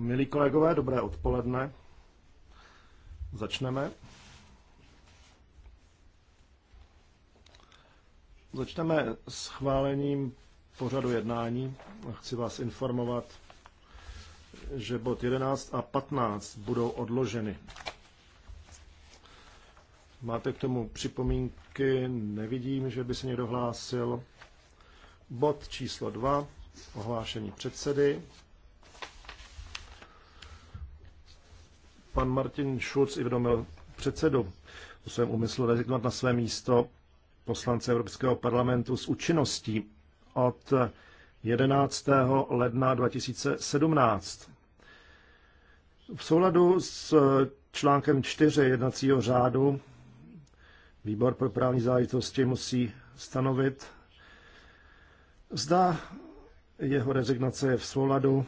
Milí kolegové, dobré odpoledne. Začneme. Začneme s chválením pořadu jednání. Chci vás informovat, že bod 11 a 15 budou odloženy. Máte k tomu připomínky? námitky? Nevidím, že by se někdo hlásil. Bod číslo 2, ohlášení předsedy. Pan Martin Schulz i vědomil předsedu o svém úmyslu rezignovat na své místo poslance Evropského parlamentu s účinností od 11. ledna 2017. V souladu s článkem 4 jednacího řádu Výbor pro právní záležitosti musí stanovit, zda jeho rezignace je v souladu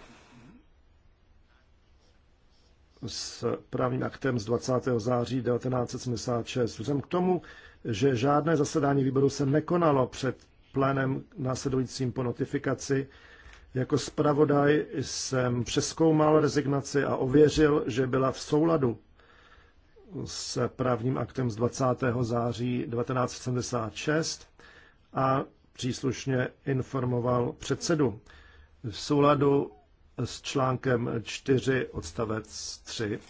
s právním aktem z 20. září 1976. Vzhledem k tomu, že žádné zasedání výboru se nekonalo před plénem následujícím po notifikaci, jako zpravodaj jsem přeskoumal rezignaci a ověřil, že byla v souladu s právním aktem z 20. září 1976 a příslušně informoval předsedu. V souladu s článkem 4 odstavec 3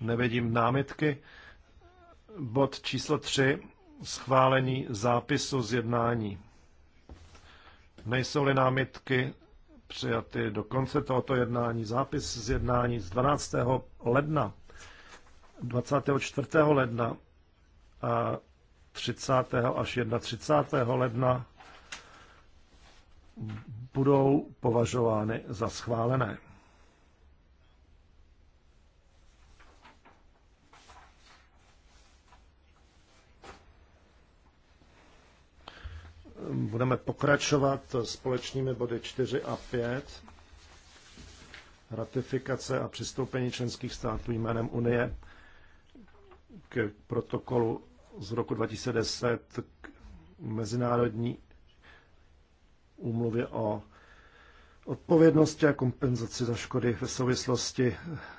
nevidím námitky. Bod číslo 3. Schválení zápisu z jednání. Nejsou-li námitky, přijaty do konce tohoto jednání. Zápis z jednání z 12. ledna, 24. ledna a 30. až 31. ledna budou považovány za schválené. budeme pokračovat společnými body 4 a 5. Ratifikace a přistoupení členských států jménem Unie k protokolu z roku 2010 k mezinárodní úmluvě o odpovědnosti a kompenzaci za škody ve souvislosti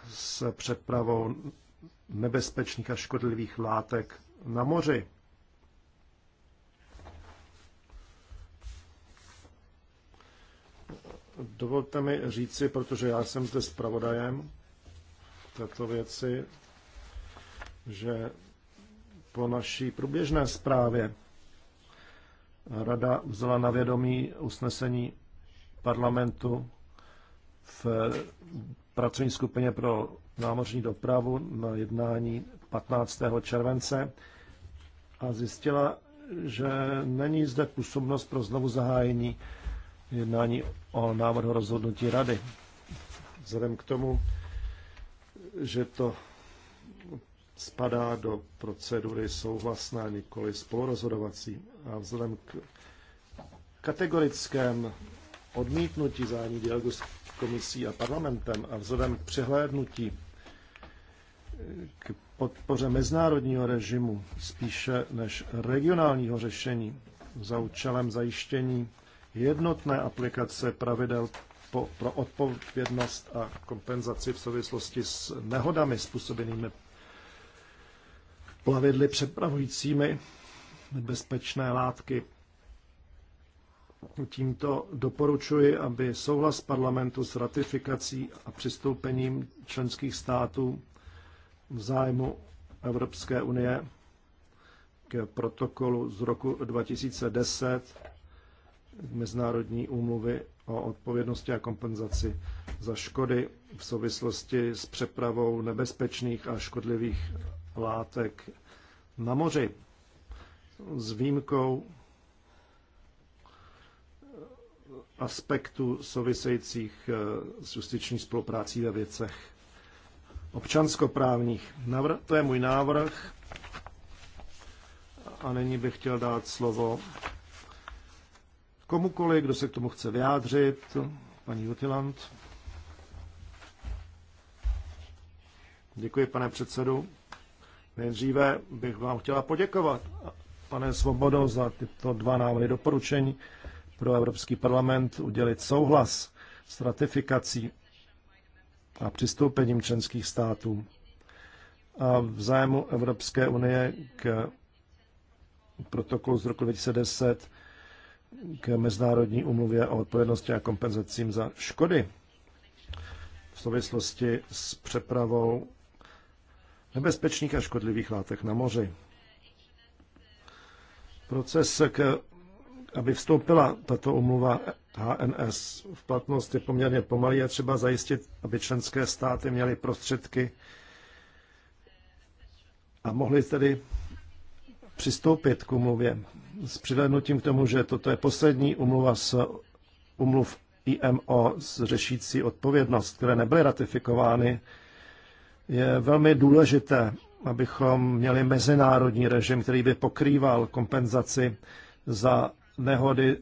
s přepravou nebezpečných a škodlivých látek na moři. Dovolte mi říci, protože já jsem zde zpravodajem této věci, že po naší průběžné zprávě Rada vzala na vědomí usnesení parlamentu v pracovní skupině pro námořní dopravu na jednání 15. července a zjistila, že není zde působnost pro znovu zahájení jednání o návrhu rozhodnutí rady. Vzhledem k tomu, že to spadá do procedury souhlasné, nikoli spolurozhodovací. A vzhledem k kategorickém odmítnutí zájmu dialogu s komisí a parlamentem a vzhledem k přehlédnutí k podpoře mezinárodního režimu spíše než regionálního řešení za účelem zajištění jednotné aplikace pravidel po, pro odpovědnost a kompenzaci v souvislosti s nehodami způsobenými plavidly přepravujícími nebezpečné látky. Tímto doporučuji, aby souhlas parlamentu s ratifikací a přistoupením členských států v zájmu Evropské unie k protokolu z roku 2010 Mezinárodní úmluvy o odpovědnosti a kompenzaci za škody v souvislosti s přepravou nebezpečných a škodlivých látek na moři. S výjimkou aspektů souvisejících eh, s justiční spoluprácí ve věcech občanskoprávních. Navr- to je můj návrh a nyní bych chtěl dát slovo komukoli, kdo se k tomu chce vyjádřit. Paní Jotiland. Děkuji, pane předsedu. Nejdříve bych vám chtěla poděkovat, pane Svobodo, za tyto dva návrhy doporučení pro Evropský parlament udělit souhlas s ratifikací a přistoupením členských států a v zájmu Evropské unie k protokolu z roku 2010 k Mezinárodní umluvě o odpovědnosti a kompenzacím za škody v souvislosti s přepravou nebezpečných a škodlivých látek na moři. Proces, k, aby vstoupila tato umluva HNS v platnost, je poměrně pomalý a třeba zajistit, aby členské státy měly prostředky a mohly tedy přistoupit k umluvě s přihlednutím k tomu, že toto je poslední umluva s umluv IMO s řešící odpovědnost, které nebyly ratifikovány, je velmi důležité, abychom měli mezinárodní režim, který by pokrýval kompenzaci za nehody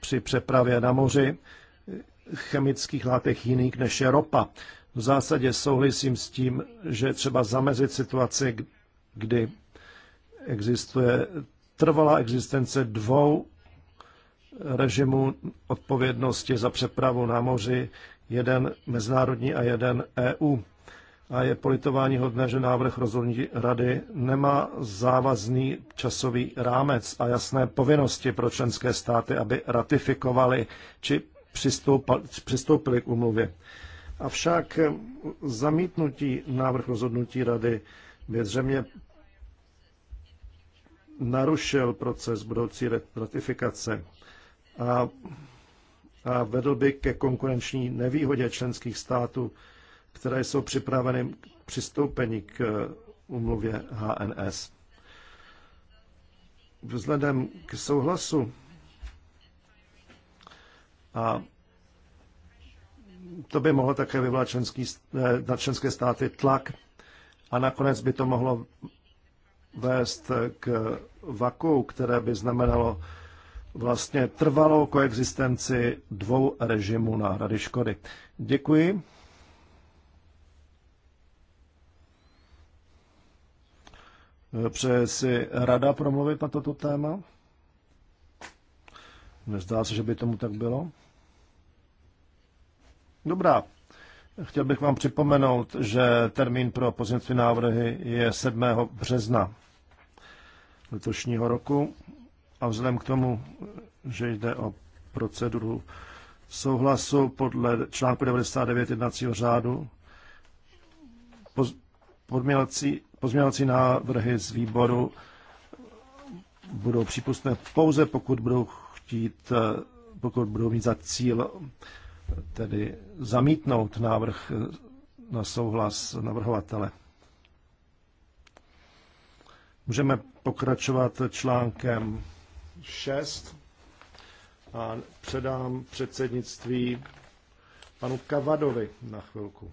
při přepravě na moři chemických látek jiných než je ropa. V zásadě souhlasím s tím, že třeba zamezit situaci, kdy existuje trvalá existence dvou režimů odpovědnosti za přepravu na moři, jeden mezinárodní a jeden EU. A je politování hodné, že návrh rozhodnutí rady nemá závazný časový rámec a jasné povinnosti pro členské státy, aby ratifikovali či přistoupili k umluvě. Avšak zamítnutí návrh rozhodnutí rady by zřejmě narušil proces budoucí ratifikace a, a vedl by ke konkurenční nevýhodě členských států, které jsou připraveny k přistoupení k eh, umluvě HNS. Vzhledem k souhlasu a to by mohlo také vyvolat členský, eh, na členské státy tlak a nakonec by to mohlo vést k vaku, které by znamenalo vlastně trvalou koexistenci dvou režimů náhrady škody. Děkuji. Přeje si rada promluvit na toto téma? Nezdá se, že by tomu tak bylo. Dobrá. Chtěl bych vám připomenout, že termín pro pozitivní návrhy je 7. března letošního roku a vzhledem k tomu, že jde o proceduru souhlasu podle článku 99 jednacího řádu, pozměňovací, návrhy z výboru budou přípustné pouze, pokud budou chtít, pokud budou mít za cíl tedy zamítnout návrh na souhlas navrhovatele. Můžeme pokračovat článkem 6 a předám předsednictví panu Kavadovi na chvilku.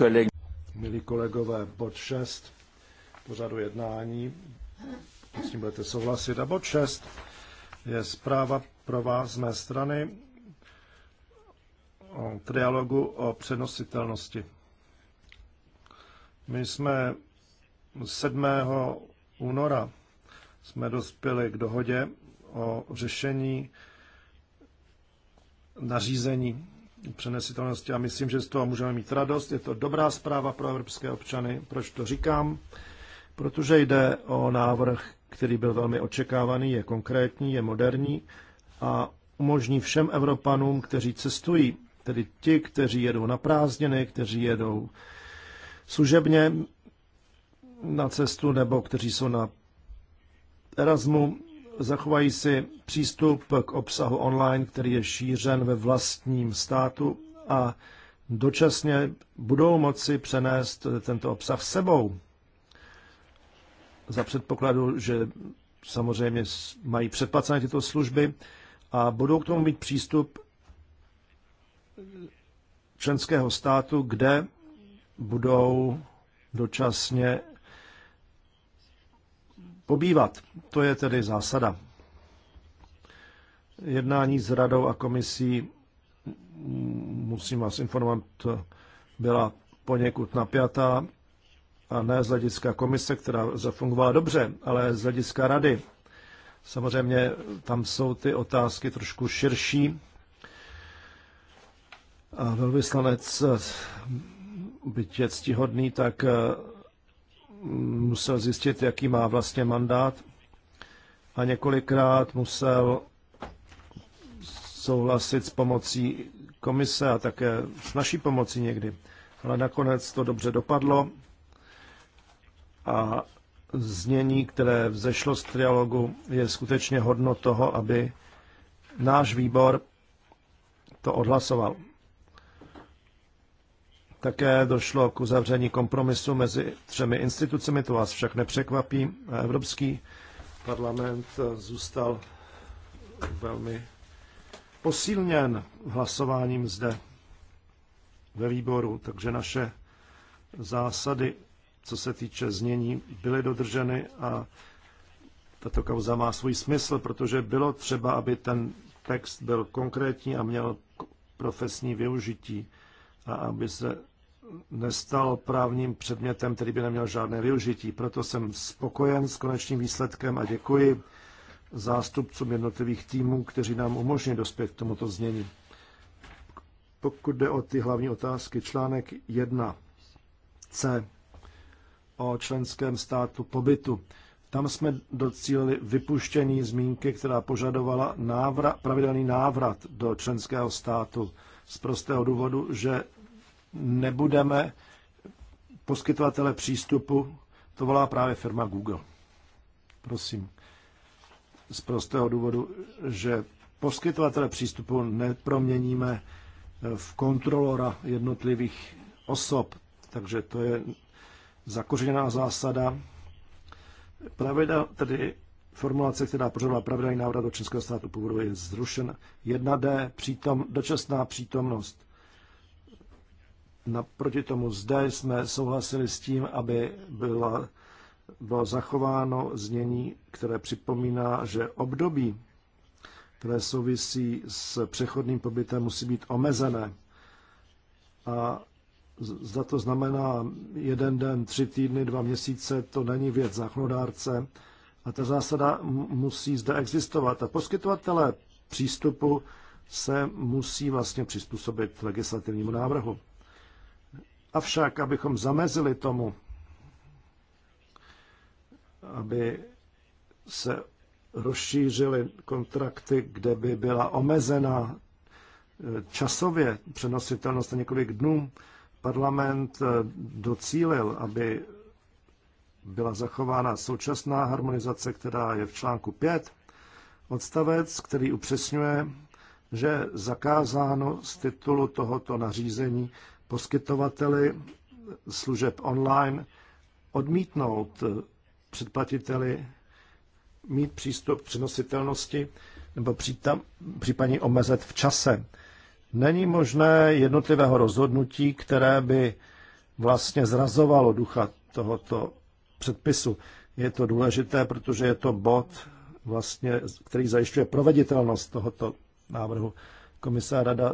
collègues. Milí kolegové, bod 6 pořadu jednání, s tím budete souhlasit. A bod 6 je zpráva pro vás z mé strany o trialogu o přenositelnosti. My jsme 7. února jsme dospěli k dohodě o řešení nařízení přenesitelnosti a myslím, že z toho můžeme mít radost. Je to dobrá zpráva pro evropské občany. Proč to říkám? Protože jde o návrh, který byl velmi očekávaný, je konkrétní, je moderní a umožní všem Evropanům, kteří cestují, tedy ti, kteří jedou na prázdniny, kteří jedou služebně na cestu nebo kteří jsou na Erasmu, zachovají si přístup k obsahu online, který je šířen ve vlastním státu a dočasně budou moci přenést tento obsah sebou. Za předpokladu, že samozřejmě mají předplacené tyto služby a budou k tomu mít přístup členského státu, kde budou dočasně pobývat. To je tedy zásada. Jednání s radou a komisí, musím vás informovat, byla poněkud napjatá a ne z hlediska komise, která zafungovala dobře, ale z hlediska rady. Samozřejmě tam jsou ty otázky trošku širší. A velvyslanec, byť je ctihodný, tak musel zjistit, jaký má vlastně mandát a několikrát musel souhlasit s pomocí komise a také s naší pomocí někdy. Ale nakonec to dobře dopadlo a znění, které vzešlo z trialogu, je skutečně hodno toho, aby náš výbor to odhlasoval. Také došlo k uzavření kompromisu mezi třemi institucemi, to vás však nepřekvapí. Evropský parlament zůstal velmi posílněn hlasováním zde ve výboru, takže naše zásady, co se týče znění, byly dodrženy a tato kauza má svůj smysl, protože bylo třeba, aby ten text byl konkrétní a měl profesní využití a aby se nestal právním předmětem, který by neměl žádné využití. Proto jsem spokojen s konečným výsledkem a děkuji zástupcům jednotlivých týmů, kteří nám umožní dospět k tomuto znění. Pokud jde o ty hlavní otázky, článek 1c o členském státu pobytu. Tam jsme docílili vypuštění zmínky, která požadovala návrat, pravidelný návrat do členského státu z prostého důvodu, že nebudeme poskytovatele přístupu, to volá právě firma Google. Prosím. Z prostého důvodu, že poskytovatele přístupu neproměníme v kontrolora jednotlivých osob. Takže to je zakořeněná zásada. Pravidel, tedy formulace, která požadovala pravidelný návrat do českého státu původu, je zrušena. 1D, přítom, dočasná přítomnost. Naproti tomu zde jsme souhlasili s tím, aby byla, bylo zachováno znění, které připomíná, že období, které souvisí s přechodným pobytem, musí být omezené. A zda to znamená jeden den, tři týdny, dva měsíce, to není věc zákonodárce. A ta zásada musí zde existovat. A poskytovatele přístupu se musí vlastně přizpůsobit legislativnímu návrhu. Avšak, abychom zamezili tomu, aby se rozšířily kontrakty, kde by byla omezena e, časově přenositelnost na několik dnů, parlament e, docílil, aby byla zachována současná harmonizace, která je v článku 5, odstavec, který upřesňuje, že zakázáno z titulu tohoto nařízení poskytovateli služeb online odmítnout předplatiteli mít přístup k přenositelnosti nebo případně omezet v čase. Není možné jednotlivého rozhodnutí, které by vlastně zrazovalo ducha tohoto předpisu. Je to důležité, protože je to bod, vlastně, který zajišťuje proveditelnost tohoto návrhu. Komise rada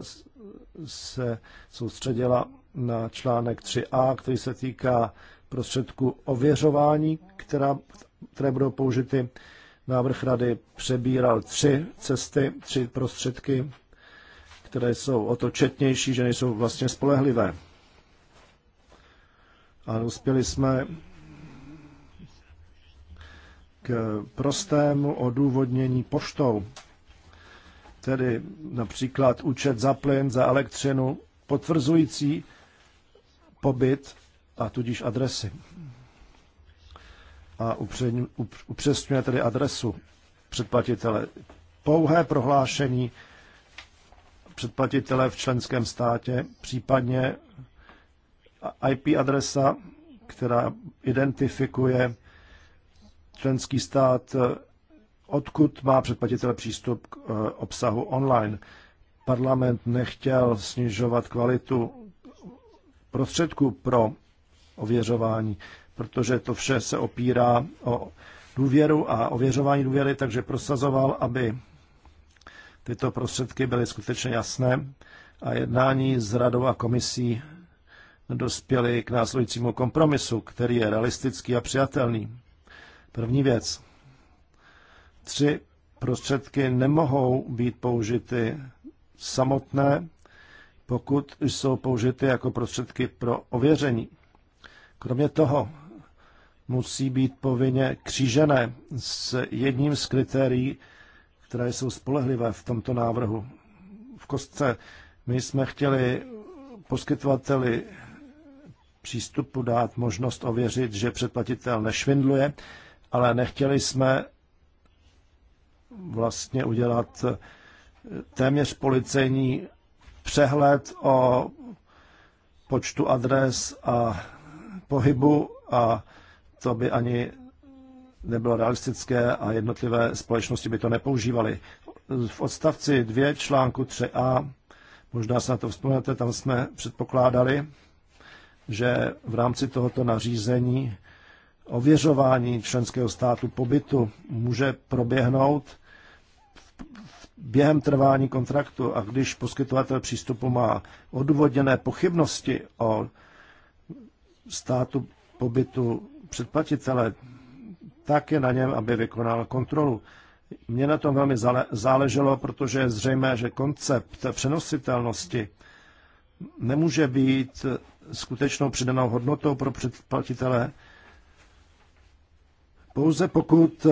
se soustředila na článek 3a, který se týká prostředku ověřování, která, které budou použity. Návrh rady přebíral tři cesty, tři prostředky, které jsou o to četnější, že nejsou vlastně spolehlivé. A uspěli jsme k prostému odůvodnění poštou tedy například účet za plyn, za elektřinu, potvrzující pobyt a tudíž adresy. A upřesňuje tedy adresu předplatitele. Pouhé prohlášení předplatitele v členském státě, případně IP adresa, která identifikuje členský stát odkud má předplatitel přístup k eh, obsahu online. Parlament nechtěl snižovat kvalitu prostředků pro ověřování, protože to vše se opírá o důvěru a ověřování důvěry, takže prosazoval, aby tyto prostředky byly skutečně jasné a jednání s radou a komisí dospěly k následujícímu kompromisu, který je realistický a přijatelný. První věc tři prostředky nemohou být použity samotné, pokud jsou použity jako prostředky pro ověření. Kromě toho musí být povinně křížené s jedním z kritérií, které jsou spolehlivé v tomto návrhu. V kostce my jsme chtěli poskytovateli přístupu dát možnost ověřit, že předplatitel nešvindluje, ale nechtěli jsme vlastně udělat eh, téměř policejní přehled o počtu adres a pohybu a to by ani nebylo realistické a jednotlivé společnosti by to nepoužívaly. V odstavci 2 článku 3a, možná se na to vzpomenete, tam jsme předpokládali, že v rámci tohoto nařízení ověřování členského státu pobytu může proběhnout během trvání kontraktu a když poskytovatel přístupu má odůvodněné pochybnosti o státu pobytu předplatitele, tak je na něm, aby vykonal kontrolu. Mně na tom velmi záleželo, protože je zřejmé, že koncept přenositelnosti nemůže být skutečnou přidanou hodnotou pro předplatitele, pouze pokud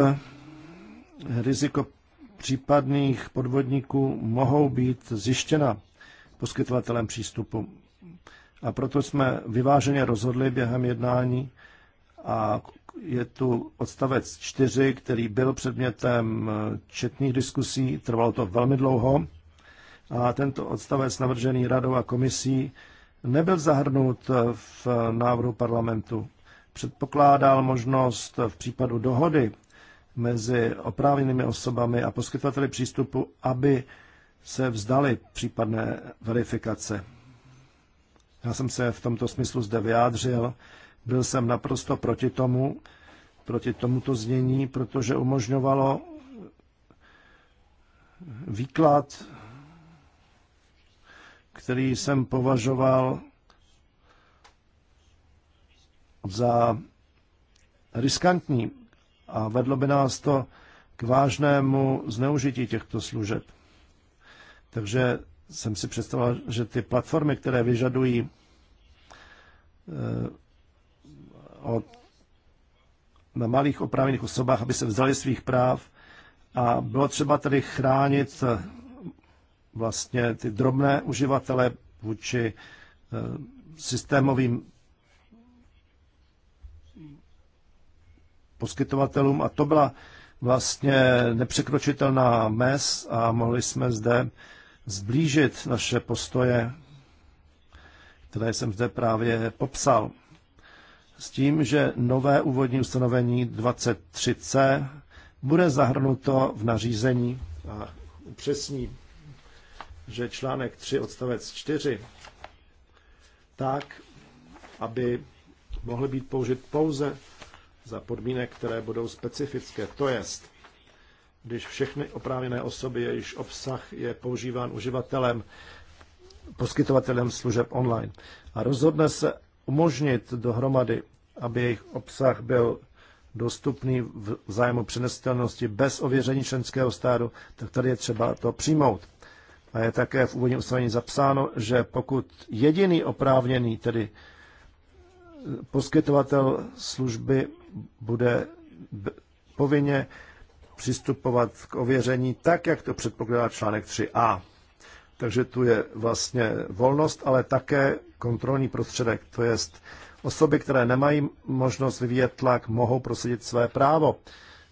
riziko případných podvodníků mohou být zjištěna poskytovatelem přístupu. A proto jsme vyváženě rozhodli během jednání a je tu odstavec 4, který byl předmětem četných diskusí, trvalo to velmi dlouho a tento odstavec navržený radou a komisí nebyl zahrnut v návrhu parlamentu. Předpokládal možnost v případu dohody mezi oprávněnými osobami a poskytovateli přístupu, aby se vzdali případné verifikace. Já jsem se v tomto smyslu zde vyjádřil. Byl jsem naprosto proti tomu, proti tomuto znění, protože umožňovalo výklad, který jsem považoval za riskantní a vedlo by nás to k vážnému zneužití těchto služeb. Takže jsem si představoval, že ty platformy, které vyžadují eh, od, na malých oprávněných osobách, aby se vzali svých práv a bylo třeba tedy chránit eh, vlastně ty drobné uživatele vůči eh, systémovým poskytovatelům a to byla vlastně nepřekročitelná mez a mohli jsme zde zblížit naše postoje, které jsem zde právě popsal. S tím, že nové úvodní ustanovení 23c bude zahrnuto v nařízení a upřesní, že článek 3 odstavec 4 tak, aby mohl být použit pouze za podmínek, které budou specifické. To jest, když všechny oprávněné osoby, jejichž obsah je používán uživatelem, poskytovatelem služeb online a rozhodne se umožnit dohromady, aby jejich obsah byl dostupný v zájmu přenestelnosti bez ověření členského státu, tak tady je třeba to přijmout. A je také v úvodním ustanovení zapsáno, že pokud jediný oprávněný, tedy poskytovatel služby bude povinně přistupovat k ověření tak, jak to předpokládá článek 3a. Takže tu je vlastně volnost, ale také kontrolní prostředek, to jest osoby, které nemají možnost vyvíjet tlak, mohou prosadit své právo.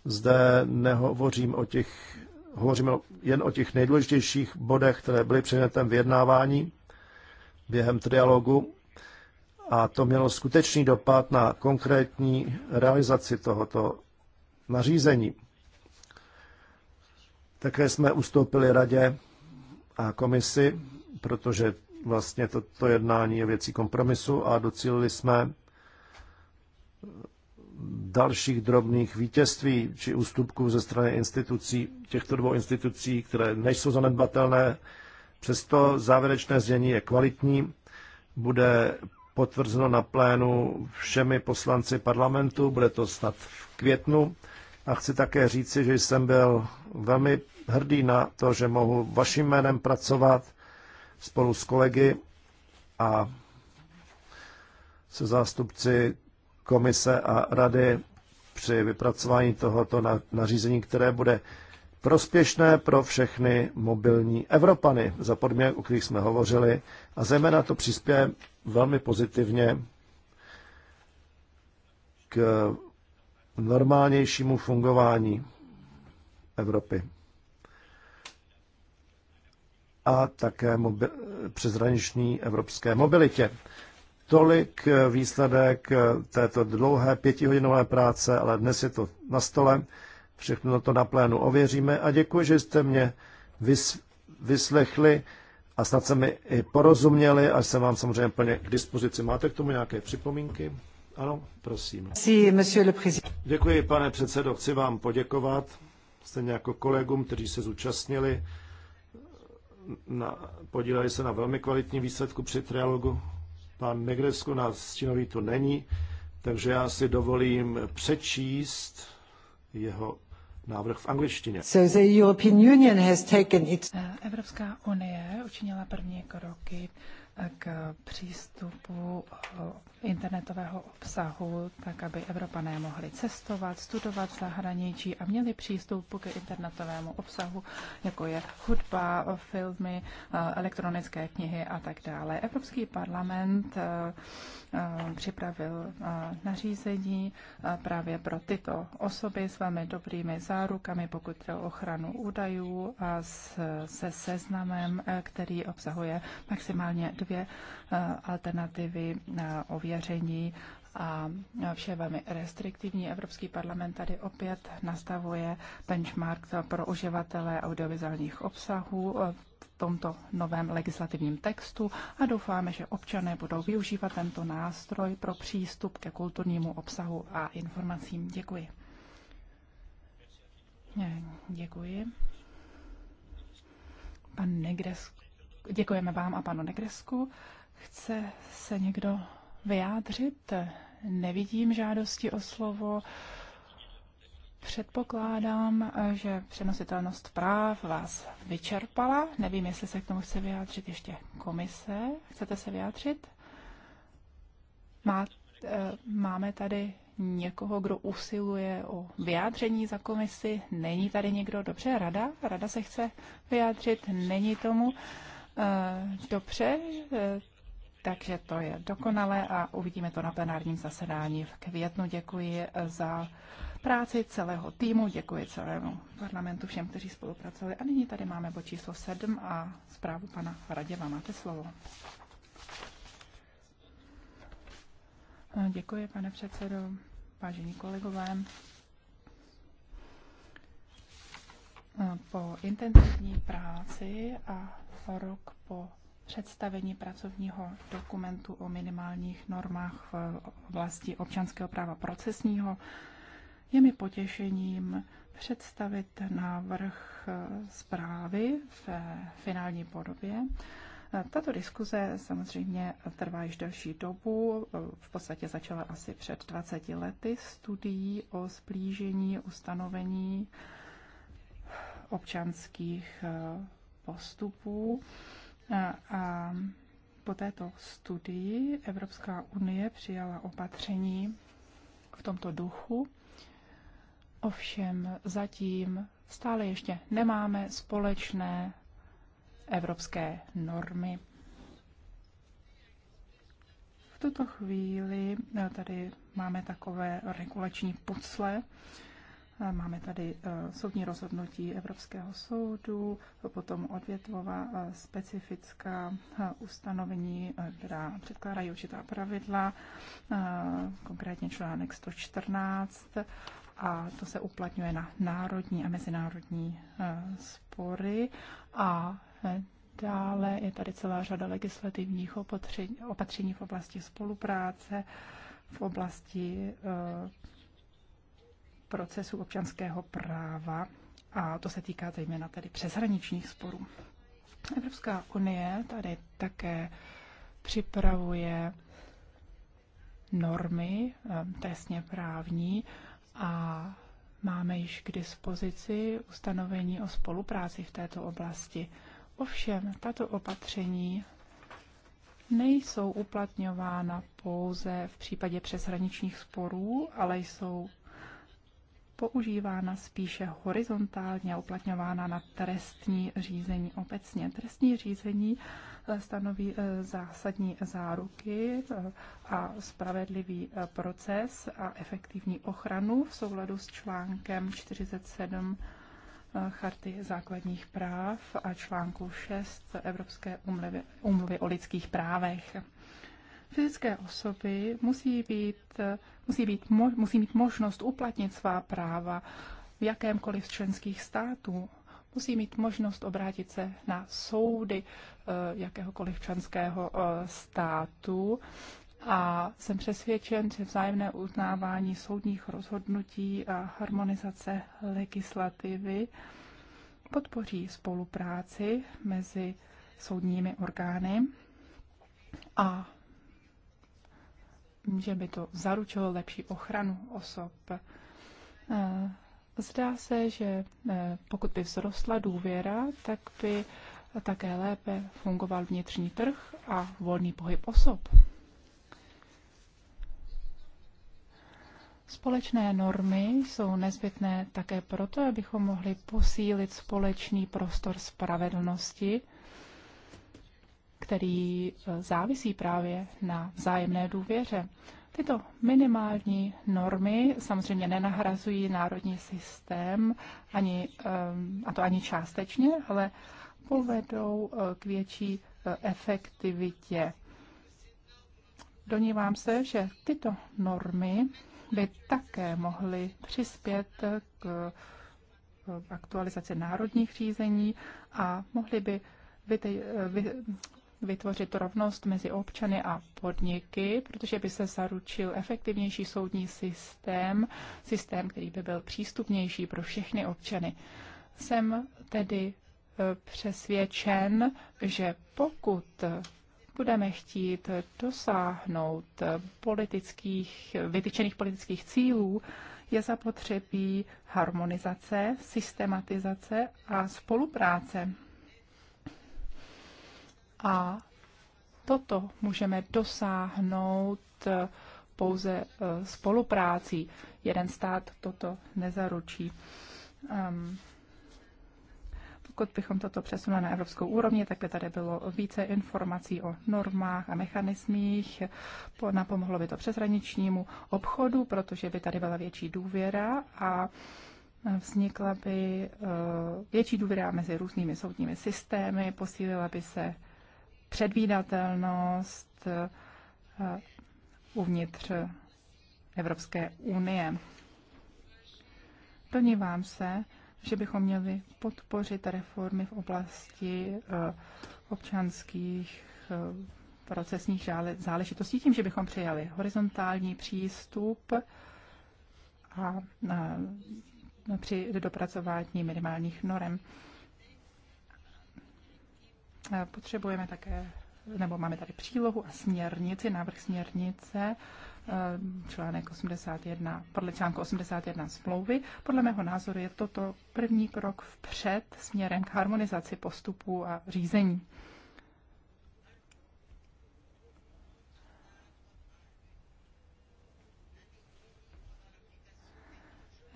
Zde nehovořím o těch, hovoříme jen o těch nejdůležitějších bodech, které byly předmětem vyjednávání během trialogu a to mělo skutečný dopad na konkrétní realizaci tohoto nařízení. Také jsme ustoupili radě a komisi, protože vlastně toto jednání je věcí kompromisu a docílili jsme dalších drobných vítězství či ústupků ze strany institucí, těchto dvou institucí, které nejsou zanedbatelné. Přesto závěrečné znění je kvalitní, bude potvrzeno na plénu všemi poslanci parlamentu, bude to snad v květnu. A chci také říci, že jsem byl velmi hrdý na to, že mohu vaším jménem pracovat spolu s kolegy a se zástupci komise a rady při vypracování tohoto nařízení, které bude prospěšné pro všechny mobilní Evropany za podmínek, o kterých jsme hovořili, a zejména to přispěje velmi pozitivně k normálnějšímu fungování Evropy. A také mobi- přeshraniční evropské mobilitě. Tolik výsledek této dlouhé pětihodinové práce, ale dnes je to na stole. Všechno to na plénu ověříme a děkuji, že jste mě vyslechli a snad se mi i porozuměli a jsem vám samozřejmě plně k dispozici. Máte k tomu nějaké připomínky? Ano, prosím. Děkuji, pane předsedo. Chci vám poděkovat, stejně jako kolegům, kteří se zúčastnili, na, podíleli se na velmi kvalitní výsledku při trialogu. Pan Negresku na stínový tu není, takže já si dovolím přečíst jeho návrh v angličtině. So the European Union has taken its... Eh, Evropská unie učinila první kroky k přístupu eh, internetového obsahu, tak aby Evropané mohli cestovat, studovat v zahraničí a měli přístup k internetovému obsahu, jako je hudba, filmy, eh, elektronické knihy a tak dále. Evropský parlament eh, eh, připravil nařízení právě pro tyto osoby s velmi dobrými zárukami, pokud jde o ochranu údajů a se seznamem, který obsahuje maximálně dvě alternativy o vědě měření a vše velmi restriktivní. Evropský parlament tady opět nastavuje benchmark pro uživatele audiovizuálních obsahů v tomto novém legislativním textu a doufáme, že občané budou využívat tento nástroj pro přístup ke kulturnímu obsahu a informacím. Děkuji. Děkuji. Pan Negres... Děkujeme vám a panu Negresku. Chce se někdo vyjádřit? Nevidím žádosti o slovo. Předpokládám, že přenositelnost práv vás vyčerpala. Nevím, jestli se k tomu chce vyjádřit ještě komise. Chcete se vyjádřit? Má, eh, máme tady někoho, kdo usiluje o vyjádření za komisi. Není tady někdo? Dobře, rada. Rada se chce vyjádřit. Není tomu. Eh, dobře, eh, takže to je dokonalé a uvidíme to na plenárním zasedání v květnu. Děkuji za práci celého týmu, děkuji celému parlamentu, všem, kteří spolupracovali. A nyní tady máme bod číslo 7 a zprávu pana Raděva. Máte slovo. Děkuji, pane předsedo, vážení kolegové. Po intenzivní práci a rok po představení pracovního dokumentu o minimálních normách v oblasti občanského práva procesního. Je mi potěšením představit návrh zprávy v finální podobě. Tato diskuze samozřejmě trvá již delší dobu, v podstatě začala asi před 20 lety studií o splížení ustanovení občanských postupů a po této studii Evropská unie přijala opatření v tomto duchu. Ovšem zatím stále ještě nemáme společné evropské normy. V tuto chvíli eh, tady máme takové regulační pucle, Eh, máme tady eh, soudní rozhodnutí Evropského soudu, potom odvětvová eh, specifická ustanovení, která předkládají určitá pravidla, konkrétně článek 114, a to se uplatňuje na národní a mezinárodní spory. A dále je tady celá řada legislativních opatření, opatření v oblasti spolupráce, v oblasti procesu občanského práva a to se týká zejména tedy přeshraničních sporů. Evropská unie tady také připravuje normy eh, trestně právní a máme již k dispozici ustanovení o spolupráci v této oblasti. Ovšem, tato opatření nejsou uplatňována pouze v případě přeshraničních sporů, ale jsou používána spíše horizontálně, uplatňována na trestní řízení obecně. Trestní řízení eh, stanoví eh, zásadní záruky eh, a spravedlivý proces a efektivní ochranu v souladu s článkem 47 Charty základních práv a článku 6 Evropské umluvy, umluvy o lidských právech. Fyzické osoby musí, být, musí, být, musí mít možnost uplatnit svá práva v jakémkoliv z členských států. Musí mít možnost obrátit se na soudy eh, jakéhokoliv členského eh, státu. A jsem přesvědčen, že vzájemné uznávání soudních rozhodnutí a harmonizace legislativy podpoří spolupráci mezi soudními orgány a že by to zaručilo lepší ochranu osob. Eh, zdá se, že eh, pokud by vzrostla důvěra, tak by také lépe fungoval vnitřní trh a volný pohyb osob. Společné normy jsou nezbytné také proto, abychom mohli posílit společný prostor spravedlnosti který eh, závisí právě na vzájemné důvěře. Tyto minimální normy samozřejmě nenahrazují národní systém, ani, eh, a to ani částečně, ale povedou eh, k větší efektivitě. Donívám se, že tyto normy by také mohly přispět k aktualizaci národních řízení a mohly by vytvořit rovnost mezi občany a podniky, protože by se zaručil efektivnější soudní systém, systém, který by byl přístupnější pro všechny občany. Jsem tedy e, přesvědčen, že pokud budeme chtít dosáhnout politických, vytyčených politických cílů, je zapotřebí harmonizace, systematizace a spolupráce a toto můžeme dosáhnout eh, pouze eh, spoluprácí. Jeden stát toto nezaručí. Um, pokud bychom toto přesunuli na evropskou úrovni, tak by tady bylo více informací o normách a mechanismích. Napomohlo by to přeshraničnímu obchodu, protože by tady byla větší důvěra a eh, vznikla by větší důvěra mezi různými soudními systémy, posílila by se předvídatelnost eh, uvnitř Evropské unie. Domnívám se, že bychom měli podpořit reformy v oblasti eh, občanských eh, procesních záležitostí tím, že bychom přijali horizontální přístup a při dopracování minimálních norem. Eh, potřebujeme také, nebo máme tady přílohu a směrnici, návrh směrnice, eh, článek 81, podle článku 81 smlouvy. Podle mého názoru je toto první krok vpřed směrem k harmonizaci postupů a řízení.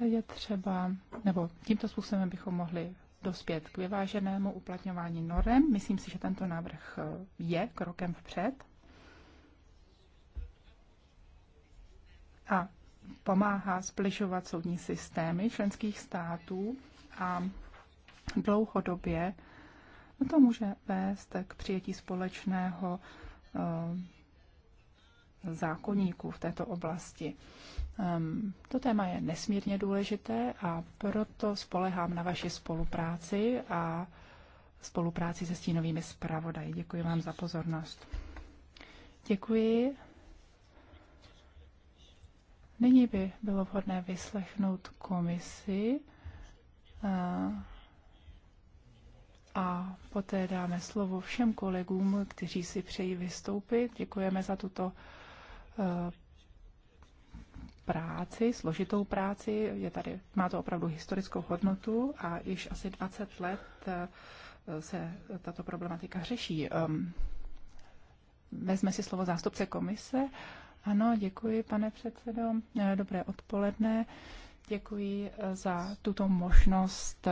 je třeba, nebo tímto způsobem bychom mohli dospět k vyváženému uplatňování norem. Myslím si, že tento návrh je krokem vpřed a pomáhá spližovat soudní systémy členských států a dlouhodobě to může vést k přijetí společného eh, zákonníků v této oblasti. Ehm, to téma je nesmírně důležité a proto spolehám na vaši spolupráci a spolupráci se stínovými zpravodaji. Děkuji vám za pozornost. Děkuji. Nyní by bylo vhodné vyslechnout komisi a, eh, a poté dáme slovo všem kolegům, kteří si přejí vystoupit. Děkujeme za tuto Eh, práci, složitou práci, je tady, má to opravdu historickou hodnotu a již asi 20 let eh, se tato problematika řeší. Ehm, vezme si slovo zástupce komise. Ano, děkuji, pane předsedo. Eh, dobré odpoledne. Děkuji za tuto možnost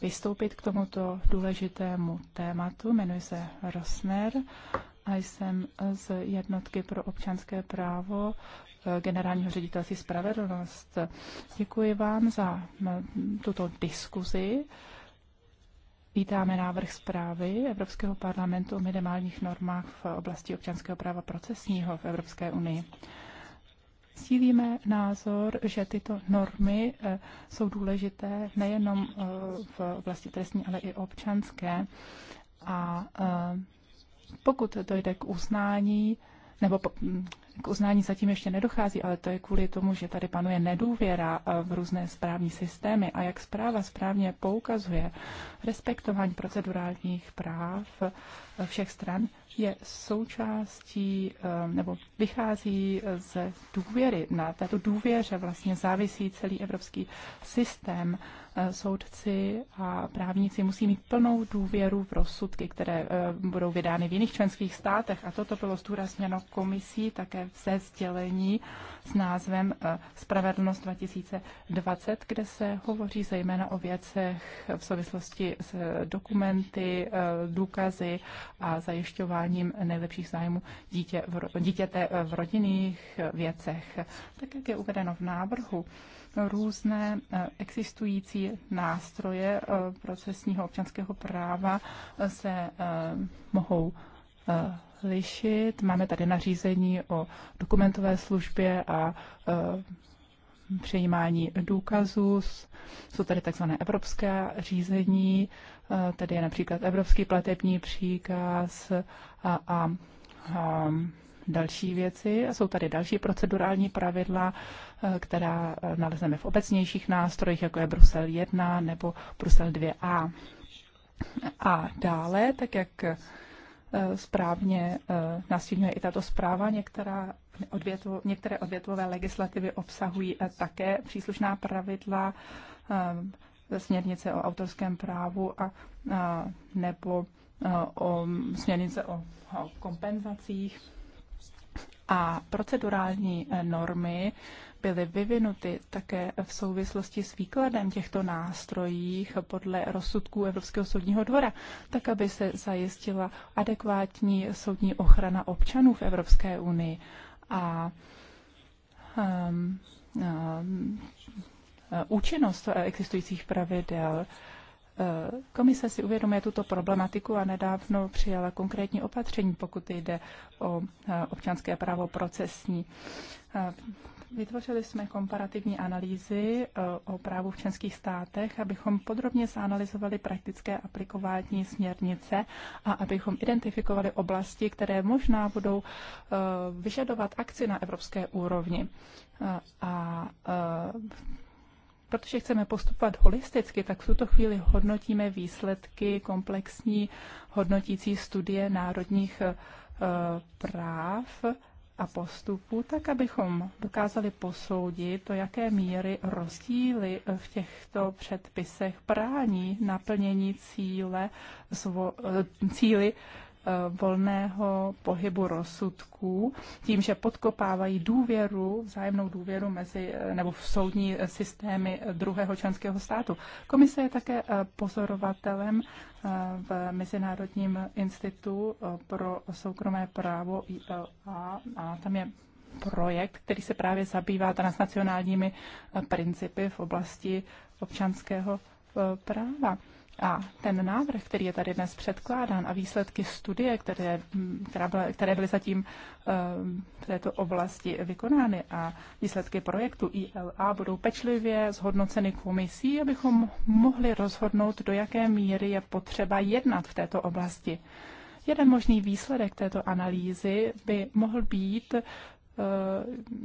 vystoupit k tomuto důležitému tématu. Jmenuji se Rosner a jsem z jednotky pro občanské právo eh, generálního ředitelství spravedlnost. Děkuji vám za mm, tuto diskuzi. Vítáme návrh zprávy Evropského parlamentu o minimálních normách v oblasti občanského práva procesního v Evropské unii. Sdílíme názor, že tyto normy eh, jsou důležité nejenom eh, v oblasti trestní, ale i občanské. A pokud dojde k uznání, nebo k uznání zatím ještě nedochází, ale to je kvůli tomu, že tady panuje nedůvěra eh, v různé správní systémy a jak zpráva správně poukazuje, respektování procedurálních práv všech stran je součástí eh, nebo vychází ze důvěry. Na této důvěře vlastně závisí celý evropský systém. Eh, soudci a právníci musí mít plnou důvěru v rozsudky, které eh, budou vydány v jiných členských státech. A toto bylo zdůrazněno komisí také v sdělení s názvem Spravedlnost 2020, kde se hovoří zejména o věcech v souvislosti s dokumenty, důkazy, a zajišťováním nejlepších zájmů dítě v, dítěte v rodinných věcech. Tak, jak je uvedeno v návrhu, různé eh, existující nástroje eh, procesního občanského práva se eh, mohou lišit. Máme tady nařízení o dokumentové službě a přejímání důkazů. Jsou tady takzvané evropské řízení Eh, tady je například Evropský platební příkaz a, a, a další věci. Jsou tady další procedurální pravidla, eh, která nalezneme v obecnějších nástrojích, jako je Brusel 1 nebo Brusel 2a. A dále, tak jak eh, správně nastínuje i tato zpráva, některá odvětvo, některé odvětvové legislativy obsahují také příslušná pravidla směrnice o autorském právu a, a nebo a, o směrnice o, o kompenzacích. A procedurální e, normy byly vyvinuty také v souvislosti s výkladem těchto nástrojích podle rozsudků Evropského soudního dvora, tak aby se zajistila adekvátní soudní ochrana občanů v Evropské unii. A um, um, Eh, účinnost eh, existujících pravidel. Eh, komise si uvědomuje tuto problematiku a nedávno přijala konkrétní opatření, pokud jde o občanské právo procesní. Vytvořili jsme komparativní analýzy o právu v českých státech, abychom podrobně zanalizovali praktické aplikování směrnice a abychom identifikovali oblasti, které možná budou vyžadovat akci na evropské úrovni. A protože chceme postupovat holisticky, tak v tuto chvíli hodnotíme výsledky komplexní hodnotící studie národních eh, práv a postupů, tak abychom dokázali posoudit, do jaké míry rozdíly eh, v těchto předpisech brání naplnění cíle, eh, cíly Eh, volného pohybu rozsudků, tím, že podkopávají důvěru, vzájemnou důvěru mezi eh, nebo v soudní systémy druhého členského státu. Komise je také eh, pozorovatelem v Mezinárodním institu pro soukromé právo ILA a tam je projekt, který se právě zabývá transnacionálními principy v oblasti občanského práva. A ten návrh, který je tady dnes předkládán a výsledky studie, které, která byla, které byly zatím ehm, v této oblasti vykonány a výsledky projektu ILA budou pečlivě zhodnoceny komisí, abychom mohli rozhodnout, do jaké míry je potřeba jednat v této oblasti. Jeden možný výsledek této analýzy by mohl být, ehm,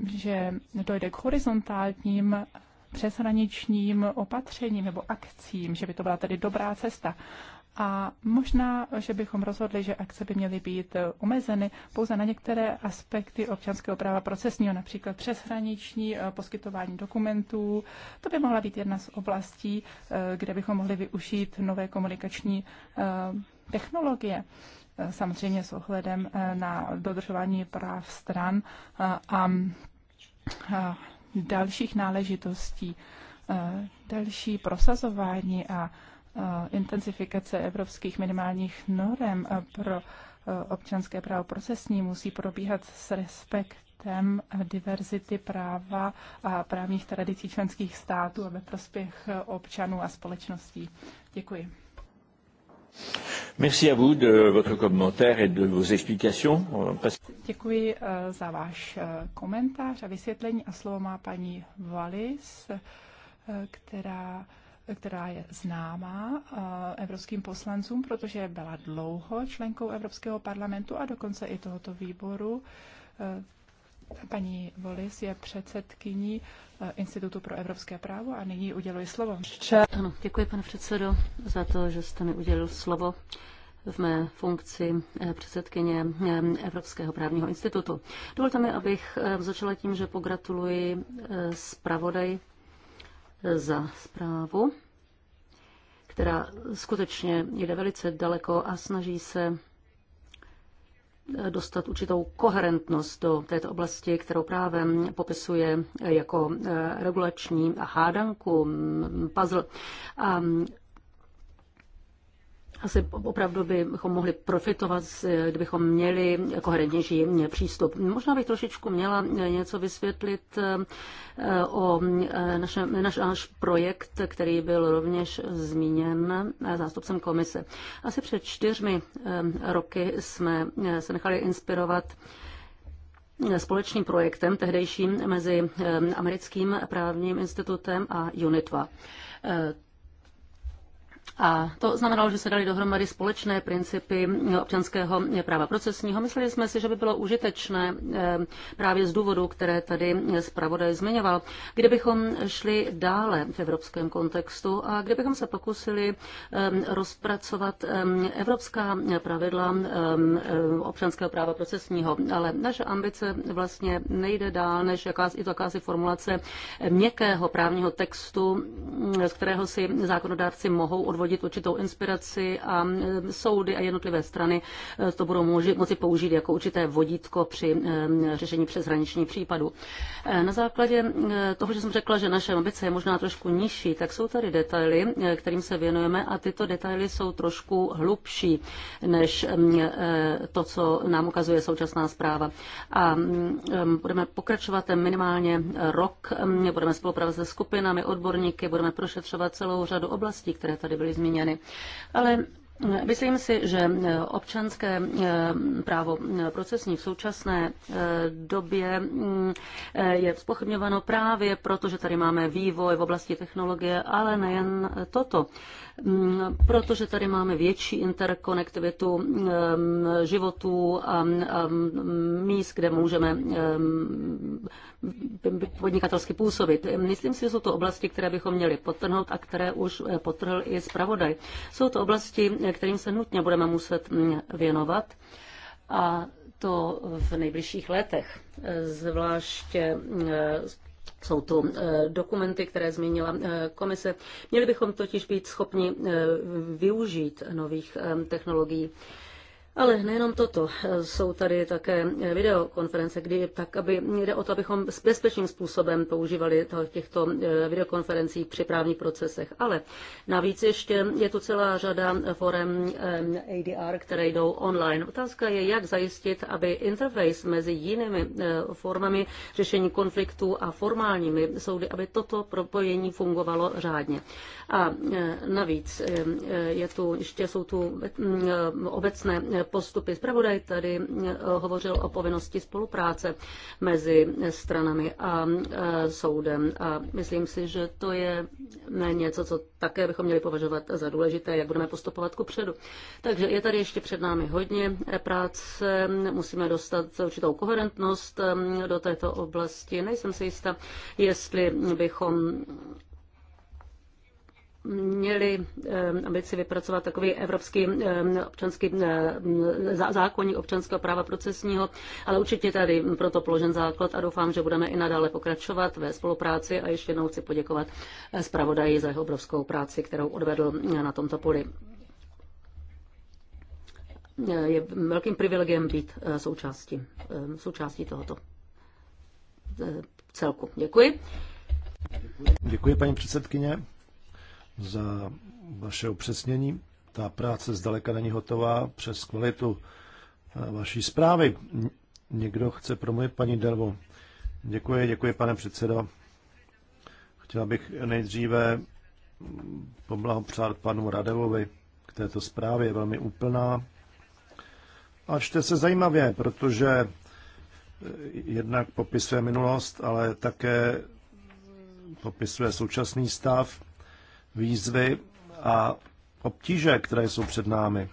že dojde k horizontálním přeshraničním opatřením nebo akcím, že by to byla tedy dobrá cesta. A možná, že bychom rozhodli, že akce by měly být omezeny pouze na některé aspekty občanského práva procesního, například přeshraniční eh, poskytování dokumentů. To by mohla být jedna z oblastí, eh, kde bychom mohli využít nové komunikační eh, technologie samozřejmě s ohledem na dodržování práv stran a dalších náležitostí. Eh, další prosazování a eh, intenzifikace evropských minimálních norem eh, pro občanské právo procesní musí probíhat s respektem diverzity práva a právních tradicí členských států a ve prospěch občanů a společností. Děkuji. Merci à vous de votre commentaire et de vos explications. Děkuji eh, za váš eh, komentář a vysvětlení a slovo má paní Valis, eh, která která je známá evropským poslancům, protože byla dlouho členkou Evropského parlamentu a dokonce i tohoto výboru. Paní Volis je předsedkyní eh, Institutu pro evropské právo a nyní uděluji slovo. Ano, děkuji, pane předsedo, za to, že jste mi udělil slovo v mé funkci eh, předsedkyně eh, Evropského právního institutu. Dovolte mi, abych začala tím, že pogratuluji zpravodaj za zprávu, která skutečně jde velice daleko a snaží se dostat určitou koherentnost do této oblasti, kterou právě popisuje jako eh, regulační hádanku, mm, puzzle. A asi opravdu bychom mohli profitovat, kdybychom měli koherentnější přístup. Možná bych trošičku měla něco vysvětlit eh, o eh, našem, naš, náš projekt, který byl rovněž zmíněn eh, zástupcem komise. Asi před čtyřmi roky jsme se nechali inspirovat společným projektem tehdejším mezi americkým právním institutem a UNITVA. A to znamenalo, že se dali dohromady společné principy občanského práva procesního. Mysleli jsme si, že by bylo užitečné eh, právě z důvodu, které tady zpravodaj zmiňoval, kdybychom šli dále v evropském kontextu a kdybychom se pokusili eh, rozpracovat eh, evropská pravidla občanského práva procesního. Ale naše ambice vlastně nejde dál, než jakási, je to jakási formulace měkkého právního textu, z kterého si zákonodárci mohou odvolat odvodit určitou inspiraci a e, soudy a jednotlivé strany e, to budou moci použít jako určité vodítko při e, řešení přeshraničních případů. Na základě toho, že jsem řekla, že naše ambice je možná trošku nižší, tak jsou tady detaily, kterým se věnujeme a tyto detaily jsou trošku hlubší než to, co nám ukazuje současná zpráva. A budeme pokračovat minimálně rok, budeme spolupracovat se skupinami, odborníky, budeme prošetřovat celou řadu oblastí, které tady byly byly zmíněny. Ale eh, Myslím si, že eh, občanské eh, právo procesní v současné době mm, je spochybňováno právě proto, že tady máme vývoj v oblasti technologie, ale nejen toto. Mm, protože tady máme větší interkonektivitu mm, životů a mm, míst, kde můžeme podnikatelsky působit. Myslím si, že jsou to oblasti, které bychom měli potrhnout a které už eh, potrhl i zpravodaj. Jsou to oblasti, eh, kterým se nutně budeme muset věnovat. A to v nejbližších letech, eh, zvláště jsou tu eh, dokumenty, které zmínila eh, komise. Měli bychom totiž být schopni eh, využít nových technologií. Ale nejenom toto, jsou tady také videokonference, kdy tak, aby jde o to, abychom bezpečným způsobem používali těchto eh, videokonferencí při právních procesech. Ale navíc ještě je tu celá řada forem eh, ADR, které jdou online. Otázka je, jak zajistit, aby interface mezi jinými eh, formami řešení konfliktů a formálními soudy, aby toto propojení fungovalo řádně. A navíc je tu, ještě jsou tu mm, obecné postupy. Zpravodaj tady eh, hovořil o povinnosti spolupráce mezi stranami a eh, soudem. A myslím si, že to je něco, co také bychom měli považovat za důležité, jak budeme postupovat ku předu. Takže je tady ještě před námi hodně práce, musíme dostat určitou koherentnost eh, do této oblasti. Nejsem si jistá, jestli bychom měli eh, ambici vypracovat takový evropský eh, občanský eh, zákonník občanského práva procesního, ale určitě tady proto položen základ a doufám, že budeme i nadále pokračovat ve spolupráci a ještě jednou chci poděkovat zpravodaji za jeho obrovskou práci, kterou odvedl na tomto poli. Je velkým privilegiem být součástí, součástí tohoto celku. Děkuji. Děkuji, paní předsedkyně za vaše upřesnění. Ta práce zdaleka není hotová přes kvalitu eh, vaší zprávy. Někdo chce promluvit, paní Delvo? Děkuji, děkuji, pane předsedo. Chtěla bych nejdříve poblahopřát panu Radevovi k této zprávě, je velmi úplná. A čte se zajímavě, protože eh, jednak popisuje minulost, ale také popisuje současný stav výzvy a obtíže, které jsou před námi.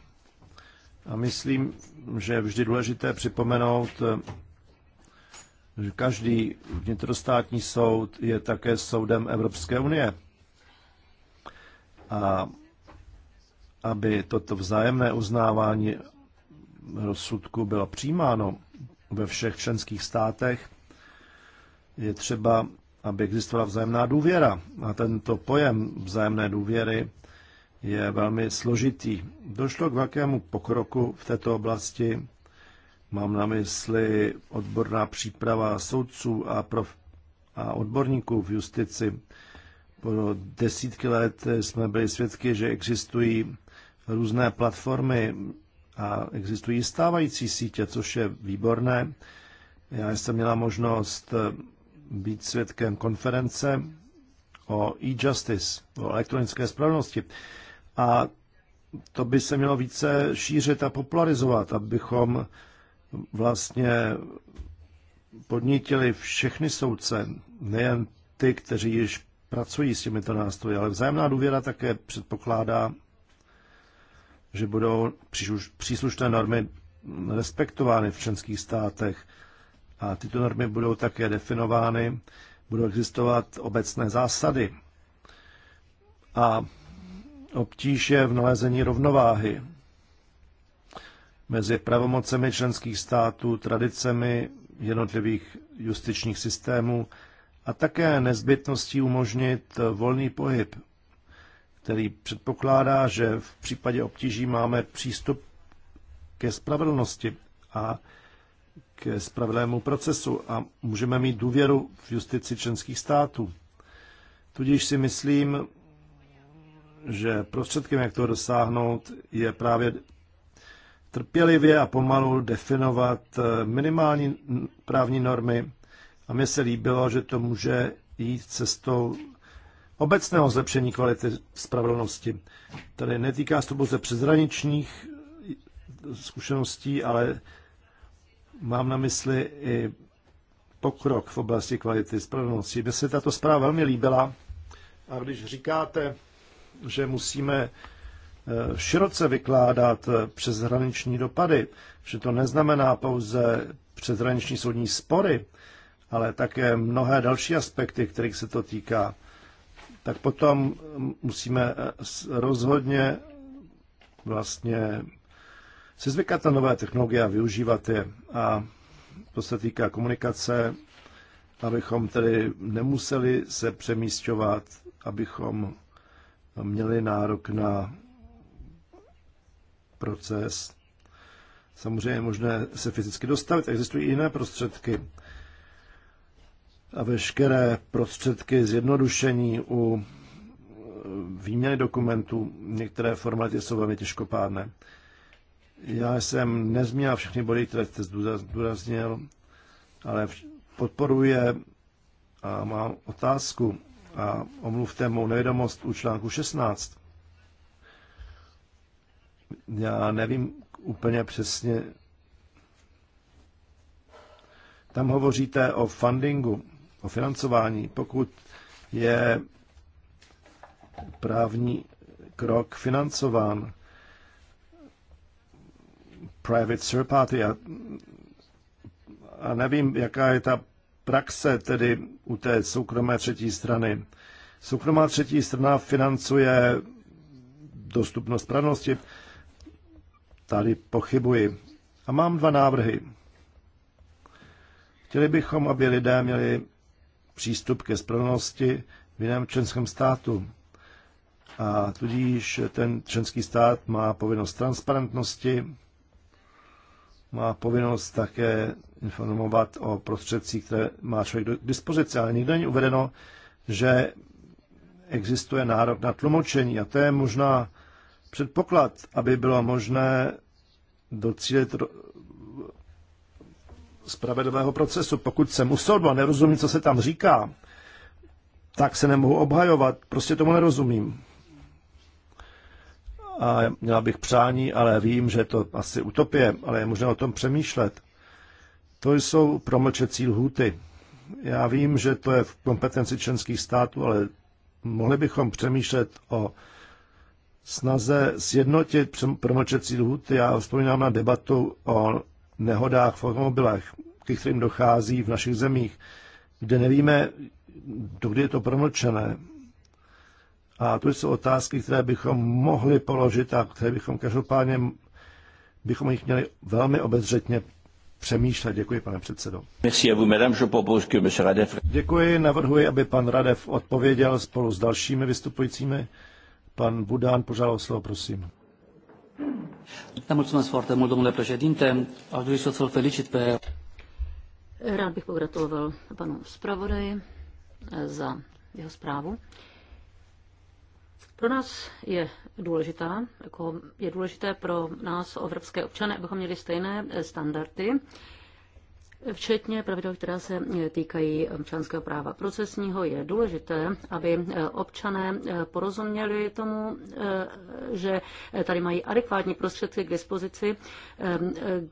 A myslím, že je vždy důležité připomenout, že každý vnitrostátní soud je také soudem Evropské unie. A aby toto vzájemné uznávání rozsudku bylo přijímáno ve všech členských státech, je třeba aby existovala vzájemná důvěra. A tento pojem vzájemné důvěry je velmi složitý. Došlo k velkému pokroku v této oblasti. Mám na mysli odborná příprava soudců a, prof, a odborníků v justici. Po desítky let jsme byli svědky, že existují různé platformy a existují stávající sítě, což je výborné. Já jsem měla možnost být svědkem konference o e-justice, o elektronické spravedlnosti. A to by se mělo více šířit a popularizovat, abychom vlastně podnítili všechny soudce, nejen ty, kteří již pracují s těmito nástroji, ale vzájemná důvěra také předpokládá, že budou příslušné normy respektovány v členských státech a tyto normy budou také definovány, budou existovat obecné zásady. A obtíž je v nalezení rovnováhy mezi pravomocemi členských států, tradicemi jednotlivých justičních systémů a také nezbytností umožnit volný pohyb, který předpokládá, že v případě obtíží máme přístup ke spravedlnosti a k spravedlivému procesu a můžeme mít důvěru v justici členských států. Tudíž si myslím, že prostředkem, jak to dosáhnout, je právě trpělivě a pomalu definovat eh, minimální právní normy. A mně se líbilo, že to může jít cestou obecného zlepšení kvality spravedlnosti. Tady netýká se to pouze přezraničních zkušeností, ale Mám na mysli i pokrok v oblasti kvality spravedlnosti. Mně se tato zpráva velmi líbila a když říkáte, že musíme eh, široce vykládat eh, přeshraniční dopady, že to neznamená pouze přeshraniční soudní spory, ale také mnohé další aspekty, kterých se to týká, tak potom mm, musíme eh, rozhodně vlastně si zvykat na nové technologie a využívat je. A to se týká komunikace, abychom tedy nemuseli se přemístovat, abychom měli nárok na proces. Samozřejmě je možné se fyzicky dostavit, existují i jiné prostředky. A veškeré prostředky zjednodušení u výměny dokumentů, některé formáty jsou velmi těžkopádné. Já jsem nezmínil všechny body, které jste zdůraznil, ale podporuje a mám otázku a omluvte mou nevědomost u článku 16. Já nevím úplně přesně. Tam hovoříte o fundingu, o financování. Pokud je právní krok financován, private third party a, a nevím, jaká je ta praxe tedy u té soukromé třetí strany. Soukromá třetí strana financuje dostupnost pravnosti. Tady pochybuji. A mám dva návrhy. Chtěli bychom, aby lidé měli přístup ke spravnosti v jiném členském státu. A tudíž ten členský stát má povinnost transparentnosti má povinnost také informovat o prostředcích, které má člověk k dispozici, ale nikde není uvedeno, že existuje nárok na tlumočení a to je možná předpoklad, aby bylo možné docílit spravedlivého procesu. Pokud jsem u soudu a nerozumím, co se tam říká, tak se nemohu obhajovat, prostě tomu nerozumím a měla bych přání, ale vím, že to asi utopie, ale je možné o tom přemýšlet. To jsou promlčecí lhuty. Já vím, že to je v kompetenci členských států, ale mohli bychom přemýšlet o snaze sjednotit promlčecí lhuty. Já vzpomínám na debatu o nehodách v automobilech, k kterým dochází v našich zemích, kde nevíme, dokdy je to promlčené a to jsou otázky, které bychom mohli položit a které bychom každopádně bychom jich měli velmi obezřetně přemýšlet. Děkuji, pane předsedo. Děkuji, navrhuji, aby pan Radev odpověděl spolu s dalšími vystupujícími. Pan Budán požádal o slovo, prosím. Rád bych pogratuloval panu zpravodaji za jeho zprávu. Pro nás je důležitá, jako je důležité pro nás evropské občany, abychom měli stejné eh, standardy, včetně pravidel, která se eh, týkají občanského práva procesního, je důležité, aby eh, občané porozuměli tomu, že tady mají adekvátní prostředky k dispozici,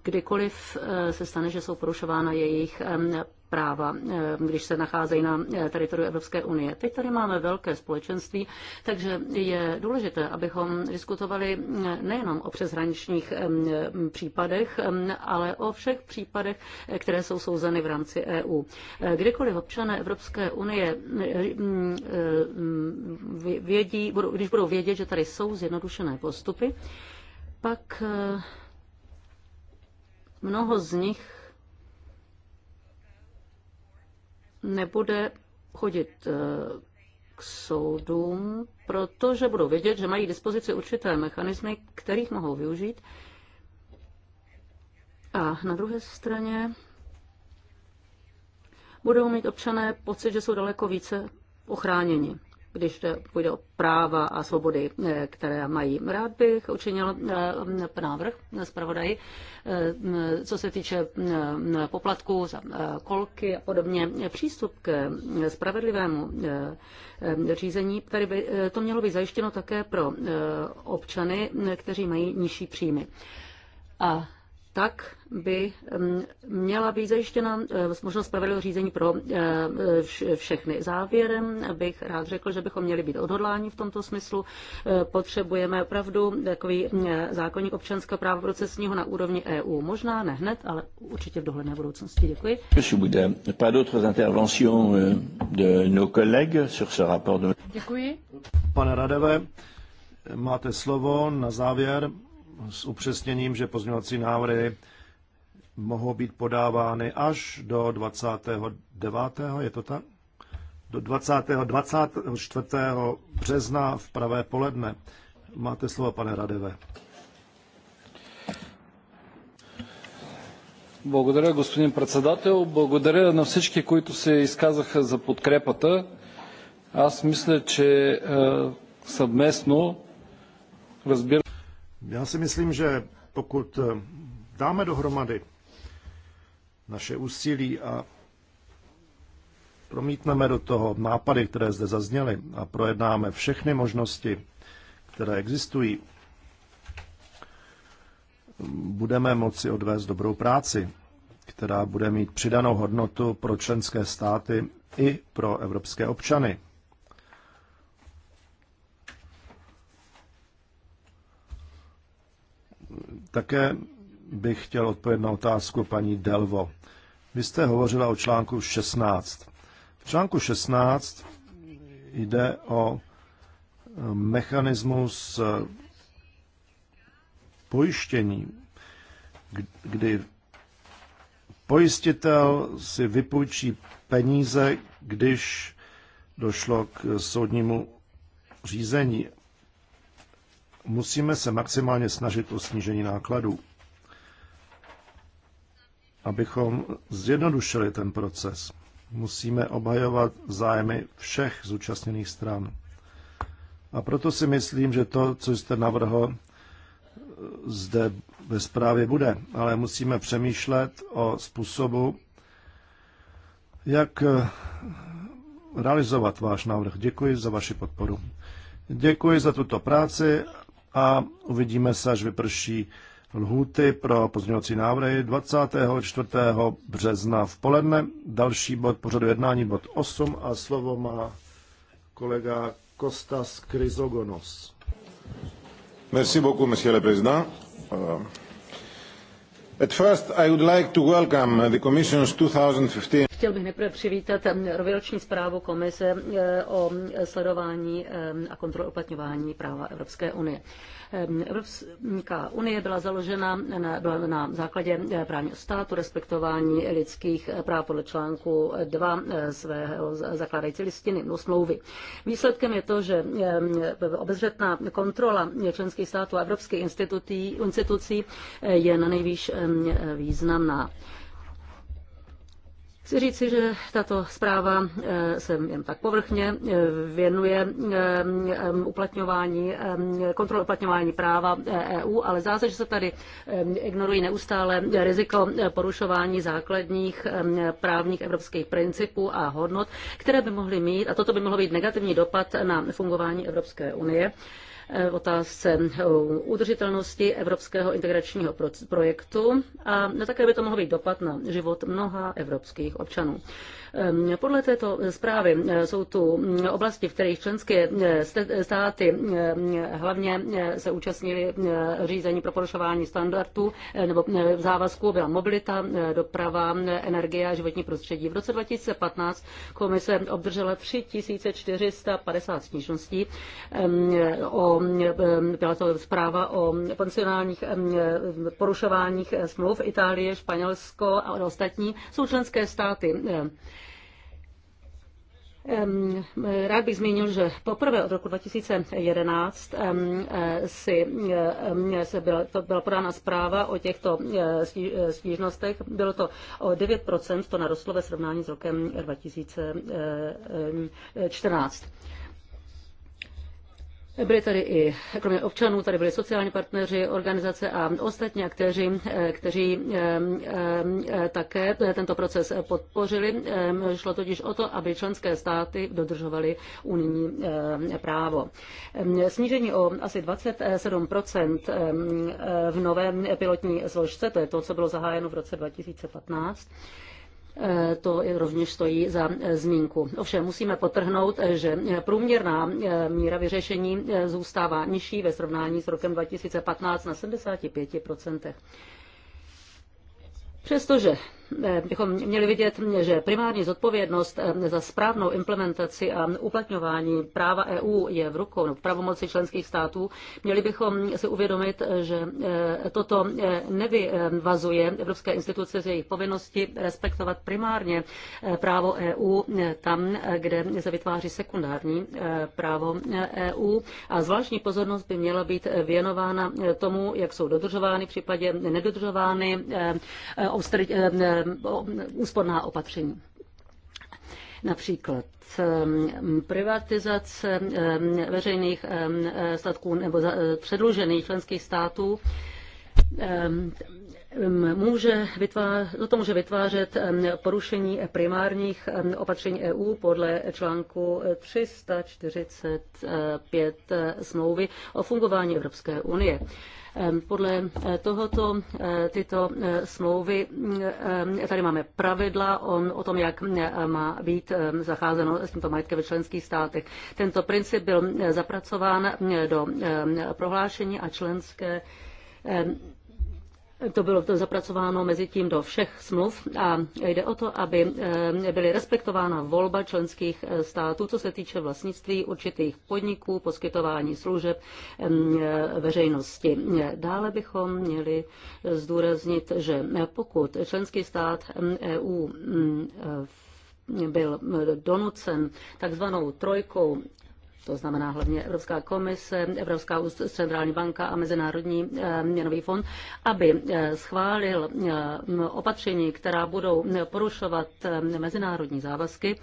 kdykoliv se stane, že jsou porušována jejich práva, eh, když se nacházejí na eh, teritoriu Evropské unie. Teď tady máme velké společenství, takže je důležité, abychom diskutovali eh, nejenom o přeshraničních případech, ale o všech případech, které jsou souzeny v rámci EU. Kdykoliv občané Evropské unie vědí, když budou vědět, že tady jsou zjednodušené postupy, pak mnoho z nich nebude chodit eh, k soudům, protože budou vědět, že mají dispozici určité mechanismy, kterých mohou využít. A na druhé straně budou mít občané pocit, že jsou daleko více ochráněni když půjde o práva a svobody, eh, které mají. Rád bych učinil eh, návrh zpravodaji, eh, co se týče poplatků za kolky a podobně. Přístup k spravedlivému řízení, tady by to mělo být zajištěno také pro občany, kteří mají nižší příjmy. A tak by měla být zajištěna eh, možnost spravedlivého řízení pro eh, všechny. Závěrem bych rád řekl, že bychom měli být odhodláni v tomto smyslu. Eh, potřebujeme opravdu takový zákonník občanského práva procesního na úrovni EU. Možná ne hned, ale určitě v dohledné budoucnosti. Děkuji. Euh, Děkuji. Pane Radeve, máte slovo na závěr s upřesněním, že pozměňovací návrhy mohou být podávány až do 29. je to tak? Do 20. 24. března v pravé poledne. Máte slovo, pane Radeve. Благодаря, господин председател. Благодаря на всички, които се изказаха за подкрепата. Аз мисля, че съвместно, разбира já si myslím, že pokud eh, dáme dohromady naše úsilí a promítneme do toho nápady, které zde zazněly a projednáme všechny možnosti, které existují, budeme moci odvést dobrou práci, která bude mít přidanou hodnotu pro členské státy i pro evropské občany. Také bych chtěl odpovědět na otázku paní Delvo. Vy jste hovořila o článku 16. V článku 16 jde o mechanismus pojištění, kdy pojistitel si vypůjčí peníze, když došlo k soudnímu řízení musíme se maximálně snažit o snížení nákladů, abychom zjednodušili ten proces. Musíme obhajovat zájmy všech zúčastněných stran. A proto si myslím, že to, co jste navrhl, eh, zde ve zprávě bude, ale musíme přemýšlet o způsobu, jak eh, realizovat váš návrh. Děkuji za vaši podporu. Děkuji za tuto práci a uvidíme se, až vyprší lhůty pro pozměňovací návrhy 24. března v poledne. Další bod pořadu jednání, bod 8 a slovo má kolega Kostas Kryzogonos. Merci beaucoup, monsieur le président. Euh, Chtěl bych nejprve přivítat roviloční zprávu komise eh, o eh, sledování a kontrole uplatňování práva Evropské unie. Ehm, Evropská unie byla založena na, byla na základě eh, právního státu, respektování lidských eh, práv podle článku 2 eh, svého zakládající listiny no smlouvy. Výsledkem je to, že ehm, obezřetná kontrola členských států a evropských institucí je na nejvýš ehm, významná. Chci říci, že tato zpráva eh, se jen tak povrchně eh, věnuje eh, uplatňování, kontrol uplatňování práva EU, e ale zdá se, že se tady ignorují neustále riziko porušování základních právních evropských principů a hodnot, které by mohly mít, a toto by mohlo být negativní dopad na fungování Evropské unie v eh, otázce eh, udržitelnosti evropského integračního projektu a také by to mohlo být dopad na život mnoha evropských občanů. Ehm, podle této zprávy eh, jsou tu mm, oblasti, v kterých členské eh, státy ehm, hlavně eh, se účastnili řízení pro porušování standardů nebo závazků, byla mobilita, doprava, energie a životní prostředí. V roce 2015 komise obdržela 3450 stížností. Ehm, o, byla to zpráva o pensionálních porušováních smluv Itálie, Španělsko a ostatní jsou členské státy Eh, rád bych zmínil, že poprvé od roku 2011 eh, si, eh, se byla, to byla podána zpráva o těchto stížnostech. Bylo to o 9%, to narostlo ve srovnání s rokem 2014. Byli tady i, kromě občanů, tady byli sociální partneři, organizace a ostatní aktéři, eh, kteří eh, eh, také tento proces podpořili. Ehm, šlo totiž o to, aby členské státy dodržovaly unijní právo. Ehm, snížení o asi 27 ehm, v nové pilotní složce, to je to, co bylo zahájeno v roce 2015, Eh, to rovněž stojí za eh, zmínku. Ovšem musíme potrhnout, eh, že průměrná míra vyřešení zůstává nižší ve srovnání s rokem 2015 na 75%. Přestože Eh, bychom měli vidět, že primární zodpovědnost eh, za správnou implementaci a uplatňování práva EU je v rukou nebo v pravomoci členských států. Měli bychom si uvědomit, že eh, toto nevyvazuje evropské instituce z jejich povinnosti respektovat primárně právo EU tam, kde se vytváří sekundární právo EU e a zvláštní pozornost by měla být věnována tomu, jak jsou dodržovány, v případě nedodržovány Eh, úsporná opatření. Například eh, privatizace eh, veřejných statků nebo předlužených členských států může vytvářet, to může vytvářet porušení primárních opatření EU podle článku 345 smlouvy o fungování Evropské unie. Podle tohoto tyto smlouvy tady máme pravidla o, o tom, jak má být zacházeno s tímto majetkem ve členských státech. Tento princip byl zapracován do prohlášení a členské to bylo to zapracováno mezi tím do všech smluv a jde o to, aby eh, byly respektována volba členských eh, států, co se týče vlastnictví určitých podniků, poskytování služeb eh, veřejnosti. Dále bychom měli zdůraznit, že pokud členský stát EU e mm, byl donucen takzvanou trojkou to znamená hlavně Evropská komise, Evropská centrální banka a Mezinárodní eh, měnový fond, aby eh, schválil eh, opatření, která budou porušovat mezinárodní závazky,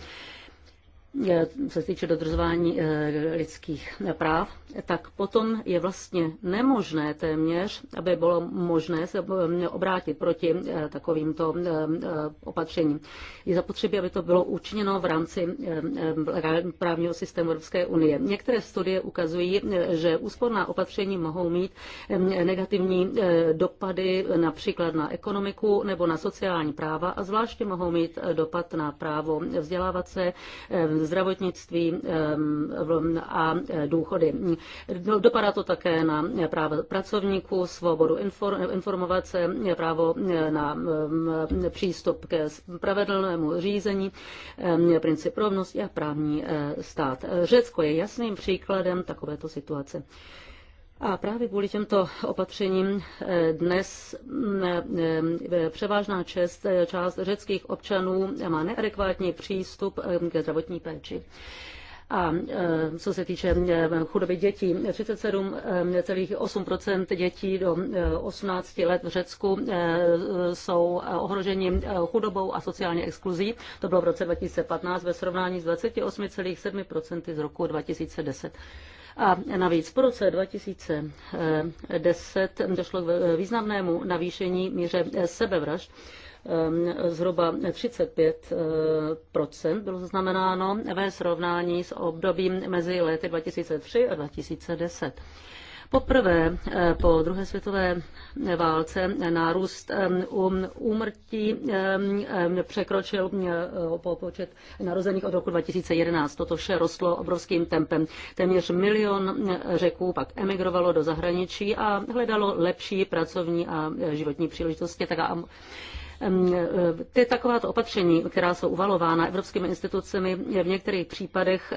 co se týče dodržování eh, lidských práv, tak potom je vlastně nemožné téměř, aby bylo možné se eh, obrátit proti eh, takovýmto opatřením. Je zapotřebí, aby to bylo učiněno v rámci právního systému Evropské unie. Některé studie ukazují, že úsporná opatření mohou mít negativní dopady například na ekonomiku nebo na sociální práva a zvláště mohou mít dopad na právo vzdělávat se, zdravotnictví a eh, důchody. No, dopadá to také na právo pracovníků, svobodu informovat se, právo eh, na přístup ke spravedlnému řízení, princip rovnosti a právní eh, stát. Řecko je jasným příkladem takovéto situace. A právě kvůli těmto opatřením eh, dnes mm, eh, eh, převážná čest, část řeckých občanů má neadekvátní přístup k zdravotní péči. A co se týče chudoby dětí, 37,8 dětí do 18 let v Řecku jsou ohroženi chudobou a sociální exkluzí. To bylo v roce 2015 ve srovnání s 28,7 z roku 2010. A navíc po roce 2010 došlo k významnému navýšení míře sebevražd ehm, zhruba 35 bylo zaznamenáno ve srovnání s obdobím mezi lety 2003 a 2010. Poprvé eh, po druhé světové eh, válce eh, nárůst úmrtí překročil po počet narozených od roku 2011. Toto vše rostlo obrovským tempem. Téměř milion řeků pak emigrovalo do zahraničí a hledalo lepší pracovní a životní příležitosti. Tak a E, Ty takováto opatření, která jsou uvalována evropskými institucemi, v některých případech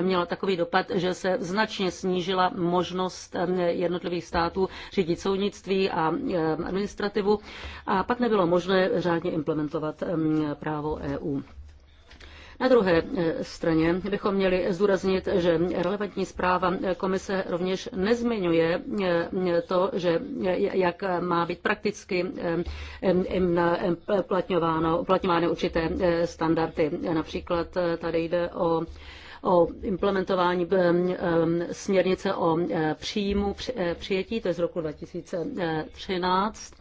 měla takový dopad, že se značně snížila možnost jednotlivých států řídit soudnictví a e, administrativu a pak nebylo možné řádně implementovat právo EU. Na druhé eh, straně bychom měli zdůraznit, že relevantní zpráva eh, komise rovněž nezmiňuje eh, to, že jak má být prakticky uplatňováno, uplatňovány určité standardy. Například tady jde o o implementování směrnice o příjmu přijetí, to je z roku 2013.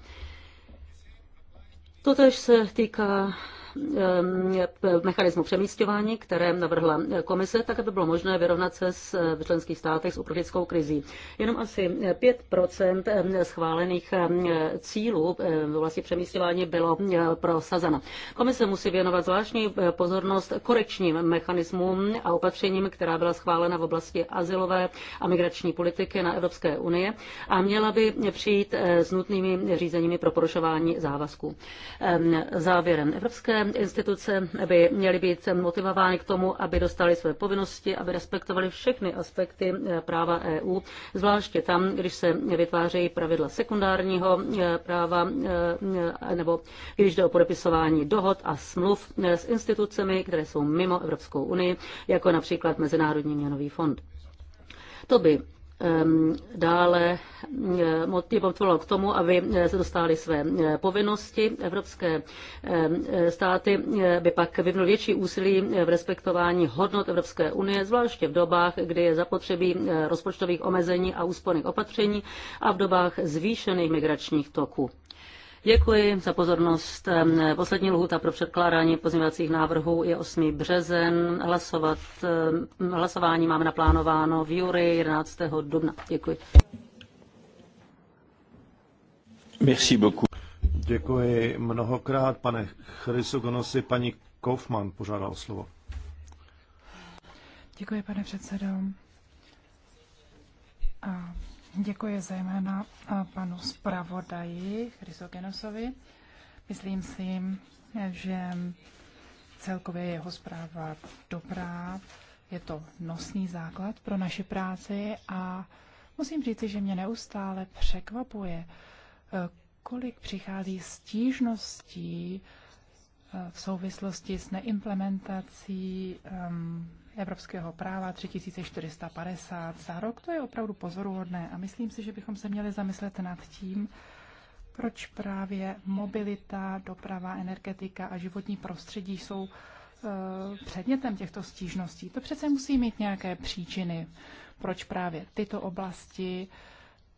Totež se týká Eh, mechanismu přemístování, které navrhla komise, tak aby bylo možné vyrovnat se s, v členských státech s uprchlickou krizí. Jenom asi 5 eh, schválených eh, cílů v oblasti přemístování bylo prosazeno. Komise musí věnovat zvláštní pozornost korekčním mechanismům a opatřením, která byla schválena v oblasti asilové a migrační politiky na Evropské unie a měla by přijít s nutnými řízeními pro porušování závazků. Ehm, závěrem Evropské instituce by měly být motivovány k tomu, aby dostali své povinnosti, aby respektovali všechny aspekty eh, práva EU, zvláště tam, když se vytvářejí pravidla sekundárního eh, práva eh, nebo když jde o podepisování dohod a smluv s institucemi, které jsou mimo Evropskou unii, jako například Mezinárodní měnový fond. To by Ehm, dále eh, motivovalo k tomu, aby eh, se dostály své eh, povinnosti. Evropské ehm, státy by pak vyvinuly větší úsilí v respektování hodnot Evropské unie, zvláště v dobách, kdy je zapotřebí rozpočtových omezení a úsporných opatření a v dobách zvýšených migračních toků. Děkuji za pozornost. Poslední lhuta pro předkládání pozměňovacích návrhů je 8. březen. Hlasovat, hlasování máme naplánováno v jury 11. dubna. Děkuji. Merci beaucoup. Děkuji mnohokrát, pane Gonosi, Paní Kaufmann požádá o slovo. Děkuji, pane předsedo. A Děkuji zejména eh, panu zpravodaji Chrysogenosovi. Myslím si, že celkově jeho zpráva dobrá, je to nosný základ pro naši práci a musím říci, že mě neustále překvapuje, eh, kolik přichází stížností eh, v souvislosti s neimplementací ehm, evropského práva 3450 za rok. To je opravdu pozoruhodné a myslím si, že bychom se měli zamyslet nad tím, proč právě mobilita, doprava, energetika a životní prostředí jsou eh, předmětem těchto stížností. To přece musí mít nějaké příčiny, proč právě tyto oblasti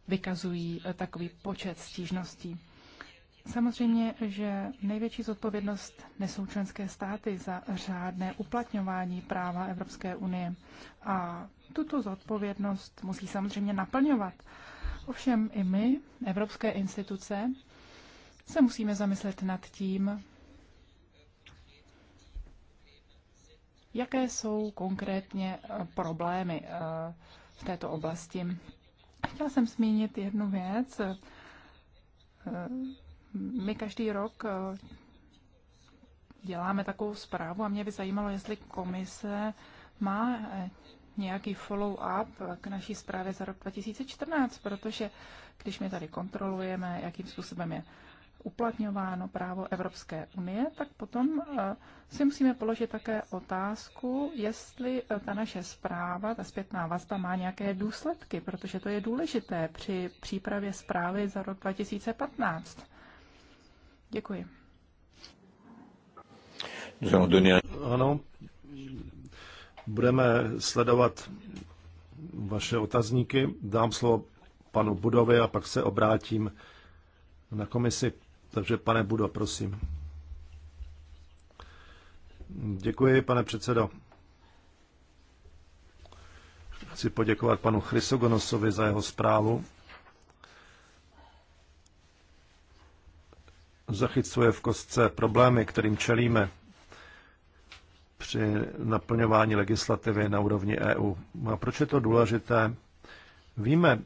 vykazují eh, takový počet stížností. Samozřejmě, že největší zodpovědnost nesou členské státy za řádné uplatňování práva Evropské unie. A tuto zodpovědnost musí samozřejmě naplňovat. Ovšem i my, evropské instituce, se musíme zamyslet nad tím, jaké jsou konkrétně eh, problémy eh, v této oblasti. Chtěla jsem zmínit jednu věc, eh, my každý rok eh, děláme takovou zprávu a mě by zajímalo, jestli komise má eh, nějaký follow-up k naší zprávě za rok 2014, protože když my tady kontrolujeme, jakým způsobem je uplatňováno právo Evropské unie, tak potom eh, si musíme položit také otázku, jestli ta naše zpráva, ta zpětná vazba má nějaké důsledky, protože to je důležité při přípravě zprávy za rok 2015. Děkuji. Ano, budeme sledovat vaše otazníky. Dám slovo panu Budovi a pak se obrátím na komisi. Takže pane Budo, prosím. Děkuji, pane předsedo. Chci poděkovat panu Chrysogonosovi za jeho zprávu zachycuje v kostce problémy, kterým čelíme při naplňování legislativy na úrovni EU. No a proč je to důležité? Víme,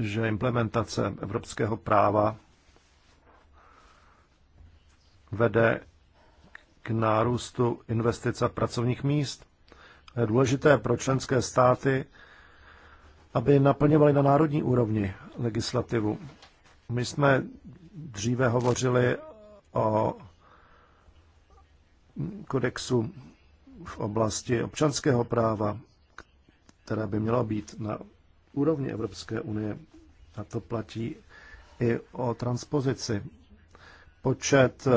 že implementace evropského práva vede k nárůstu investic a pracovních míst. Je důležité pro členské státy, aby naplňovali na národní úrovni legislativu. My jsme dříve hovořili o kodexu v oblasti občanského práva, které by mělo být na úrovni Evropské unie. A to platí i o transpozici. Počet eh,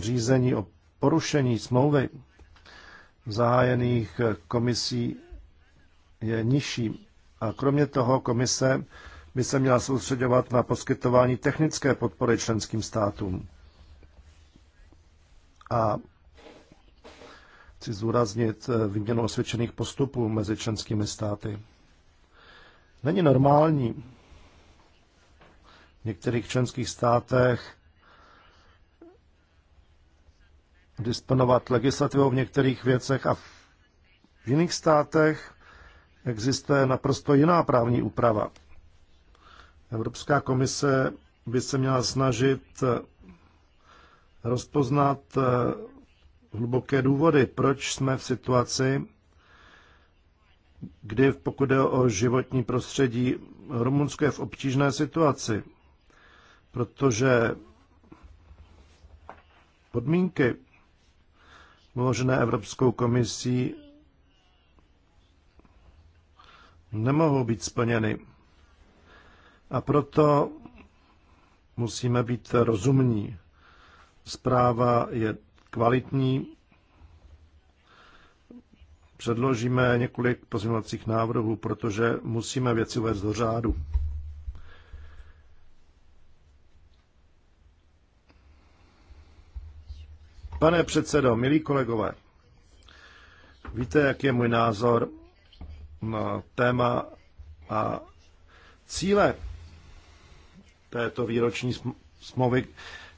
řízení o porušení smlouvy zahájených eh, komisí je nižší. A kromě toho komise by se měla soustředovat na poskytování technické podpory členským státům. A chci zúraznit eh, výměnu osvědčených postupů mezi členskými státy. Není normální v některých členských státech disponovat legislativou v některých věcech a v jiných státech existuje naprosto jiná právní úprava. Evropská komise by se měla snažit rozpoznat eh, hluboké důvody, proč jsme v situaci, kdy pokud jde o životní prostředí, Rumunsko je v obtížné situaci, protože podmínky uložené Evropskou komisí nemohou být splněny. A proto musíme být rozumní. Zpráva je kvalitní. Předložíme několik pozměňovacích návrhů, protože musíme věci uvést do řádu. Pane předsedo, milí kolegové, víte, jak je můj názor na téma a cíle této výroční smlouvy,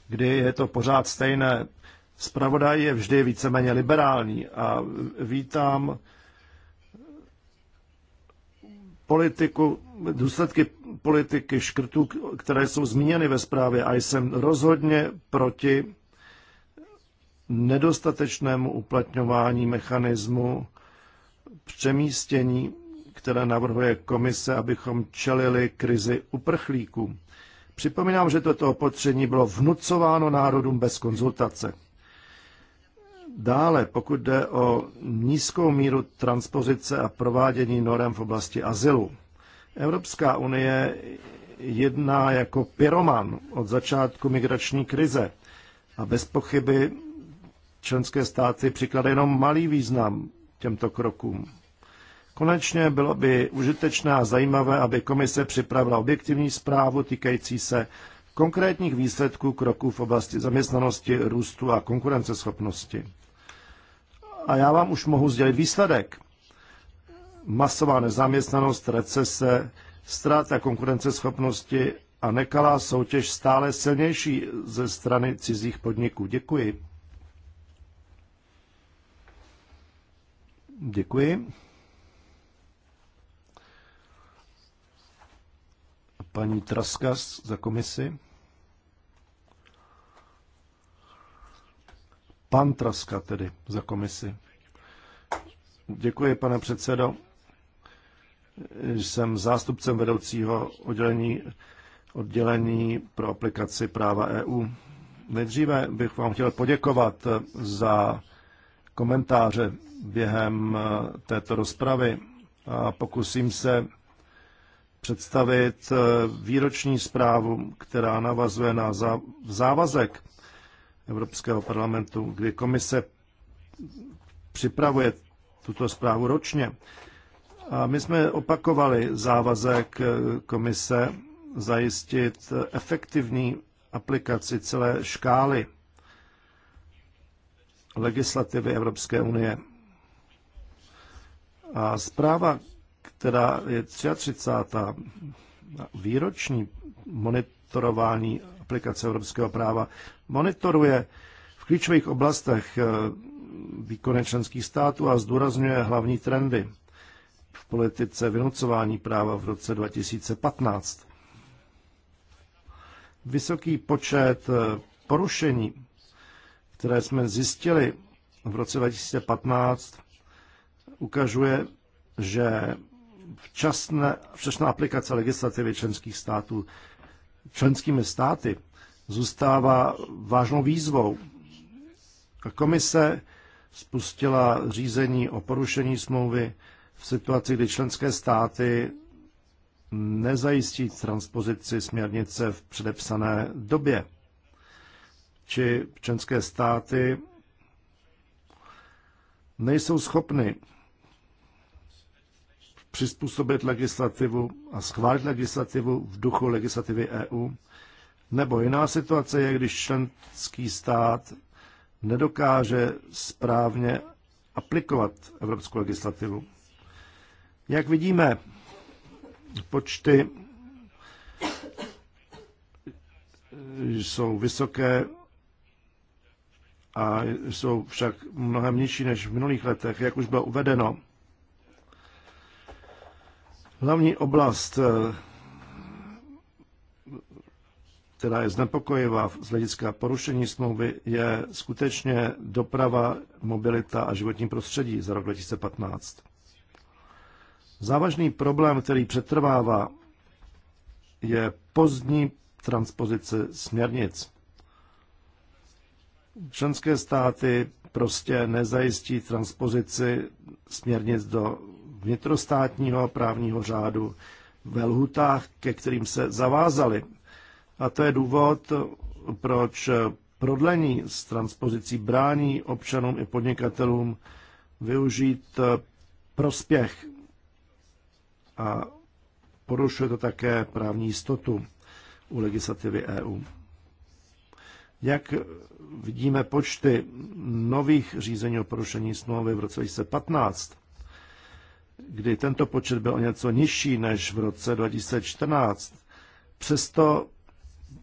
kdy je to pořád stejné. Spravodaj je vždy víceméně liberální a vítám politiku, důsledky politiky škrtů, které jsou zmíněny ve zprávě a jsem rozhodně proti nedostatečnému uplatňování mechanismu přemístění, které navrhuje komise, abychom čelili krizi uprchlíků. Připomínám, že toto opatření bylo vnucováno národům bez konzultace. Dále, pokud jde o nízkou míru transpozice a provádění norem v oblasti azylu. Evropská unie jedná jako pyroman od začátku migrační krize a bez pochyby členské státy přikladají jenom malý význam těmto krokům. Konečně bylo by užitečné a zajímavé, aby komise připravila objektivní zprávu týkající se konkrétních výsledků kroků v oblasti zaměstnanosti, růstu a konkurenceschopnosti. A já vám už mohu sdělit výsledek. Masová nezaměstnanost, recese, ztráta konkurenceschopnosti a nekalá soutěž stále silnější ze strany cizích podniků. Děkuji. Děkuji. paní Traskas za komisi. Pan Traska tedy za komisi. Děkuji, pane předsedo. Jsem zástupcem vedoucího oddělení, oddělení pro aplikaci práva EU. Nejdříve bych vám chtěl poděkovat za komentáře během této rozpravy a pokusím se představit eh, výroční zprávu, která navazuje na závazek Evropského parlamentu, kdy komise připravuje tuto zprávu ročně. A my jsme opakovali závazek eh, komise zajistit efektivní aplikaci celé škály legislativy Evropské unie. A zpráva která je 33. výroční monitorování aplikace evropského práva, monitoruje v klíčových oblastech eh, výkony členských států a zdůrazňuje hlavní trendy v politice vynucování práva v roce 2015. Vysoký počet eh, porušení, které jsme zjistili v roce 2015, ukazuje, že včasné, včasná aplikace legislativy členských států členskými státy zůstává vážnou výzvou. Komise spustila řízení o porušení smlouvy v situaci, kdy členské státy nezajistí transpozici směrnice v předepsané době. Či členské státy nejsou schopny přizpůsobit legislativu a schválit legislativu v duchu legislativy EU, nebo jiná situace je, když členský stát nedokáže správně aplikovat evropskou legislativu. Jak vidíme, počty jsou vysoké a jsou však mnohem nižší než v minulých letech, jak už bylo uvedeno Hlavní oblast, eh, která je znepokojivá z hlediska porušení smlouvy, je skutečně doprava, mobilita a životní prostředí za rok 2015. Závažný problém, který přetrvává, je pozdní transpozice směrnic. Členské státy prostě nezajistí transpozici směrnic do vnitrostátního a právního řádu ve lhutách, ke kterým se zavázali. A to je důvod, proč prodlení s transpozicí brání občanům i podnikatelům využít eh, prospěch a porušuje to také právní jistotu u legislativy EU. Jak vidíme počty nových řízení o porušení smlouvy v roce 2015, kdy tento počet byl o něco nižší než v roce 2014. Přesto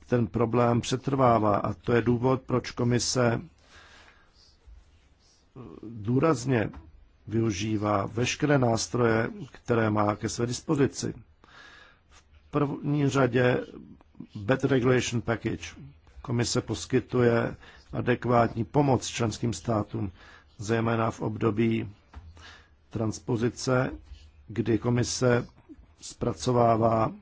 ten problém přetrvává a to je důvod, proč komise důrazně využívá veškeré nástroje, které má ke své dispozici. V první řadě Bad Regulation Package. Komise poskytuje adekvátní pomoc členským státům, zejména v období transpozice, kdy komise zpracovává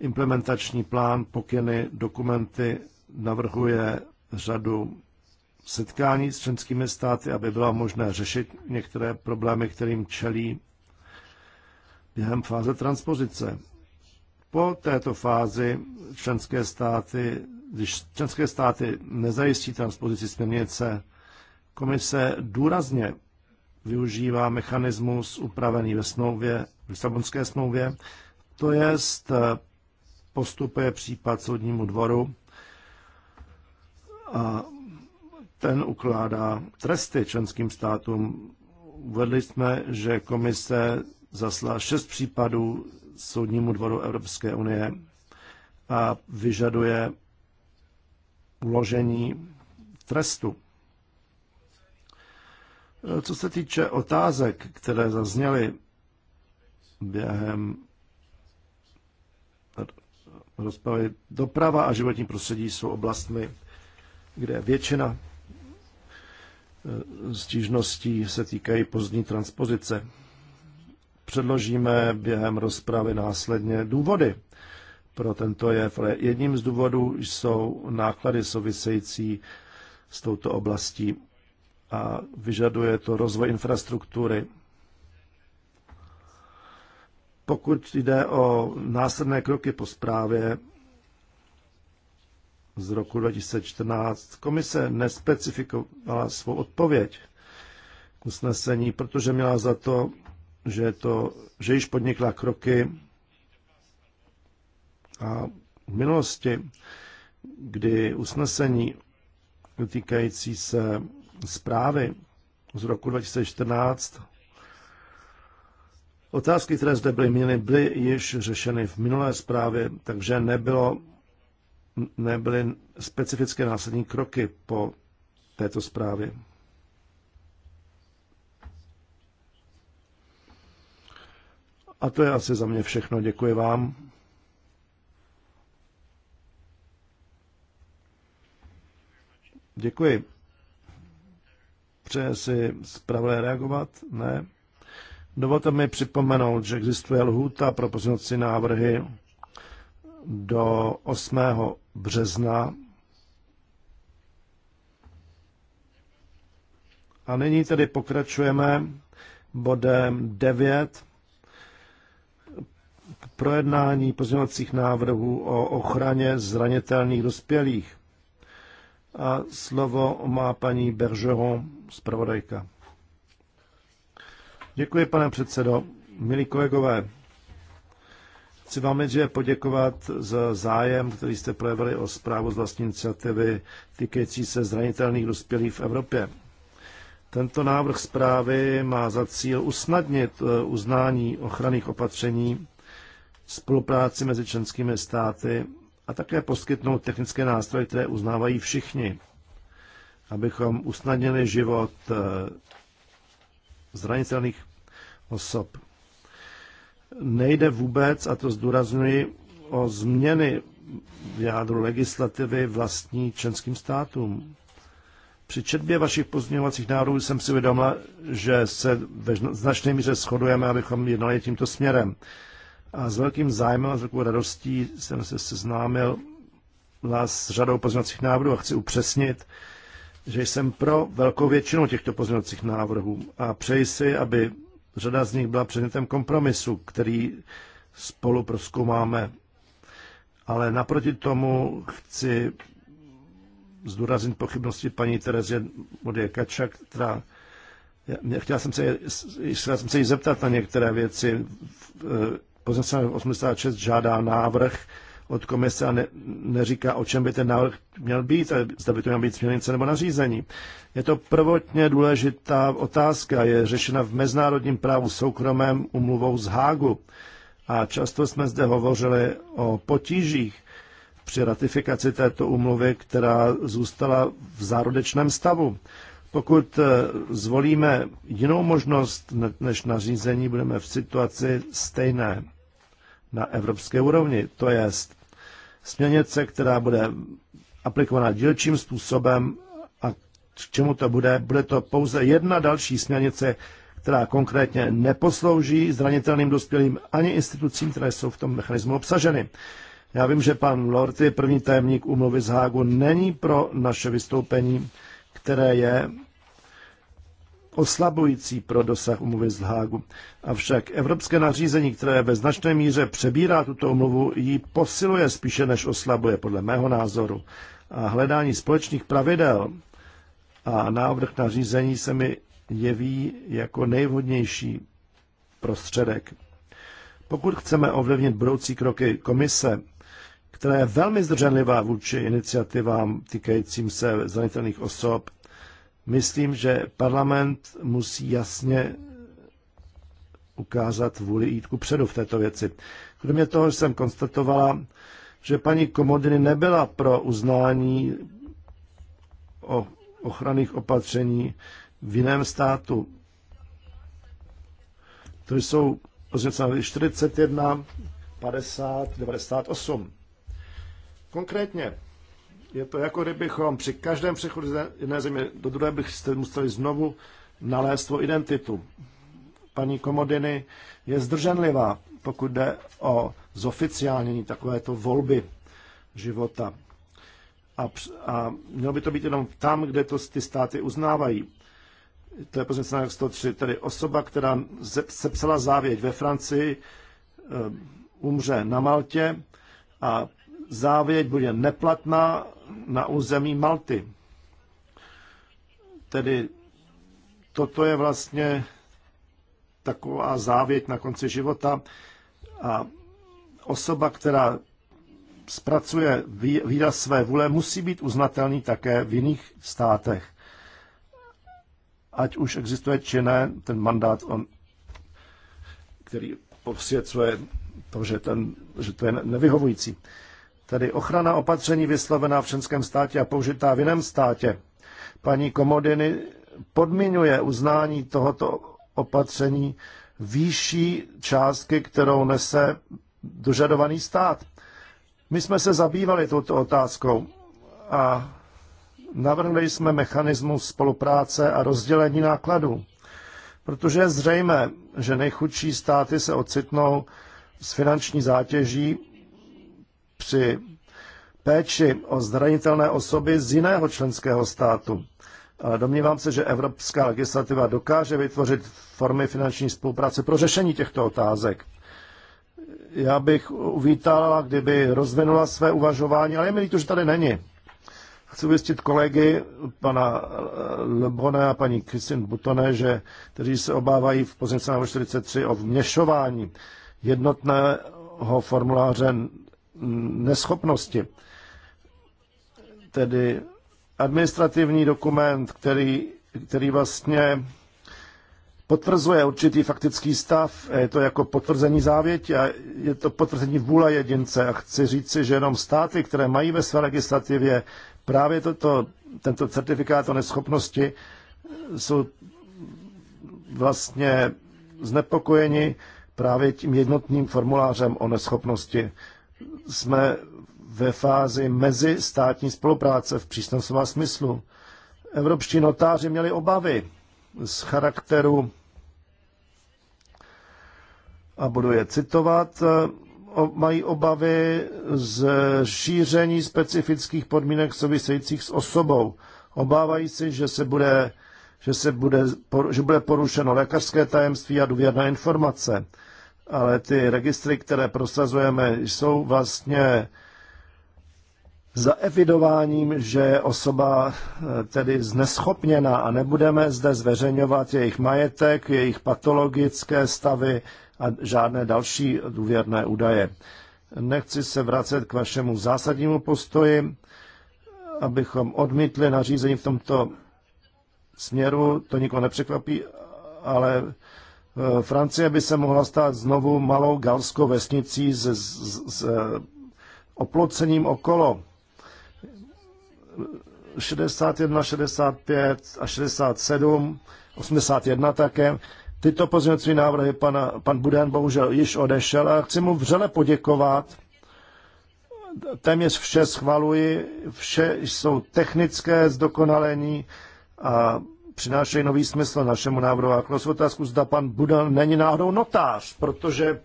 implementační plán, pokyny, dokumenty, navrhuje řadu setkání s členskými státy, aby bylo možné řešit některé problémy, kterým čelí během fáze transpozice. Po této fázi členské státy, když členské státy nezajistí transpozici směrnice, komise důrazně využívá mechanismus upravený ve smlouvě, v Lisabonské smlouvě, to jest eh, postupuje případ soudnímu dvoru a ten ukládá tresty členským státům. Uvedli jsme, že komise zaslala šest případů soudnímu dvoru Evropské unie a vyžaduje uložení trestu. Eh, co se týče otázek, které zazněly během rozpravy, doprava a životní prostředí jsou oblastmi, kde většina eh, stížností se týkají pozdní transpozice. Předložíme během rozpravy následně důvody pro tento jev. Jedním z důvodů jsou náklady související s touto oblastí a vyžaduje to rozvoj infrastruktury. Pokud jde o následné kroky po zprávě z roku 2014, komise nespecifikovala svou odpověď k usnesení, protože měla za to, že, to, že již podnikla kroky a v minulosti, kdy usnesení týkající se zprávy z roku 2014. Otázky, které zde byly měny, byly již řešeny v minulé zprávě, takže nebylo, nebyly specifické následní kroky po této zprávě. A to je asi za mě všechno. Děkuji vám. Děkuji. Přeje si zpravodaj reagovat? Ne. Dovolte mi připomenout, že existuje lhůta pro pozměňovací návrhy do 8. března. A nyní tedy pokračujeme bodem 9 projednání pozměňovacích návrhů o ochraně zranitelných dospělých. A slovo má paní Bergeron, zpravodajka. Děkuji, pane předsedo. Milí kolegové, chci vám nejdříve poděkovat za zájem, který jste projevili o zprávu z vlastní iniciativy týkající se zranitelných dospělých v Evropě. Tento návrh zprávy má za cíl usnadnit eh, uznání ochranných opatření, spolupráci mezi členskými státy a také poskytnout technické nástroje, které uznávají všichni, abychom usnadnili život eh, zranitelných osob. Nejde vůbec, a to zdůraznuji, o změny v jádru legislativy vlastní členským státům. Při četbě vašich pozměňovacích návrhů jsem si uvědomila, že se ve značné míře shodujeme, abychom jednali tímto směrem. A s velkým zájmem a s velkou radostí jsem se seznámil s řadou pozměňovacích návrhů a chci upřesnit, že jsem pro velkou většinu těchto pozměňovacích návrhů a přeji si, aby řada z nich byla předmětem kompromisu, který spolu proskoumáme. Ale naproti tomu chci zdůraznit pochybnosti paní Terezie Modě Kača, která chtěla jsem, se, chtěla jsem se jí zeptat na některé věci v, Poznacenem 86 žádá návrh od komise a ne, neříká, o čem by ten návrh měl být, zda by to měl být směrnice nebo nařízení. Je to prvotně důležitá otázka, je řešena v mezinárodním právu soukromém umluvou z Hágu. A často jsme zde hovořili o potížích při ratifikaci této umluvy, která zůstala v zárodečném stavu. Pokud eh, zvolíme jinou možnost než nařízení, budeme v situaci stejné na evropské úrovni, to je směrnice, která bude aplikovaná dílčím způsobem a k čemu to bude? Bude to pouze jedna další směrnice, která konkrétně neposlouží zranitelným dospělým ani institucím, které jsou v tom mechanismu obsaženy. Já vím, že pan Lorty, první tajemník úmluvy z Hágu, není pro naše vystoupení, které je oslabující pro dosah umluvy z Hágu. Avšak evropské nařízení, které ve značné míře přebírá tuto umluvu, ji posiluje spíše než oslabuje, podle mého názoru. A hledání společných pravidel a návrh nařízení se mi jeví jako nejvhodnější prostředek. Pokud chceme ovlivnit budoucí kroky komise, která je velmi zdrženlivá vůči iniciativám týkajícím se zranitelných osob Myslím, že parlament musí jasně ukázat vůli jít ku předu v této věci. Kromě toho jsem konstatovala, že paní Komodiny nebyla pro uznání o ochranných opatření v jiném státu. To jsou označené 41, 50, 98. Konkrétně je to jako kdybychom při každém přechodu z jedné země do druhé byste museli znovu nalézt svou identitu. Paní Komodiny je zdrženlivá, pokud jde o zoficiálnění takovéto volby života. A, a mělo by to být jenom tam, kde to ty státy uznávají. To je pozice 103, tedy osoba, která sepsala závěť ve Francii, eh, umře na Maltě a závěť bude neplatná na území Malty. Tedy toto je vlastně taková závěť na konci života a osoba, která zpracuje výraz své vůle, musí být uznatelný také v jiných státech. Ať už existuje či ne, ten mandát, on, který posvěcuje to, že, ten, že to je nevyhovující tedy ochrana opatření vyslovená v členském státě a použitá v jiném státě, paní Komodiny podmiňuje uznání tohoto opatření výšší částky, kterou nese dožadovaný stát. My jsme se zabývali touto otázkou a navrhli jsme mechanismus spolupráce a rozdělení nákladů, protože je zřejmé, že nejchudší státy se ocitnou s finanční zátěží, při péči o zranitelné osoby z jiného členského státu. Ale domnívám se, že evropská legislativa dokáže vytvořit formy finanční spolupráce pro řešení těchto otázek. Já bych uvítala, kdyby rozvinula své uvažování, ale je mi líto, že tady není. Chci ujistit kolegy, pana Lebona a paní Kristin Butone, že, kteří se obávají v pozici 43 o vměšování jednotného formuláře neschopnosti. Tedy administrativní dokument, který, který vlastně potvrzuje určitý faktický stav, je to jako potvrzení závěti a je to potvrzení vůle jedince. A chci říci, že jenom státy, které mají ve své legislativě právě toto, tento certifikát o neschopnosti, jsou vlastně znepokojeni právě tím jednotným formulářem o neschopnosti jsme ve fázi mezi státní spolupráce v přísném slova smyslu. Evropští notáři měli obavy z charakteru, a budu je citovat, mají obavy z šíření specifických podmínek souvisejících s osobou. Obávají se, že se bude, že se bude, že bude porušeno lékařské tajemství a důvěrná informace ale ty registry, které prosazujeme, jsou vlastně za evidováním, že je osoba eh, tedy zneschopněná a nebudeme zde zveřejňovat jejich majetek, jejich patologické stavy a žádné další důvěrné údaje. Nechci se vracet k vašemu zásadnímu postoji, abychom odmítli nařízení v tomto směru, to nikoho nepřekvapí, ale Eh, Francie by se mohla stát znovu malou galskou vesnicí s, s, s oplocením okolo. 61, 65 a 67, 81 také. Tyto pozměňovací návrhy pana, pan Budén bohužel již odešel a chci mu vřele poděkovat. Téměř vše schvaluji, vše jsou technické zdokonalení a přinášejí nový smysl našemu návrhu. A klas otázku, zda pan Budel není náhodou notář, protože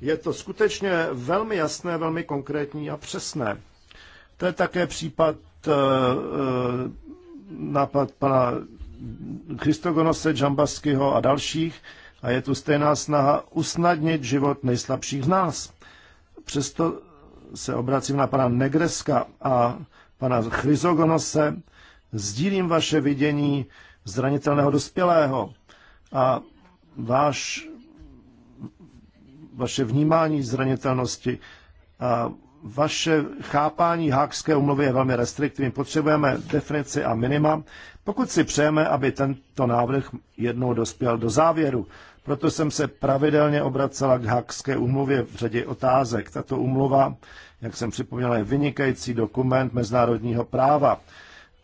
je to skutečně velmi jasné, velmi konkrétní a přesné. To je také případ eh, eh, nápad pana Christogonose, Džambaskyho a dalších a je tu stejná snaha usnadnit život nejslabších z nás. Přesto se obracím na pana Negreska a pana Chryzogonose. Sdílím vaše vidění zranitelného dospělého a váš, vaše vnímání zranitelnosti a vaše chápání hákské umluvy je velmi restriktivní. Potřebujeme definici a minima, pokud si přejeme, aby tento návrh jednou dospěl do závěru. Proto jsem se pravidelně obracela k hákské umluvě v řadě otázek. Tato umluva, jak jsem připomněla, je vynikající dokument mezinárodního práva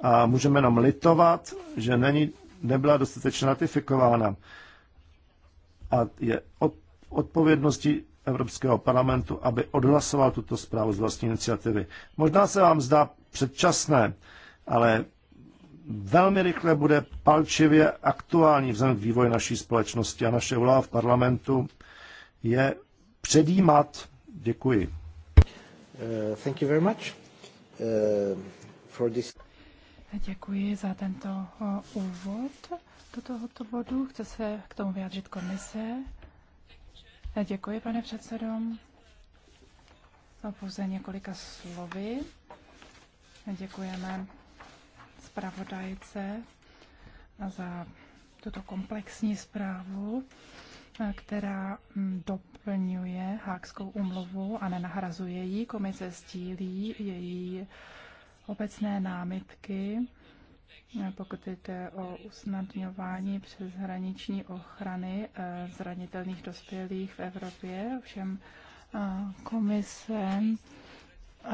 a můžeme jenom litovat, že není, nebyla dostatečně ratifikována. A je od, odpovědností Evropského parlamentu, aby odhlasoval tuto zprávu z vlastní iniciativy. Možná se vám zdá předčasné, ale velmi rychle bude palčivě aktuální vzhledem k vývoji naší společnosti a naše úloha v parlamentu je předjímat. Děkuji. Uh, thank you very much, uh, for this... Děkuji za tento úvod do tohoto bodu. Chce se k tomu vyjádřit komise. Děkuji, pane předsedo. Pouze několika slovy. Děkujeme zpravodajce za tuto komplexní zprávu, která mm, doplňuje Hákskou umluvu a nenahrazuje ji. Komise stílí její obecné námitky, pokud jde o usnadňování přeshraniční ochrany eh, zranitelných dospělých v Evropě. Ovšem eh, komise eh,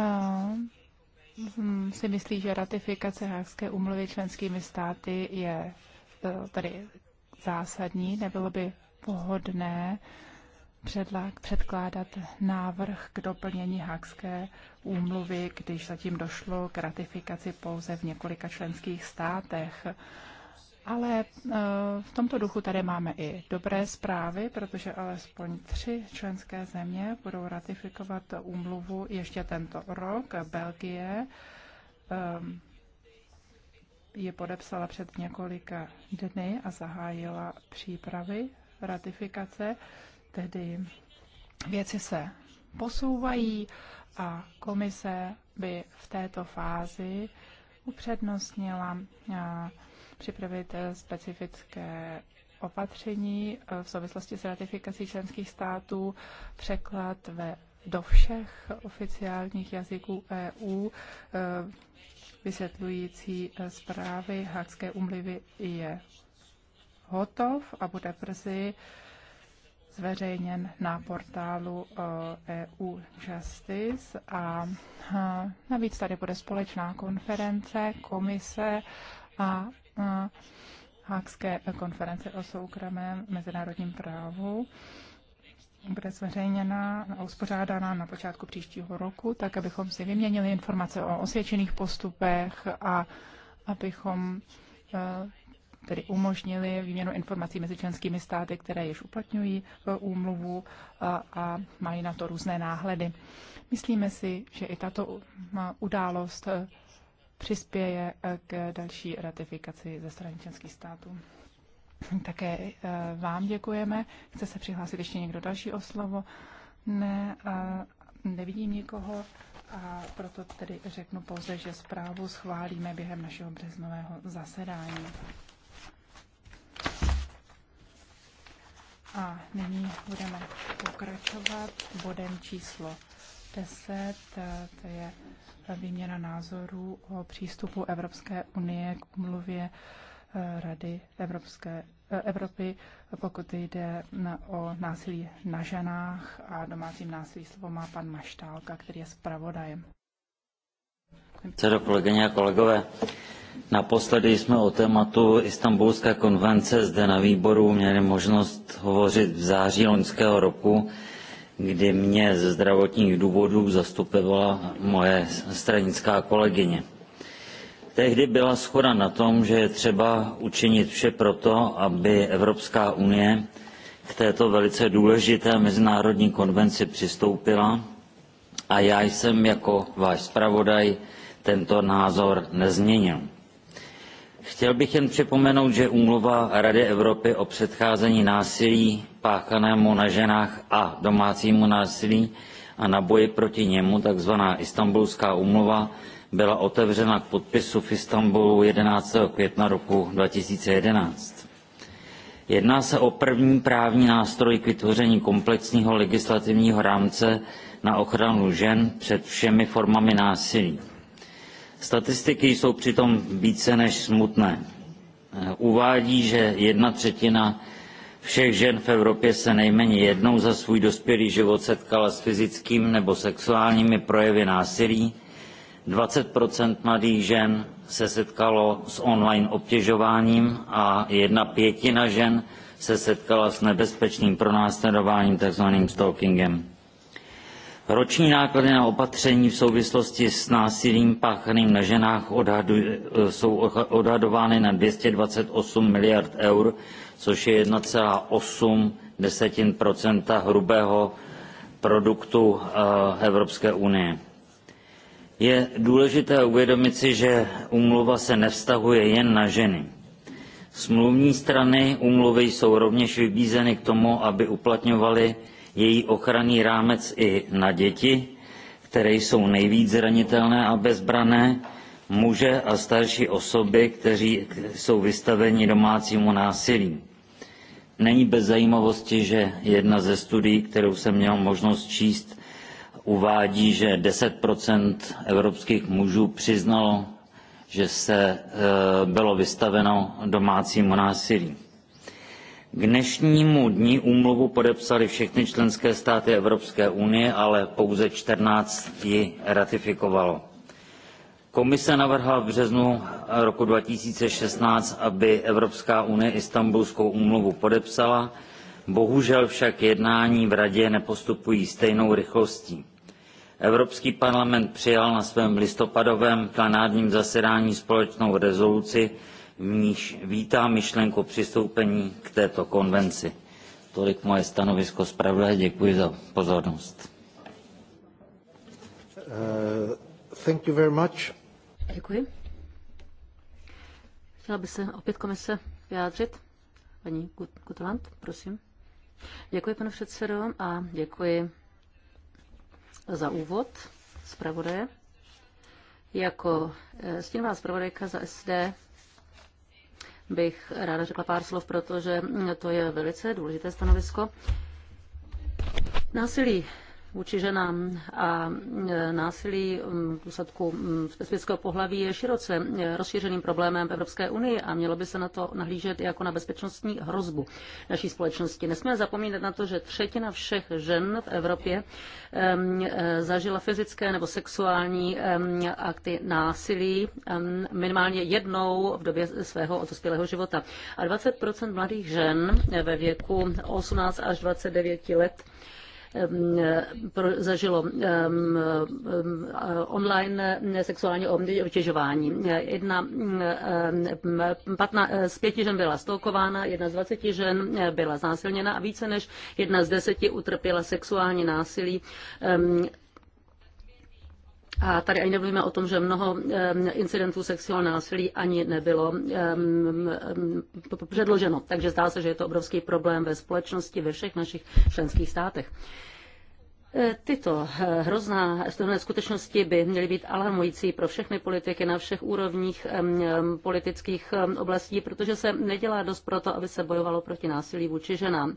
mm, si myslí, že ratifikace Hákské umluvy členskými státy je tady zásadní. Nebylo by pohodné předkládat návrh k doplnění Hákské úmluvy, když zatím došlo k ratifikaci pouze v několika členských státech. Ale e, v tomto duchu tady máme i dobré zprávy, protože alespoň tři členské země budou ratifikovat úmluvu ještě tento rok. Belgie e, je podepsala před několika dny a zahájila přípravy ratifikace. Tedy věci se posouvají a komise by v této fázi upřednostnila připravit e, specifické opatření e, v souvislosti s ratifikací členských států, překlad ve, do všech oficiálních jazyků EU, e, vysvětlující zprávy Hákské umlivy je hotov a bude brzy zveřejněn na portálu EU eh, e Justice a eh, navíc tady bude společná konference, komise a eh, Hákské konference o soukromém mezinárodním právu bude zveřejněna a uspořádána na počátku příštího roku, tak abychom si vyměnili informace o osvědčených postupech a abychom tedy umožnili výměnu informací mezi členskými státy, které již uplatňují eh, úmluvu a, a mají na to různé náhledy. Myslíme si, že i tato eh, událost eh, přispěje k další ratifikaci ze strany členských států. Také vám děkujeme. Chce se přihlásit ještě někdo další o slovo? Ne, nevidím nikoho a proto tedy řeknu pouze, že zprávu schválíme během našeho březnového zasedání. A nyní budeme pokračovat bodem číslo 10, to je výměna názorů o přístupu Evropské unie k umluvě eh, Rady Evropské, eh, Evropy, pokud jde na, o násilí na ženách a domácím násilí. Slovo má pan Maštálka, který je zpravodajem. Cedo kolegyně a kolegové, naposledy jsme o tématu Istanbulské konvence zde na výboru měli možnost hovořit v září loňského roku, kdy mě ze zdravotních důvodů zastupovala moje stranická kolegyně. Tehdy byla schoda na tom, že je třeba učinit vše proto, aby Evropská unie k této velice důležité mezinárodní konvenci přistoupila a já jsem jako váš zpravodaj tento názor nezměnil. Chtěl bych jen připomenout, že úmluva Rady Evropy o předcházení násilí páchanému na ženách a domácímu násilí a na boji proti němu, takzvaná Istanbulská úmluva, byla otevřena k podpisu v Istanbulu 11. května roku 2011. Jedná se o první právní nástroj k vytvoření komplexního legislativního rámce na ochranu žen před všemi formami násilí. Statistiky jsou přitom více než smutné. Eh, uvádí, že jedna třetina všech žen v Evropě se nejméně jednou za svůj dospělý život setkala s fyzickým nebo sexuálními projevy násilí, 20 mladých žen se setkalo s online obtěžováním a jedna pětina žen se setkala s nebezpečným pronásledováním, takzvaným stalkingem. Roční náklady na opatření v souvislosti s násilím páchaným na ženách odhadu, jsou odhadovány na 228 miliard eur, což je 1,8 desetin procenta hrubého produktu eh, Evropské unie. Je důležité uvědomit si, že úmluva se nevztahuje jen na ženy. Smluvní strany úmluvy jsou rovněž vybízeny k tomu, aby uplatňovaly její ochranný rámec i na děti, které jsou nejvíc zranitelné a bezbrané, muže a starší osoby, kteří jsou vystaveni domácímu násilí. Není bez zajímavosti, že jedna ze studií, kterou jsem měl možnost číst, uvádí, že 10 evropských mužů přiznalo, že se e, bylo vystaveno domácímu násilí. K dnešnímu dni úmluvu podepsaly všechny členské státy Evropské unie, ale pouze 14 ji ratifikovalo. Komise navrhla v březnu roku 2016, aby Evropská unie Istanbulskou úmluvu podepsala, bohužel však jednání v Radě nepostupují stejnou rychlostí. Evropský parlament přijal na svém listopadovém plenárním zasedání společnou rezoluci v níž vítá myšlenku přistoupení k této konvenci. Tolik moje stanovisko zpravodaje. Děkuji za pozornost. Uh, thank you very much. Děkuji. Chtěla by se opět komise vyjádřit? Paní Gutland, prosím. Děkuji, pane předsedo, a děkuji za úvod zpravodaje. Jako eh, stínová zpravodajka za SD bych ráda řekla pár slov, protože to je velice důležité stanovisko. Násilí vůči ženám a e, násilí v důsledku specifického pohlaví je široce e, rozšířeným problémem v Evropské unii a mělo by se na to nahlížet jako na bezpečnostní hrozbu naší společnosti. Nesmíme zapomínat na to, že třetina všech žen v Evropě e, zažila fyzické nebo sexuální akty násilí minimálně jednou v době svého dospělého života. A 20 mladých žen ve věku 18 až 29 let zažilo online sexuální obtěžování. Jedna patna, z pěti žen byla stalkována, jedna z dvaceti žen byla znásilněna a více než jedna z deseti utrpěla sexuální násilí a tady ani nemluvíme o tom, že mnoho incidentů sexuálního násilí ani nebylo předloženo. Takže zdá se, že je to obrovský problém ve společnosti, ve všech našich členských státech. E, tyto e, hrozná skutečnosti by měly být alarmující pro všechny politiky na všech úrovních e, politických oblastí, protože se nedělá dost to, aby se bojovalo proti násilí vůči ženám.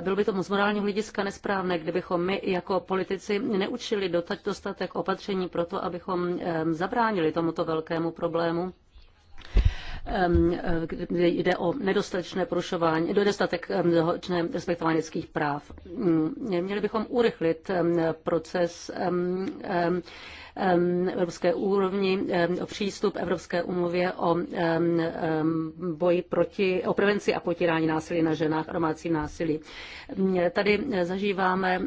Bylo by to z morálního hlediska nesprávné, kdybychom my jako politici neučili dotať dostatek opatření pro to, abychom zabránili tomuto velkému problému kde jde o nedostatečné porušování, nedostatek respektování lidských práv. Měli bychom urychlit proces evropské úrovni o přístup Evropské umluvě o boji proti, o prevenci a potírání násilí na ženách a domácím násilí. Tady zažíváme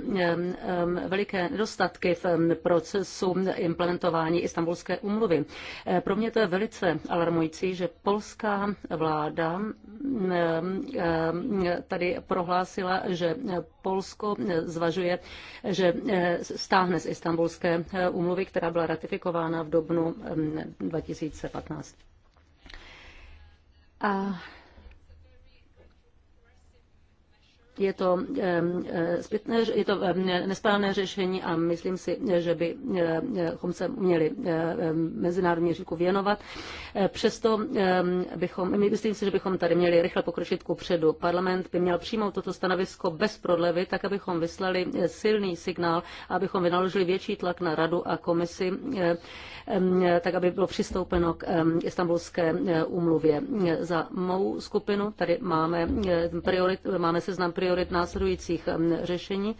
veliké nedostatky v procesu implementování Istanbulské umluvy. E, pro mě to je velice alarmující, že polská vláda tady prohlásila, že Polsko zvažuje, že e, stáhne z Istanbulské umluvy, e, která byla ratifikována v dobnu 2015. A je to, eh, zpětné, je to nesprávné řešení a myslím si, že eh, eh, bychom se měli mezinárodní říku věnovat. Přesto bychom, myslím si, že bychom tady měli rychle pokročit ku předu. Parlament by měl přijmout toto stanovisko bez prodlevy, tak abychom vyslali silný signál, abychom vynaložili větší tlak na radu a komisi, tak aby bylo přistoupeno k istambulské úmluvě. Za mou skupinu tady máme, priorit, máme seznam priorit priorit následujících um, řešení.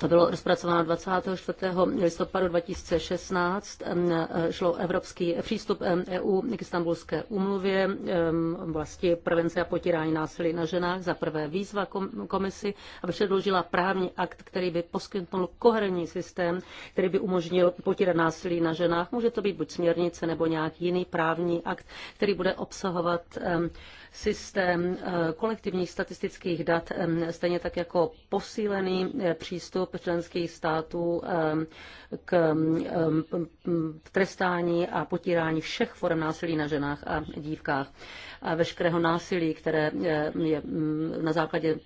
To bylo rozpracováno 24. listopadu 2016. Um, šlo evropský přístup um, EU k istambulské úmluvě vlasti prevence a potírání násilí na ženách. Za prvé výzva komisi, aby předložila právní akt, který by poskytnul koherentní systém, který by umožnil potírat násilí na ženách. Může to být buď směrnice nebo nějaký jiný právní akt, který bude obsahovat systém eh, kolektivních statistických dat, eh, stejně tak jako posílený eh, přístup členských států Um, um, k trestání a potírání všech forem násilí na ženách a dívkách a veškerého násilí, které eh, je mm, na základě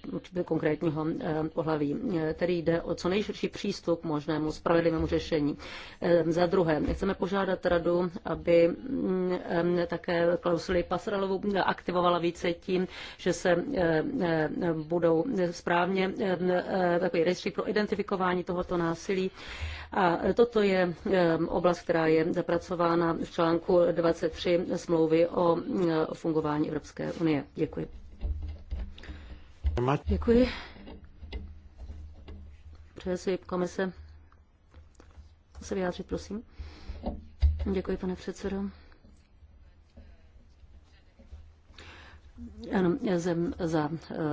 konkrétního eh, pohlaví. který eh, jde o co nejširší přístup k možnému spravedlivému řešení. Za druhé, chceme požádat radu, aby mm, také klausuli Pasralovou aktivovala více tím, že se budou správně takový rejstřík pro identifikování tohoto násilí a toto je oblast, která je zapracována v článku 23 smlouvy o fungování Evropské unie. Děkuji. Děkuji. Přeje si komise se vyjádřit, prosím. Děkuji, pane předsedo. Ano, já jsem za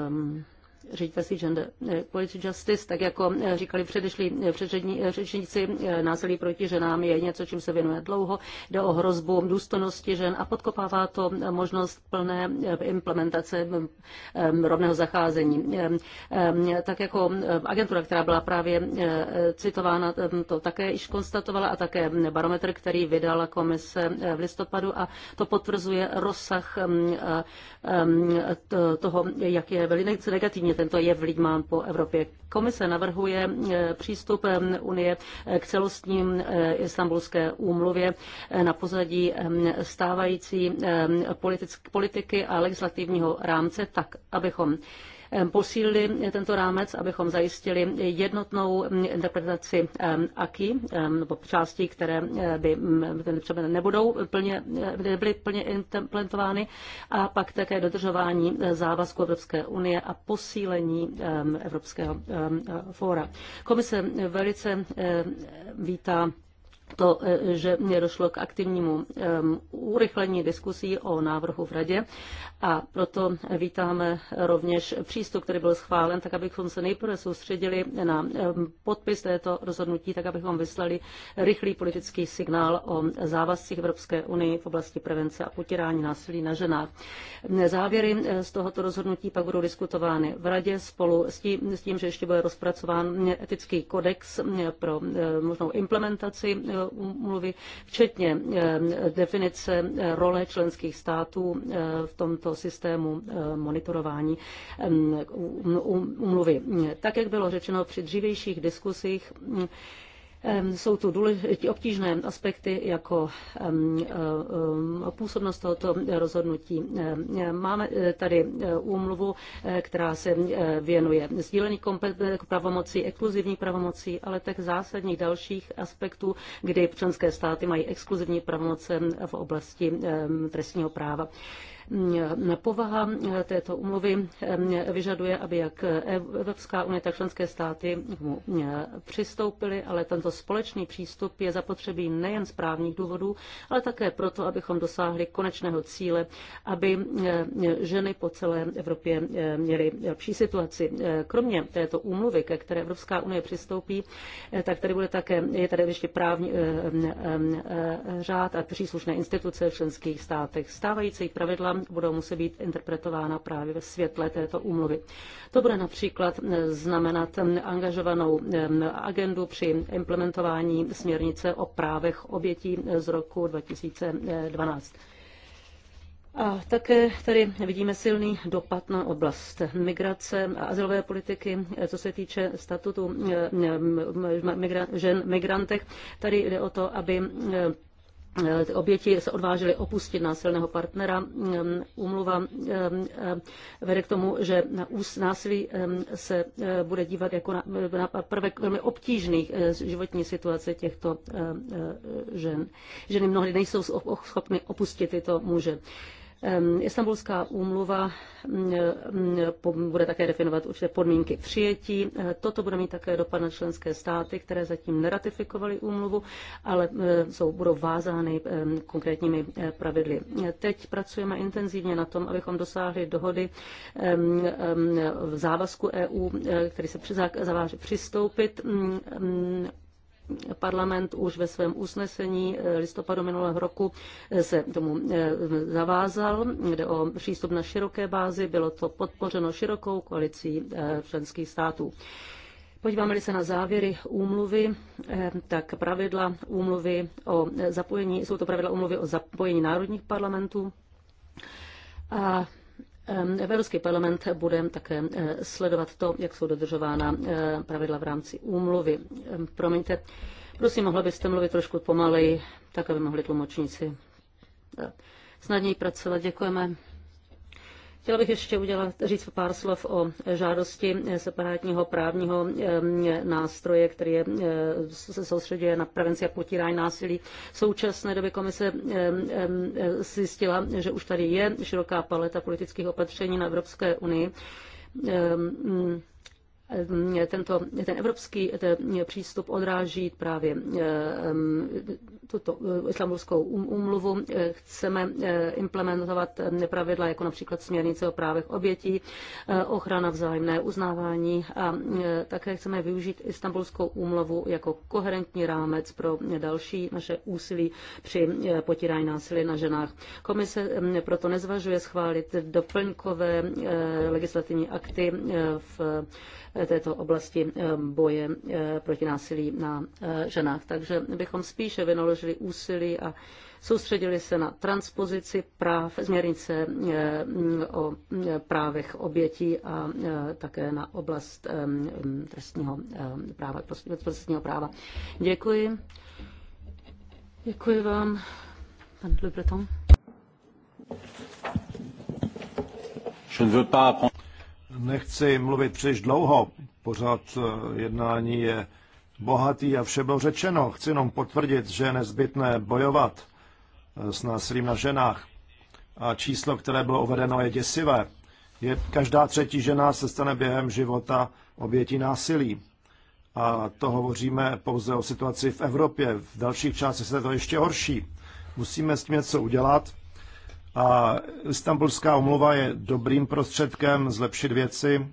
um, ředitelství Gender eh, Equality Justice, tak jako eh, říkali předešli eh, řečníci, násilí proti ženám je něco, čím se věnuje dlouho, jde o hrozbu důstojnosti žen a podkopává to možnost plné implementace rovného zacházení. Tak jako agentura, která byla právě citována, to také již konstatovala a také hm, barometr, který vydala komise v listopadu a to potvrzuje rozsah hm, hm, toho, jak je velice negativně tento jev vnímán po Evropě. Komise navrhuje eh, přístup eh, Unie eh, k celostním istambulské úmluvě na pozadí stávající politiky a legislativního rámce tak, abychom posílili tento rámec, abychom zajistili jednotnou mm, interpretaci AKI, nebo částí, které by třeba nebudou plně, nebyly plně implementovány, a pak také dodržování závazku Evropské unie a posílení Evropského fóra. Komise velice vítá to, e, že mě došlo k aktivnímu urychlení diskusí o návrhu v radě a proto vítáme rovněž přístup, který byl schválen, tak abychom se nejprve soustředili na podpis této rozhodnutí, tak abychom vyslali rychlý politický signál o závazcích Evropské unie v oblasti prevence a potírání násilí na ženách. Závěry e, z tohoto rozhodnutí pak budou diskutovány v radě spolu s tím, s tím že ještě bude rozpracován etický kodex e, pro možnou implementaci úmluvy, včetně eh, definice eh, role členských států eh, v tomto systému monitorování úmluvy. Tak, jak bylo řečeno při dřívějších diskusích, jsou tu důležitý, obtížné aspekty jako působnost tohoto rozhodnutí. Máme e, tady e, úmluvu, e, která se věnuje sdílení pravomocí, exkluzivní pravomocí, ale tak zásadních dalších aspektů, kdy členské státy mají exkluzivní pravomoce v oblasti trestního práva. Povaha této umluvy vyžaduje, aby jak Evropská unie, tak členské státy mu přistoupily, ale tento společný přístup je zapotřebí nejen z právních důvodů, ale také proto, abychom dosáhli konečného cíle, aby ženy po celé Evropě měly lepší situaci. E, kromě této úmluvy, ke které Evropská unie přistoupí, e, tak tady bude také, je tady ještě právní e, řád a příslušné instituce v členských státech. Stávající pravidla budou muset být interpretována právě ve světle této úmluvy. To bude například eh, znamenat eh, angažovanou eh, agendu při implementování směrnice o právech obětí z roku 2012. A také tady vidíme silný dopad na oblast migrace a azylové politiky, co se týče statutu žen migrantek. Tady jde o to, aby Eh, oběti se odvážely opustit násilného partnera. Eh, úmluva eh, vede k tomu, že na ús násilí se bude dívat jako na, na prvek velmi obtížných životní situace těchto žen. Ženy mnohdy nejsou schopny opustit tyto muže. Istanbulská úmluva mm, mm, bude také definovat určité podmínky přijetí. Eh, Toto bude mít také dopad na členské státy, které zatím neratifikovaly úmluvu, ale eh, jsou, budou vázány konkrétními eh, pravidly. Teď pracujeme intenzivně na tom, abychom dosáhli dohody v závazku EU, který se zaváže přistoupit mm, Parlament už ve svém usnesení eh, listopadu minulého roku eh, se tomu eh, zavázal. Jde o přístup na široké bázi, bylo to podpořeno širokou koalicí členských států. Podíváme-li se na závěry úmluvy, tak pravidla úmluvy o zapojení, jsou to pravidla úmluvy o zapojení národních parlamentů. A Evropský parlament bude také sledovat to, jak jsou dodržována pravidla v rámci úmluvy. Promiňte, prosím, mohla byste mluvit trošku pomaleji, tak aby mohli tlumočníci eh, snadněji pracovat. Děkujeme. Chtěla bych ještě udělat, říct pár slov o žádosti separátního právního eh, nástroje, který je, eh, se soustředuje na prevenci a potírání násilí. V současné době komise eh, zjistila, že už tady je široká paleta politických opatření na Evropské unii mm, tento, ten evropský ten přístup odráží právě tuto e, islamovskou um, úmluvu. E, chceme e, implementovat nepravidla, jako například směrnice o právech obětí, ochrana vzájemné uznávání a také chceme využít istambulskou úmluvu jako koherentní rámec pro další naše úsilí při potírání násilí na ženách. Komise proto nezvažuje schválit doplňkové legislativní akty v této oblasti eh, boje eh, proti násilí na eh, ženách. Takže bychom spíše vynaložili úsilí a soustředili se na transpozici práv změrnice o právech obětí a také na oblast trestního práva, trestního práva. Děkuji. Děkuji vám, pan Le Breton. Je ne veux pas nechci mluvit příliš dlouho, pořád eh, jednání je bohatý a vše bylo řečeno. Chci jenom potvrdit, že je nezbytné bojovat eh, s násilím na ženách. A číslo, které bylo uvedeno, je děsivé. Je, každá třetí žena se stane během života obětí násilí. A to hovoříme pouze o situaci v Evropě. V dalších částech se to ještě horší. Musíme s tím něco udělat a Istanbulská umluva je dobrým prostředkem zlepšit věci,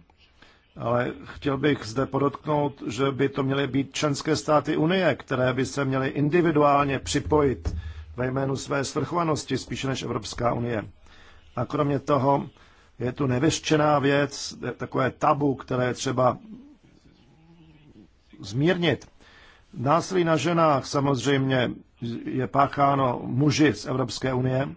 ale chtěl bych zde podotknout, že by to měly být členské státy Unie, které by se měly individuálně připojit ve jménu své svrchovanosti spíše než Evropská unie. A kromě toho je tu nevyřčená věc, takové tabu, které je třeba zmírnit. Násilí na ženách samozřejmě je pácháno muži z Evropské unie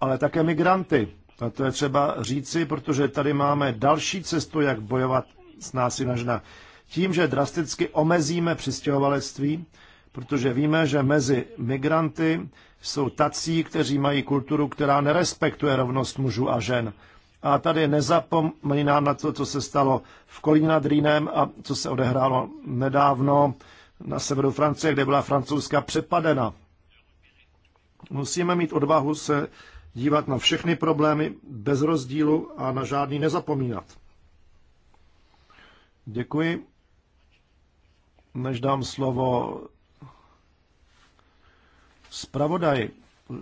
ale také migranty. A to je třeba říci, protože tady máme další cestu, jak bojovat s násilím žena. Tím, že drasticky omezíme přistěhovalectví, protože víme, že mezi migranty jsou tací, kteří mají kulturu, která nerespektuje rovnost mužů a žen. A tady nezapomínám na to, co se stalo v Kolíně nad Rýnem a co se odehrálo nedávno na severu Francie, kde byla francouzská přepadena. Musíme mít odvahu se dívat na všechny problémy bez rozdílu a na žádný nezapomínat. Děkuji. Než dám slovo zpravodaj,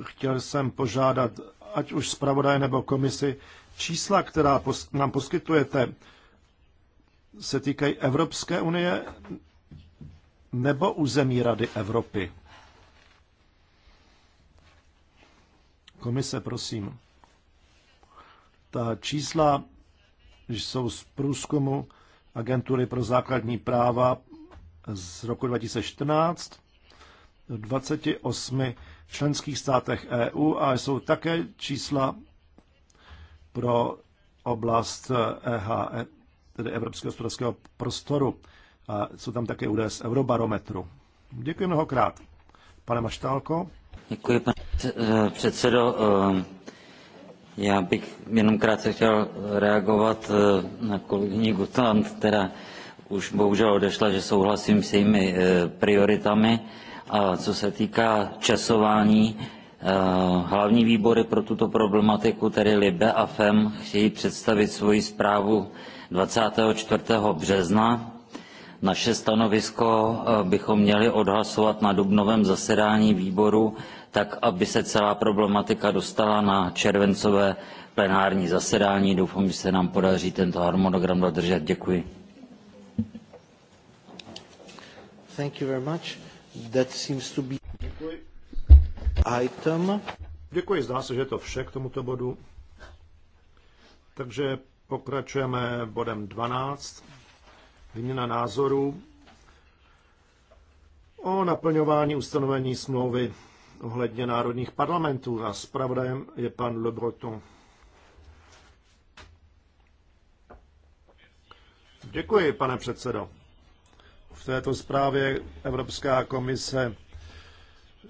chtěl jsem požádat, ať už zpravodaj nebo komisi, čísla, která nám poskytujete, se týkají Evropské unie nebo území Rady Evropy. Komise, prosím. Ta čísla jsou z průzkumu Agentury pro základní práva z roku 2014 v 28 členských státech EU a jsou také čísla pro oblast EHE, tedy Evropského hospodářského prostoru. A jsou tam také údaje z Eurobarometru. Děkuji mnohokrát. Pane Maštálko. Děkuji, pane. Eh, předsedo, eh, já bych jenom krátce chtěl reagovat eh, na kolegyni Gutland, která už bohužel odešla, že souhlasím s jejími prioritami. A co se týká časování, hlavní výbory pro tuto problematiku, tedy LIBE a FEM, chtějí představit svoji zprávu 24. března. Naše stanovisko bychom měli odhlasovat na dubnovém zasedání výboru tak aby se celá problematika dostala na červencové plenární zasedání. Doufám, že se nám podaří tento harmonogram dodržet. Děkuji. Thank you very much. That seems to be Děkuji. item. Děkuji, zdá se, že je to vše k tomuto bodu. Takže pokračujeme bodem 12. Výměna názorů o naplňování ustanovení smlouvy ohledně národních parlamentů a zpravodajem je pan Le Breton. Děkuji, pane předsedo. V této zprávě Evropská komise eh,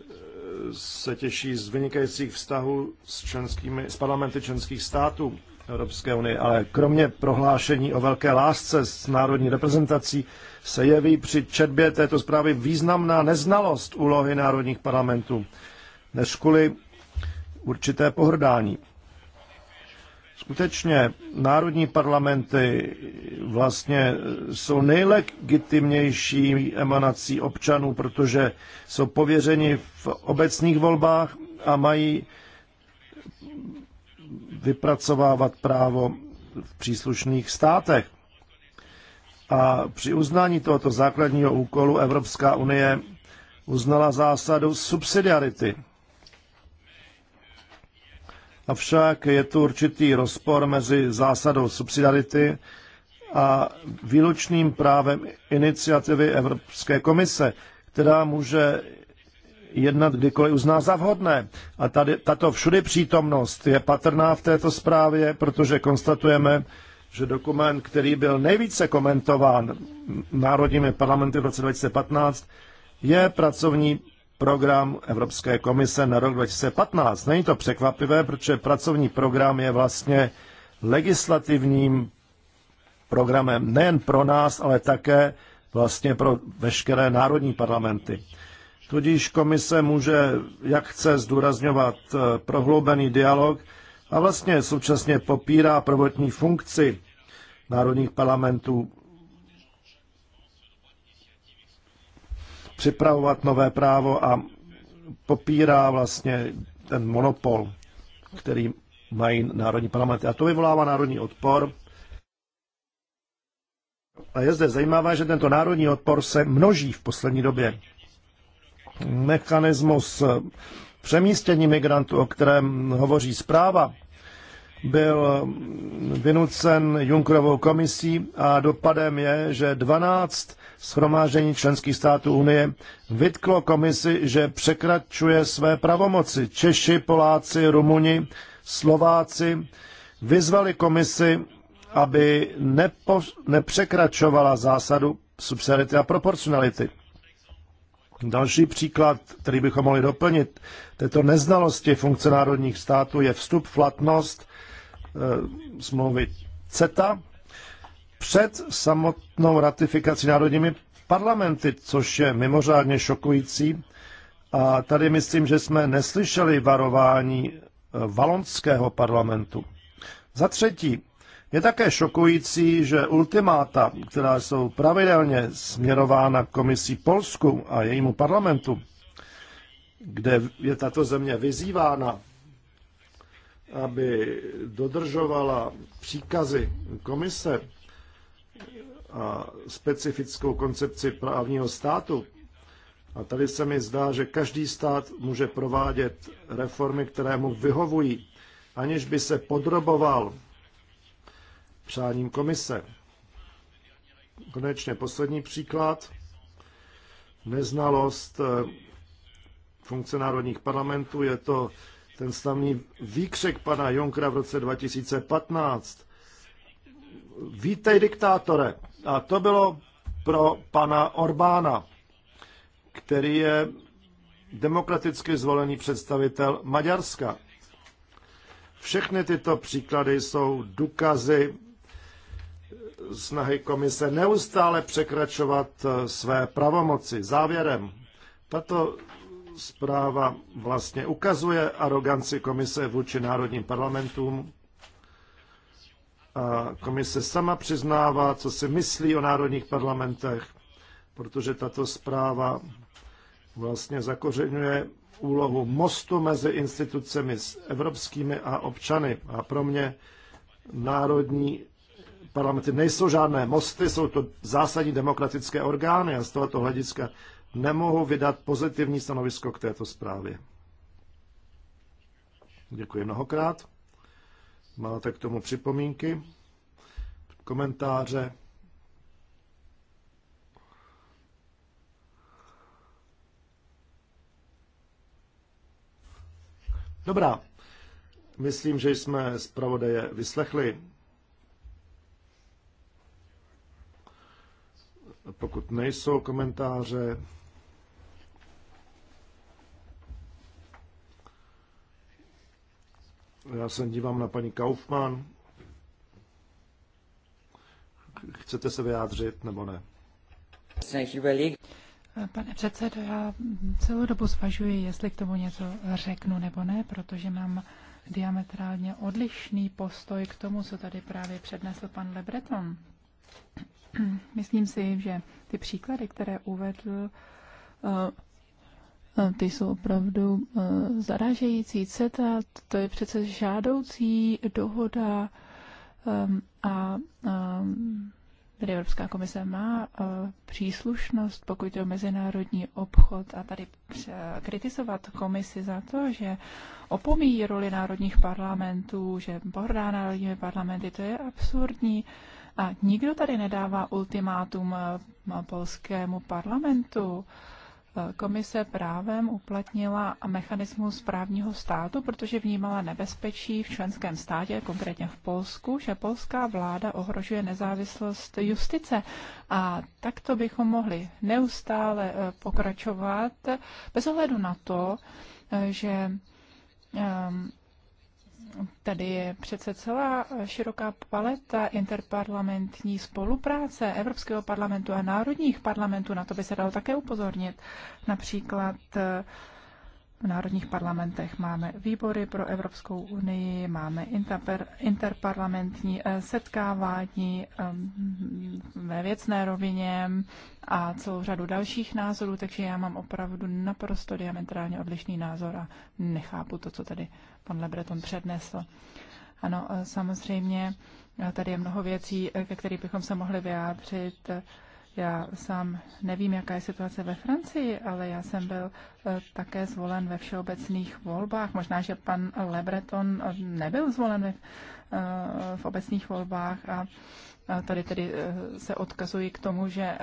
se těší z vynikajících vztahů s, členskými, s parlamenty členských států Evropské unie, ale kromě prohlášení o velké lásce s národní reprezentací se jeví při četbě této zprávy významná neznalost úlohy národních parlamentů, než kvůli určité pohrdání. Skutečně národní parlamenty vlastně jsou nejlegitimnější emanací občanů, protože jsou pověřeni v obecních volbách a mají vypracovávat právo v příslušných státech. A při uznání tohoto základního úkolu Evropská unie uznala zásadu subsidiarity. Avšak je tu určitý rozpor mezi zásadou subsidiarity a výlučným právem iniciativy Evropské komise, která může jednat kdykoliv uzná za vhodné. A tady, tato všudy přítomnost je patrná v této zprávě, protože konstatujeme, že dokument, který byl nejvíce komentován národními parlamenty v roce 2015, je pracovní program Evropské komise na rok 2015. Není to překvapivé, protože pracovní program je vlastně legislativním programem nejen pro nás, ale také vlastně pro veškeré národní parlamenty. Tudíž komise může, jak chce, zdůrazňovat eh, prohloubený dialog a vlastně současně popírá prvotní funkci národních parlamentů připravovat nové právo a popírá vlastně ten monopol, který mají národní parlamenty. A to vyvolává národní odpor. A je zde zajímavé, že tento národní odpor se množí v poslední době. Mechanismus přemístění migrantů, o kterém hovoří zpráva, byl vynucen Junkerovou komisí a dopadem je, že 12 schromážení členských států Unie vytklo komisi, že překračuje své pravomoci. Češi, Poláci, Rumuni, Slováci vyzvali komisi, aby nepo, nepřekračovala zásadu subsidiarity a proporcionality. Další příklad, který bychom mohli doplnit této neznalosti funkce národních států, je vstup v platnost Eh, smlouvy CETA před samotnou ratifikací národními parlamenty, což je mimořádně šokující. A tady myslím, že jsme neslyšeli varování eh, valonského parlamentu. Za třetí, je také šokující, že ultimáta, která jsou pravidelně směrována komisí Polsku a jejímu parlamentu, kde je tato země vyzývána aby dodržovala příkazy komise a specifickou koncepci právního státu. A tady se mi zdá, že každý stát může provádět reformy, které mu vyhovují, aniž by se podroboval přáním komise. Konečně poslední příklad. Neznalost eh, funkce národních parlamentů je to ten slavný výkřek pana Jonkra v roce 2015. Vítej diktátore. A to bylo pro pana Orbána, který je demokraticky zvolený představitel Maďarska. Všechny tyto příklady jsou důkazy snahy komise neustále překračovat eh, své pravomoci. Závěrem, tato zpráva vlastně ukazuje aroganci komise vůči národním parlamentům. A komise sama přiznává, co si myslí o národních parlamentech, protože tato zpráva vlastně zakořenuje úlohu mostu mezi institucemi s evropskými a občany. A pro mě národní parlamenty nejsou žádné mosty, jsou to zásadní demokratické orgány a z tohoto hlediska nemohu vydat pozitivní stanovisko k této zprávě. Děkuji mnohokrát. Máte k tomu připomínky, komentáře? Dobrá. Myslím, že jsme zpravodaje vyslechli. Pokud nejsou komentáře, Já se dívám na paní Kaufmann. Chcete se vyjádřit nebo ne? Pane předsedo, já celou dobu zvažuji, jestli k tomu něco řeknu nebo ne, protože mám diametrálně odlišný postoj k tomu, co tady právě přednesl pan Lebreton. Myslím si, že ty příklady, které uvedl, eh, Eh, ty jsou opravdu eh, zarážející. CETA, to je přece žádoucí dohoda ehm, a ehm, Tedy Evropská komise má eh, příslušnost, pokud je o mezinárodní obchod a tady kritizovat komisi za to, že opomíjí roli národních parlamentů, že pohrdá národními parlamenty, to je absurdní. A nikdo tady nedává ultimátum polskému parlamentu komise právem uplatnila mechanismus správního státu, protože vnímala nebezpečí v členském státě, konkrétně v Polsku, že polská vláda ohrožuje nezávislost justice. A takto bychom mohli neustále eh, pokračovat bez ohledu na to, eh, že um, Tady je přece celá široká paleta interparlamentní spolupráce Evropského parlamentu a národních parlamentů. Na to by se dalo také upozornit. Například eh, v národních parlamentech máme výbory pro Evropskou unii, máme interper, interparlamentní eh, setkávání eh, ve věcné rovině a celou řadu dalších názorů, takže já mám opravdu naprosto diametrálně odlišný názor a nechápu to, co tady pan Lebreton přednesl. Ano, eh, samozřejmě, tady je mnoho věcí, ke kterým bychom se mohli vyjádřit já sám nevím, jaká je situace ve Francii, ale já jsem byl eh, také zvolen ve všeobecných volbách. Možná, že pan Lebreton eh, nebyl zvolen eh, v obecných volbách a Tady tedy se odkazuji k tomu, že,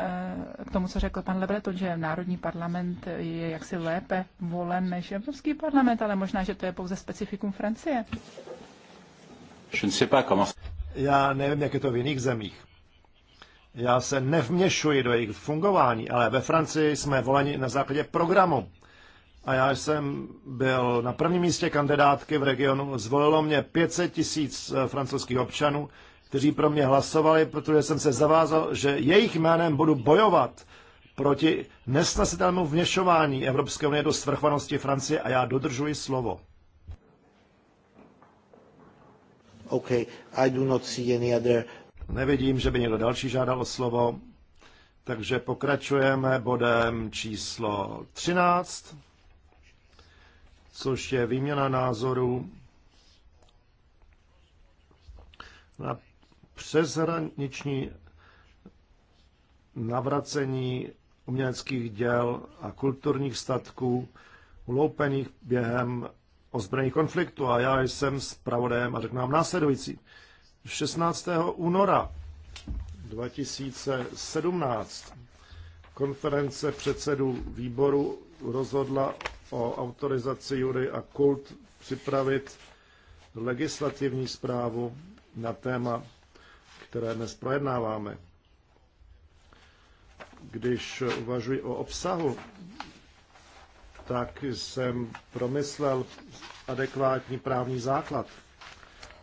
k tomu, co řekl pan Lebreton, že Národní parlament je jaksi lépe volen než Evropský parlament, ale možná, že to je pouze specifikum Francie. Já nevím, jak je to v jiných zemích. Já se nevměšuji do jejich fungování, ale ve Francii jsme voleni na základě programu. A já jsem byl na prvním místě kandidátky v regionu. Zvolilo mě 500 tisíc eh, francouzských občanů, kteří pro mě hlasovali, protože jsem se zavázal, že jejich jménem budu bojovat proti nesnesitelnému vněšování Evropské unie do svrchovanosti Francie a já dodržuji slovo. Okay, I do not see any other Nevidím, že by někdo další žádal o slovo, takže pokračujeme bodem číslo 13, což je výměna názorů na přeshraniční navracení uměleckých děl a kulturních statků uloupených během ozbrojených konfliktů. A já jsem s pravodem a řeknu vám následující. 16. února 2017 konference předsedů výboru rozhodla o autorizaci Jury a Kult připravit legislativní zprávu na téma, které dnes projednáváme. Když uvažuji o obsahu, tak jsem promyslel adekvátní právní základ.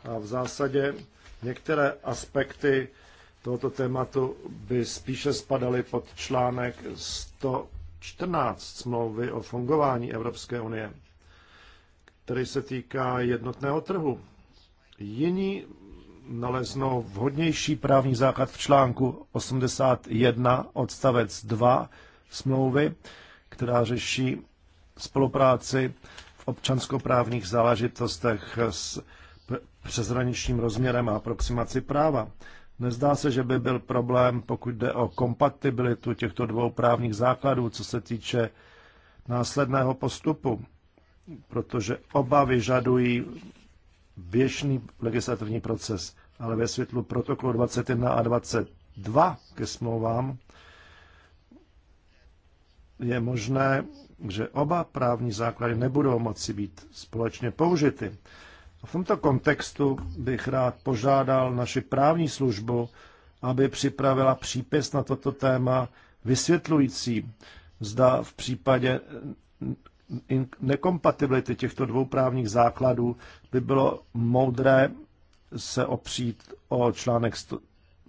A v zásadě Některé aspekty tohoto tématu by spíše spadaly pod článek 114 smlouvy o fungování Evropské unie, který se týká jednotného trhu. Jiní naleznou vhodnější právní základ v článku 81 odstavec 2 smlouvy, která řeší spolupráci v občanskoprávních záležitostech s přeshraničním rozměrem a aproximaci práva. Nezdá se, že by byl problém, pokud jde o kompatibilitu těchto dvou právních základů, co se týče následného postupu, protože oba vyžadují běžný legislativní proces, ale ve světlu protokolu 21 a 22 ke smlouvám je možné, že oba právní základy nebudou moci být společně použity. V tomto kontextu bych rád požádal naši právní službu, aby připravila přípis na toto téma vysvětlující, zda v případě nekompatibility těchto dvou právních základů by bylo moudré se opřít o článek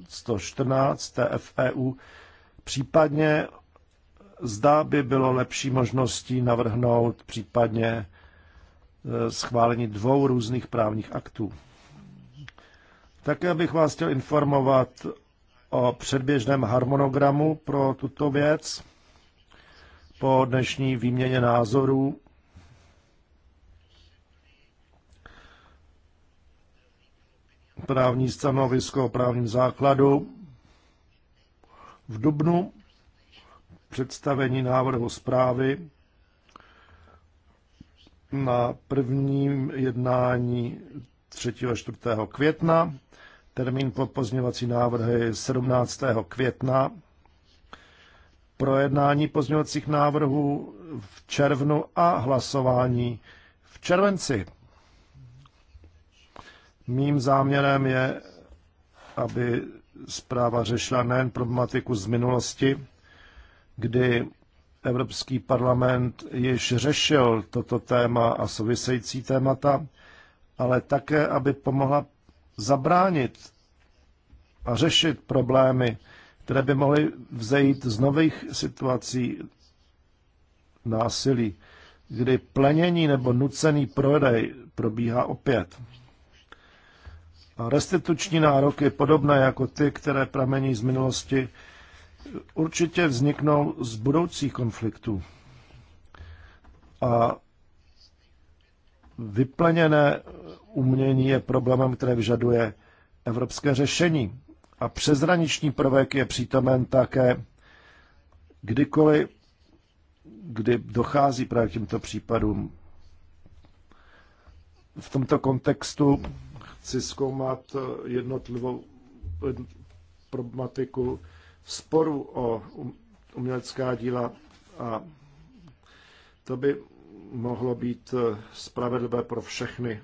114 TFEU, případně zda by bylo lepší možností navrhnout případně Eh, schválení dvou různých právních aktů. Také bych vás chtěl informovat o předběžném harmonogramu pro tuto věc po dnešní výměně názorů. Právní stanovisko o právním základu v Dubnu, představení návrhu zprávy na prvním jednání 3. a 4. května, termín pro pozměňovací návrhy 17. května, projednání pozměňovacích návrhů v červnu a hlasování v červenci. Mým záměrem je, aby zpráva řešila nejen problematiku z minulosti, kdy Evropský parlament již řešil toto téma a související témata, ale také, aby pomohla zabránit a řešit problémy, které by mohly vzejít z nových situací násilí, kdy plenění nebo nucený prodej probíhá opět. A restituční nároky, podobné jako ty, které pramení z minulosti, určitě vzniknou z budoucích konfliktů. A vyplněné umění je problémem, které vyžaduje evropské řešení. A přezraniční prvek je přítomen také kdykoliv, kdy dochází právě k těmto případům. V tomto kontextu chci zkoumat jednotlivou problematiku sporu o um, umělecká díla a to by mohlo být eh, spravedlivé pro všechny.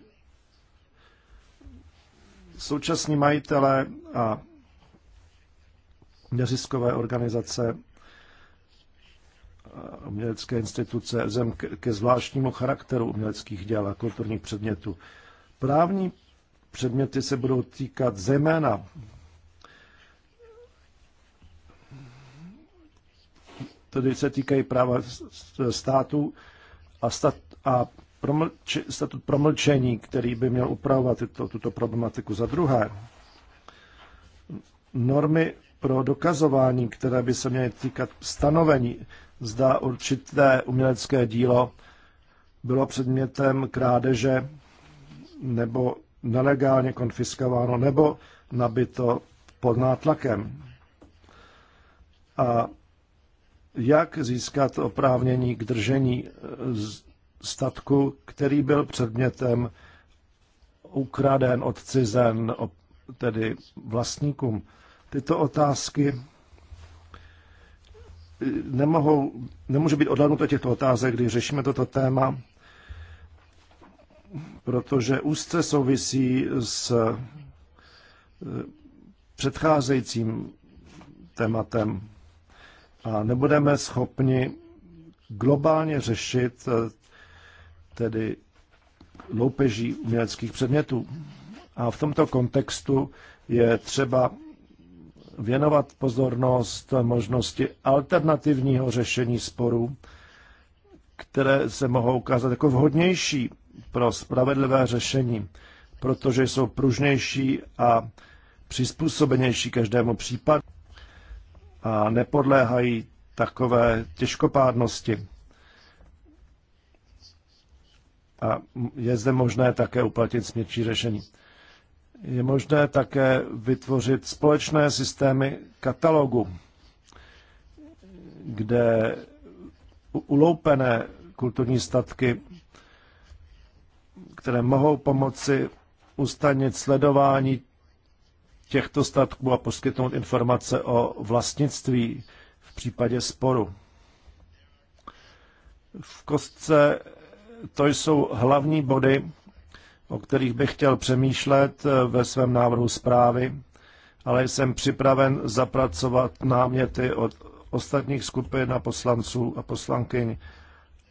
Současní majitelé a neziskové organizace umělecké instituce zem ke zvláštnímu charakteru uměleckých děl a kulturních předmětů. Právní předměty se budou týkat zejména které se týkají práva státu a, stat, a promlči, statut promlčení, který by měl upravovat tuto tuto problematiku. Za druhé, normy pro dokazování, které by se měly týkat stanovení, zda určité umělecké dílo bylo předmětem krádeže nebo nelegálně konfiskováno nebo nabito pod nátlakem. A jak získat oprávnění k držení eh, statku, který byl předmětem ukraden, odcizen, tedy vlastníkům. Tyto otázky eh, nemohou, nemůže být odhadnuto těchto otázek, když řešíme toto téma, protože úzce souvisí s eh, předcházejícím tématem a nebudeme schopni globálně řešit eh, tedy loupeží uměleckých předmětů. A v tomto kontextu je třeba věnovat pozornost možnosti alternativního řešení sporů, které se mohou ukázat jako vhodnější pro spravedlivé řešení, protože jsou pružnější a přizpůsobenější každému případu a nepodléhají takové těžkopádnosti. A je zde možné také uplatit směrčí řešení. Je možné také vytvořit společné systémy katalogu, kde uloupené kulturní statky, které mohou pomoci ustanit sledování těchto statků a poskytnout informace o vlastnictví v případě sporu. V kostce to jsou hlavní body, o kterých bych chtěl přemýšlet eh, ve svém návrhu zprávy, ale jsem připraven zapracovat náměty od ostatních skupin a poslanců a poslankyň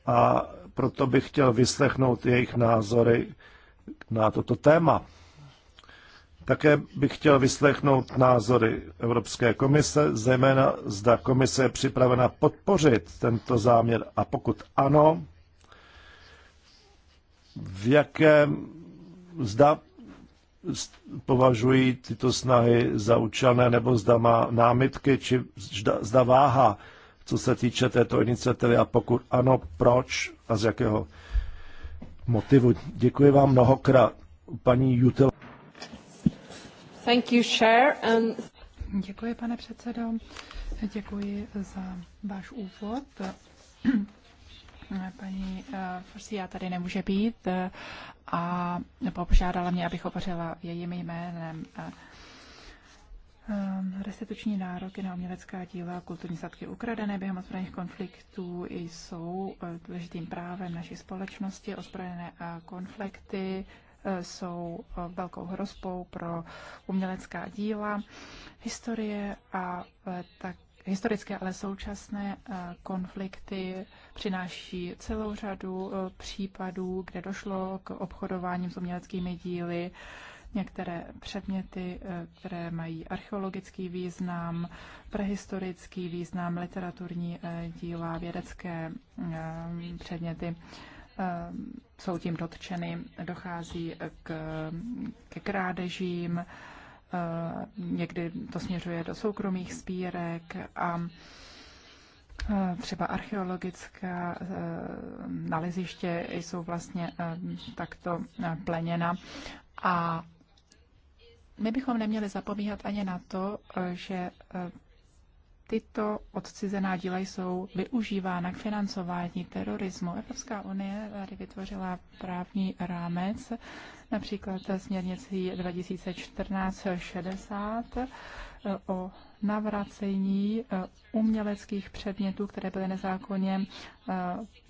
a proto bych chtěl vyslechnout jejich názory na toto téma. Také bych chtěl vyslechnout názory Evropské komise, zejména zda komise je připravena podpořit tento záměr a pokud ano, v jakém zda považují tyto snahy za účelné, nebo zda má námitky, či zda, zda váha, co se týče této iniciativy a pokud ano, proč a z jakého motivu. Děkuji vám mnohokrát, paní Jutel. Děkuji, pane předsedo. Děkuji za váš úvod. Paní eh, Forsia tady nemůže být eh, a požádala mě, abych hovořila jejím jménem. Eh, restituční nároky na umělecká díla a kulturní statky ukradené během ozbrojených konfliktů jsou důležitým právem naší společnosti. Ozbrojené konflikty jsou eh, velkou hrozbou pro umělecká díla. Historie a eh, tak historické, ale současné eh, konflikty přináší celou řadu případů, kde došlo k obchodování s uměleckými díly, některé předměty, které mají archeologický význam, prehistorický význam, literaturní díla, vědecké předměty. Ehm, jsou tím dotčeny, dochází k, ke krádežím, ehm, někdy to směřuje do soukromých spírek a ehm, třeba archeologická naleziště jsou vlastně takto eh, pleněna a my bychom neměli zapomínat ani na to, že tyto odcizená díla jsou využívána k financování terorismu. Evropská unie tady vytvořila právní rámec, například směrnicí 2014-60 eh, o navracení eh, uměleckých předmětů, které byly nezákonně eh,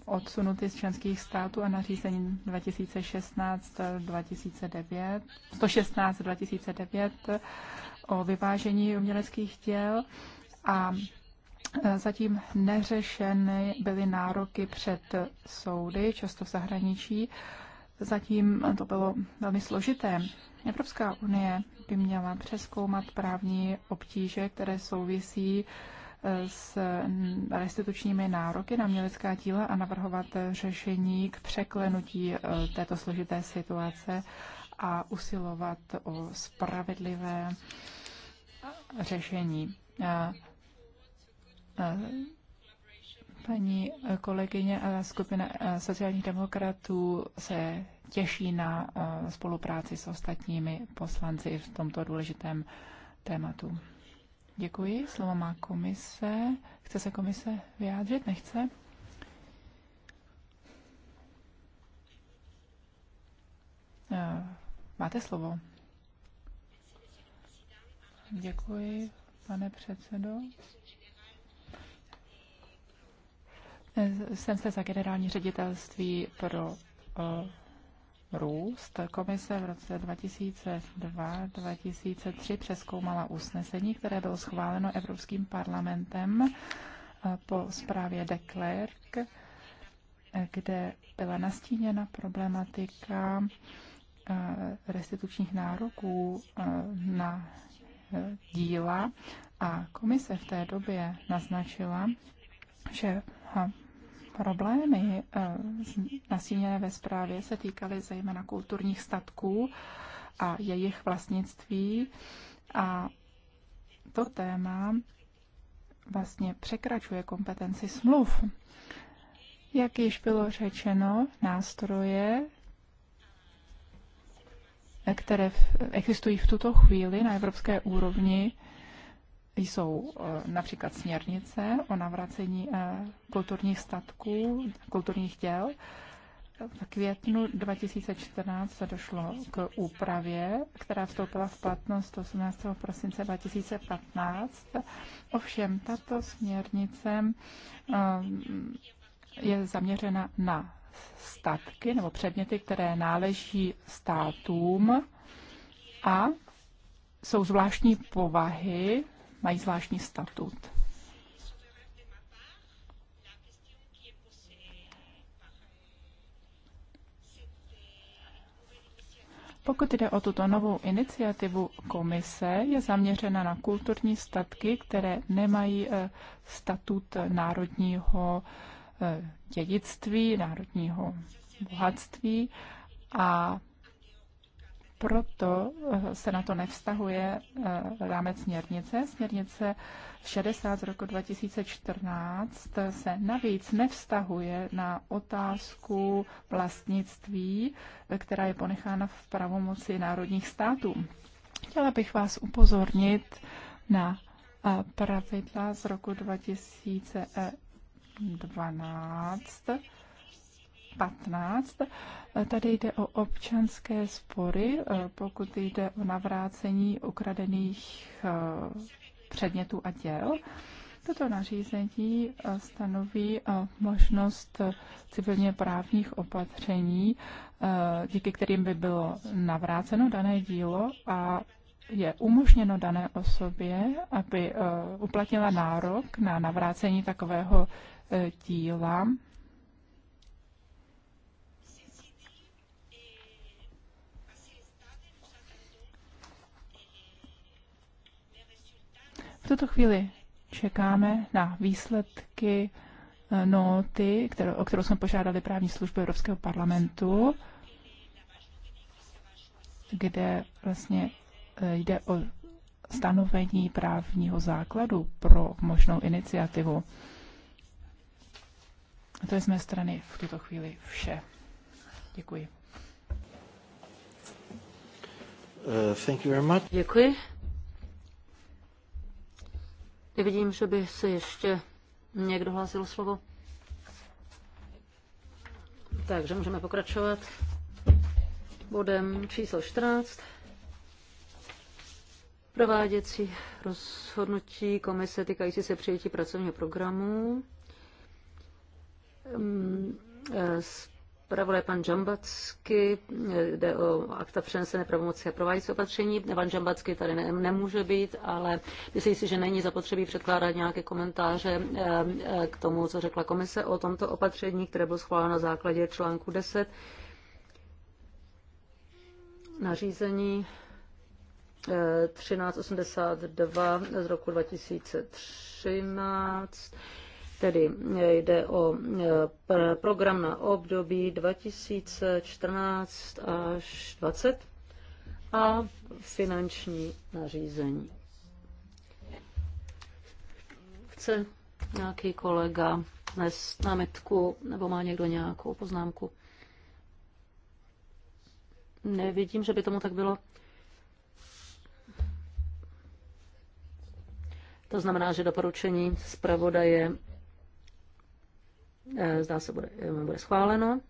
odsunuty z členských států a nařízení 2016-2009, 116-2009 o vyvážení uměleckých děl a e, zatím neřešeny byly nároky před soudy, často v zahraničí. Zatím to bylo velmi složité. Evropská unie by měla přeskoumat právní obtíže, které souvisí e, s restitučními nároky na mělická díla a navrhovat řešení k překlenutí e, této složité situace a usilovat o spravedlivé řešení. Paní kolegyně a skupina eh, sociálních demokratů se těší na eh, spolupráci s ostatními poslanci v tomto důležitém tématu. Děkuji. Slovo má komise. Chce se komise vyjádřit? Nechce? Eh, máte slovo. Děkuji, pane předsedo. Jsem se za generální ředitelství pro eh, růst. Komise v roce 2002-2003 přeskoumala usnesení, které bylo schváleno Evropským parlamentem eh, po zprávě de Klerk, eh, kde byla nastíněna problematika restitučních nároků na díla a komise v té době naznačila, že problémy eh, nasíněné ve zprávě se týkaly zejména kulturních statků a jejich vlastnictví. A to téma vlastně překračuje kompetenci smluv. Jak již bylo řečeno, nástroje, které existují v tuto chvíli na evropské úrovni, jsou eh, například směrnice o navracení eh, kulturních statků, kulturních děl. V květnu 2014 se došlo k úpravě, která vstoupila v platnost 18. prosince 2015. Ovšem, tato směrnice eh, je zaměřena na statky nebo předměty, které náleží státům a jsou zvláštní povahy mají zvláštní statut. Pokud jde o tuto novou iniciativu komise, je zaměřena na kulturní statky, které nemají eh, statut národního eh, dědictví, národního bohatství a proto eh, se na to nevztahuje eh, rámec směrnice. Směrnice 60 z roku 2014 se navíc nevztahuje na otázku vlastnictví, eh, která je ponechána v pravomoci národních států. Chtěla bych vás upozornit na pravidla z roku 2012, 15. Tady jde o občanské spory, eh, pokud jde o navrácení ukradených eh, předmětů a děl. Toto nařízení eh, stanoví možnost civilně právních opatření, díky kterým by bylo navráceno dané dílo a je umožněno dané osobě, aby uplatnila nárok na navrácení takového díla V tuto chvíli čekáme na výsledky eh, noty, kterou, o kterou jsme požádali právní službu Evropského parlamentu, kde vlastně eh, jde o stanovení právního základu pro možnou iniciativu. A to je z mé strany v tuto chvíli vše. Děkuji. Uh, thank you very much. Děkuji. Nevidím, že by se ještě někdo hlásil slovo. Takže můžeme pokračovat bodem číslo 14. Prováděcí rozhodnutí komise týkající se přijetí pracovního programu. Mm, eh, zpravodaj pan Džambacky, jde o akta přenesené pravomoci a provádějící opatření. Pan Džambacky tady ne, nemůže být, ale myslím si, že není zapotřebí předkládat nějaké komentáře eh, eh, k tomu, co řekla komise o tomto opatření, které bylo schváleno na základě článku 10 nařízení 1382 eh, z roku 2013 Tedy e, jde o e, program na období 2014 až 20 a finanční nařízení. Chce nějaký kolega dnes námitku nebo má někdo nějakou poznámku? Nevidím, že by tomu tak bylo. To znamená, že doporučení zpravodaje Eh, zdá se, bude, eh, bude schváleno.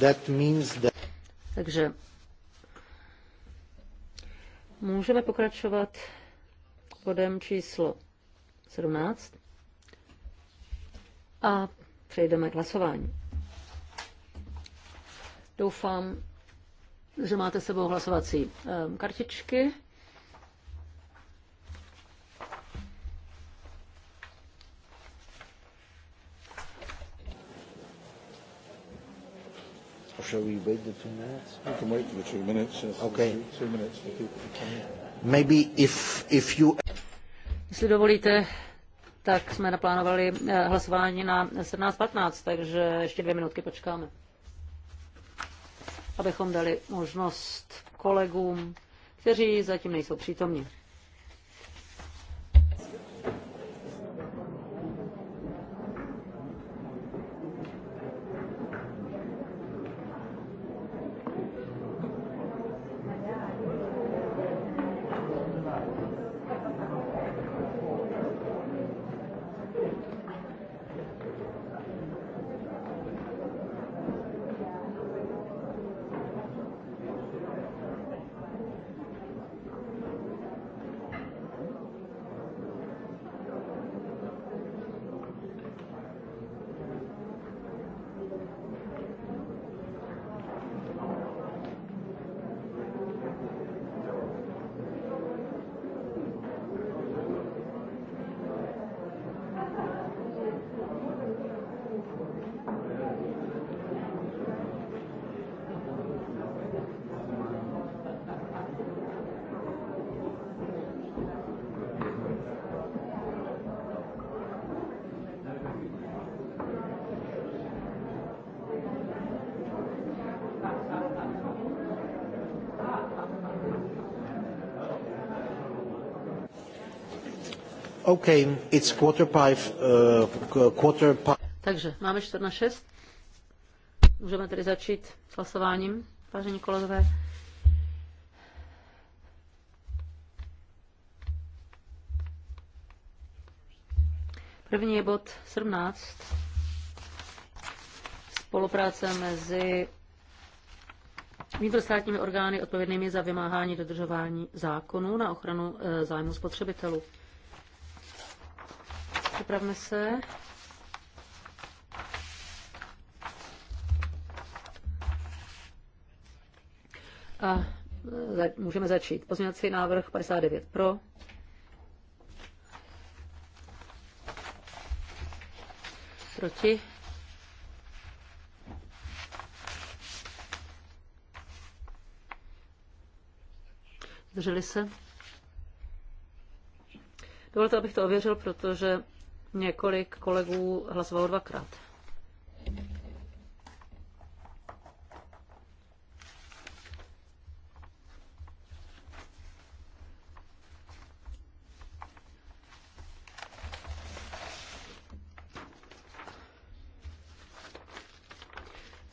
That means that... Takže můžeme pokračovat bodem číslo 17 a přejdeme k hlasování. Doufám, že máte sebou hlasovací ehm, kartičky. Shall we wait the two minutes? We can wait for the two minutes. Yes. Okay. Two minutes. Maybe if, if you... Jestli dovolíte, tak jsme naplánovali eh, hlasování na 17.15, takže ještě dvě minutky počkáme abychom dali možnost kolegům, kteří zatím nejsou přítomni. Okay, it's quarter five, uh, quarter five. Takže máme čtvrt na šest. Můžeme tedy začít s hlasováním, vážení kolegové. První je bod 17. Spolupráce mezi vnitrostátními orgány odpovědnými za vymáhání dodržování zákonů na ochranu eh, zájmu spotřebitelů připravme se. A e, za, můžeme začít. Pozměňovací návrh 59 pro. Proti. Zdrželi se? Dovolte, abych to ověřil, protože Několik kolegů hlasovalo dvakrát.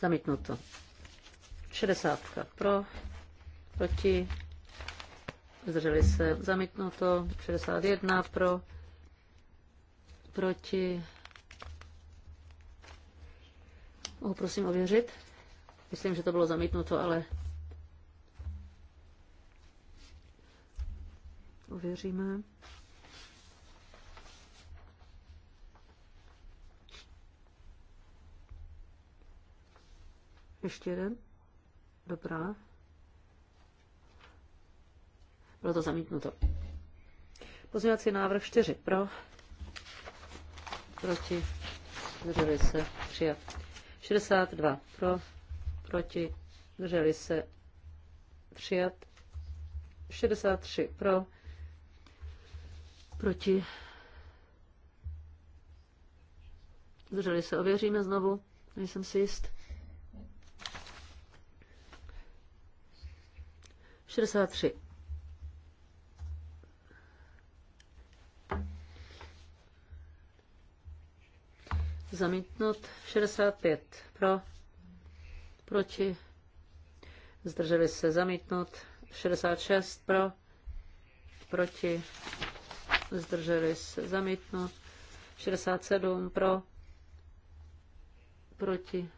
Zamítnuto. 60 pro, proti, zdrželi se, zamítnuto, 61 pro, proti. Mohu prosím ověřit. Myslím, že to bylo zamítnuto, ale ověříme. Ještě jeden. Dobrá. Bylo to zamítnuto. Pozměňovací návrh 4 pro, proti, zdrželi se, přijat. 62 pro, proti, zdrželi se, přijat. 63 pro, proti, zdrželi se, ověříme znovu, nejsem si jist. 63 Zamítnout 65 pro, proti, zdrželi se zamítnout 66 pro, proti, zdrželi se zamítnout 67 pro, proti,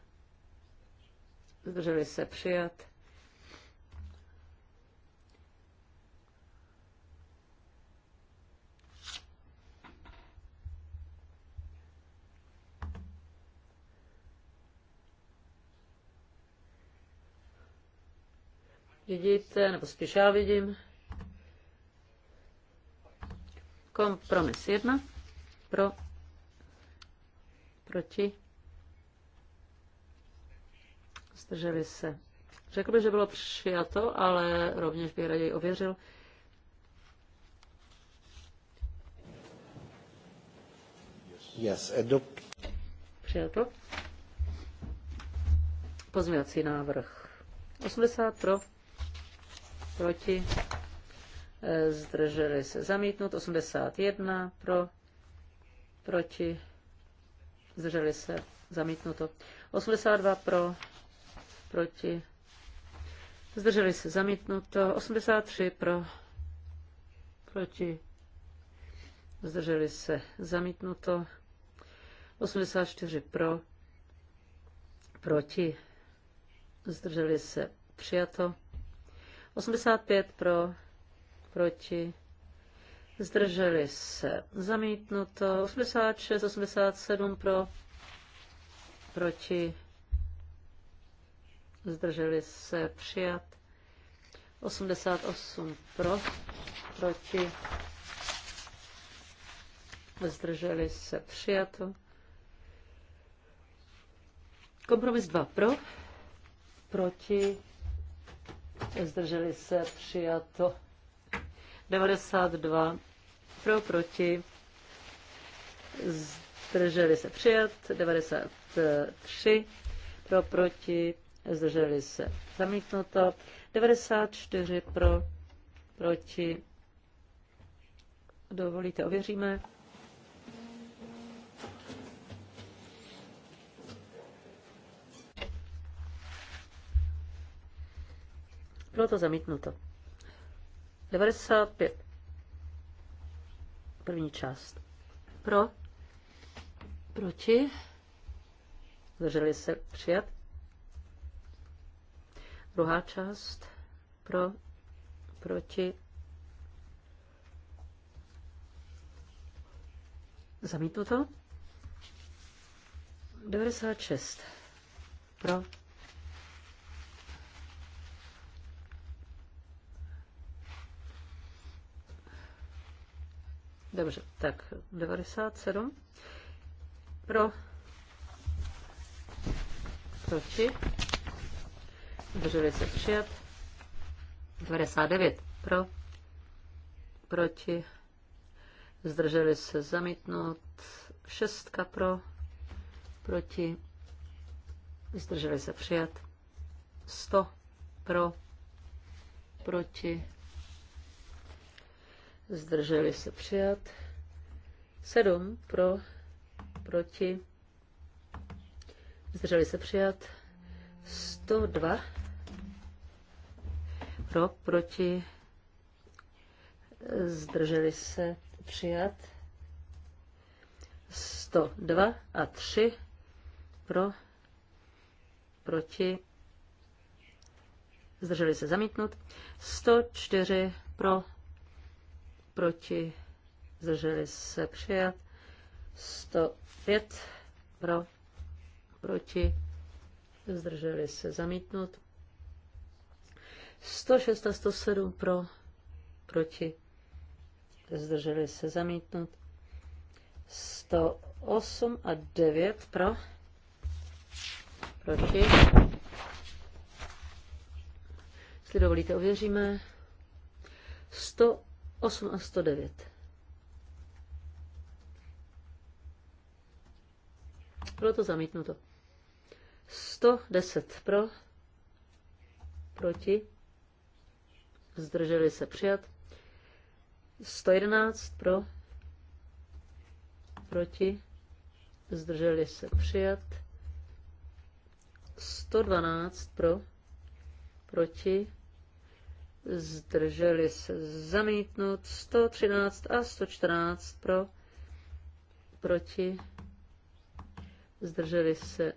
zdrželi se přijat Vidíte, nebo spíš já vidím. Kompromis jedna pro, proti, zdrželi se. Řekl bych, že bylo přijato, ale rovněž bych raději ověřil. Yes, Přijato. Pozměňovací návrh 80 pro, proti, e, zdrželi se zamítnout, 81 pro, proti, zdrželi se zamítnuto, 82 pro, proti, zdrželi se zamítnuto, 83 pro, proti, zdrželi se zamítnuto, 84 pro, proti, zdrželi se přijato, 85 pro, proti, zdrželi se, zamítnuto, 86, 87 pro, proti, zdrželi se, přijat, 88 pro, proti, zdrželi se, přijato. Kompromis 2 pro, proti, zdrželi se, přijato. 92 pro, proti, zdrželi se, přijat. 93 pro, proti, zdrželi se, zamítnuto. 94 pro, proti, dovolíte, ověříme. Bylo to zamítnuto. 95. První část. Pro. Proti. Zdrželi se přijat. Druhá část. Pro. Proti. Zamítnuto. 96. Pro Dobře, tak 97. Pro. Proti. Drželi se přijat. 99. Pro. Proti. Zdrželi se zamítnout. Šestka pro. Proti. Zdrželi se přijat. 100 pro. Proti zdrželi se přijat. 7 pro, proti, zdrželi se přijat. 102 pro, proti, zdrželi se přijat. 102 a 3 pro, proti, zdrželi se zamítnut. 104 pro, proti, zdrželi se přijat, 105 pro, proti, zdrželi se zamítnout, 106 a 107 pro, proti, zdrželi se zamítnout, 108 a 9 pro, proti, jestli dovolíte, ověříme, 100 8 a 109. Bylo to zamítnuto. 110 pro, proti, zdrželi se přijat. 111 pro, proti, zdrželi se přijat. 112 pro, proti, zdrželi se zamítnout 113 a 114 pro, proti, zdrželi se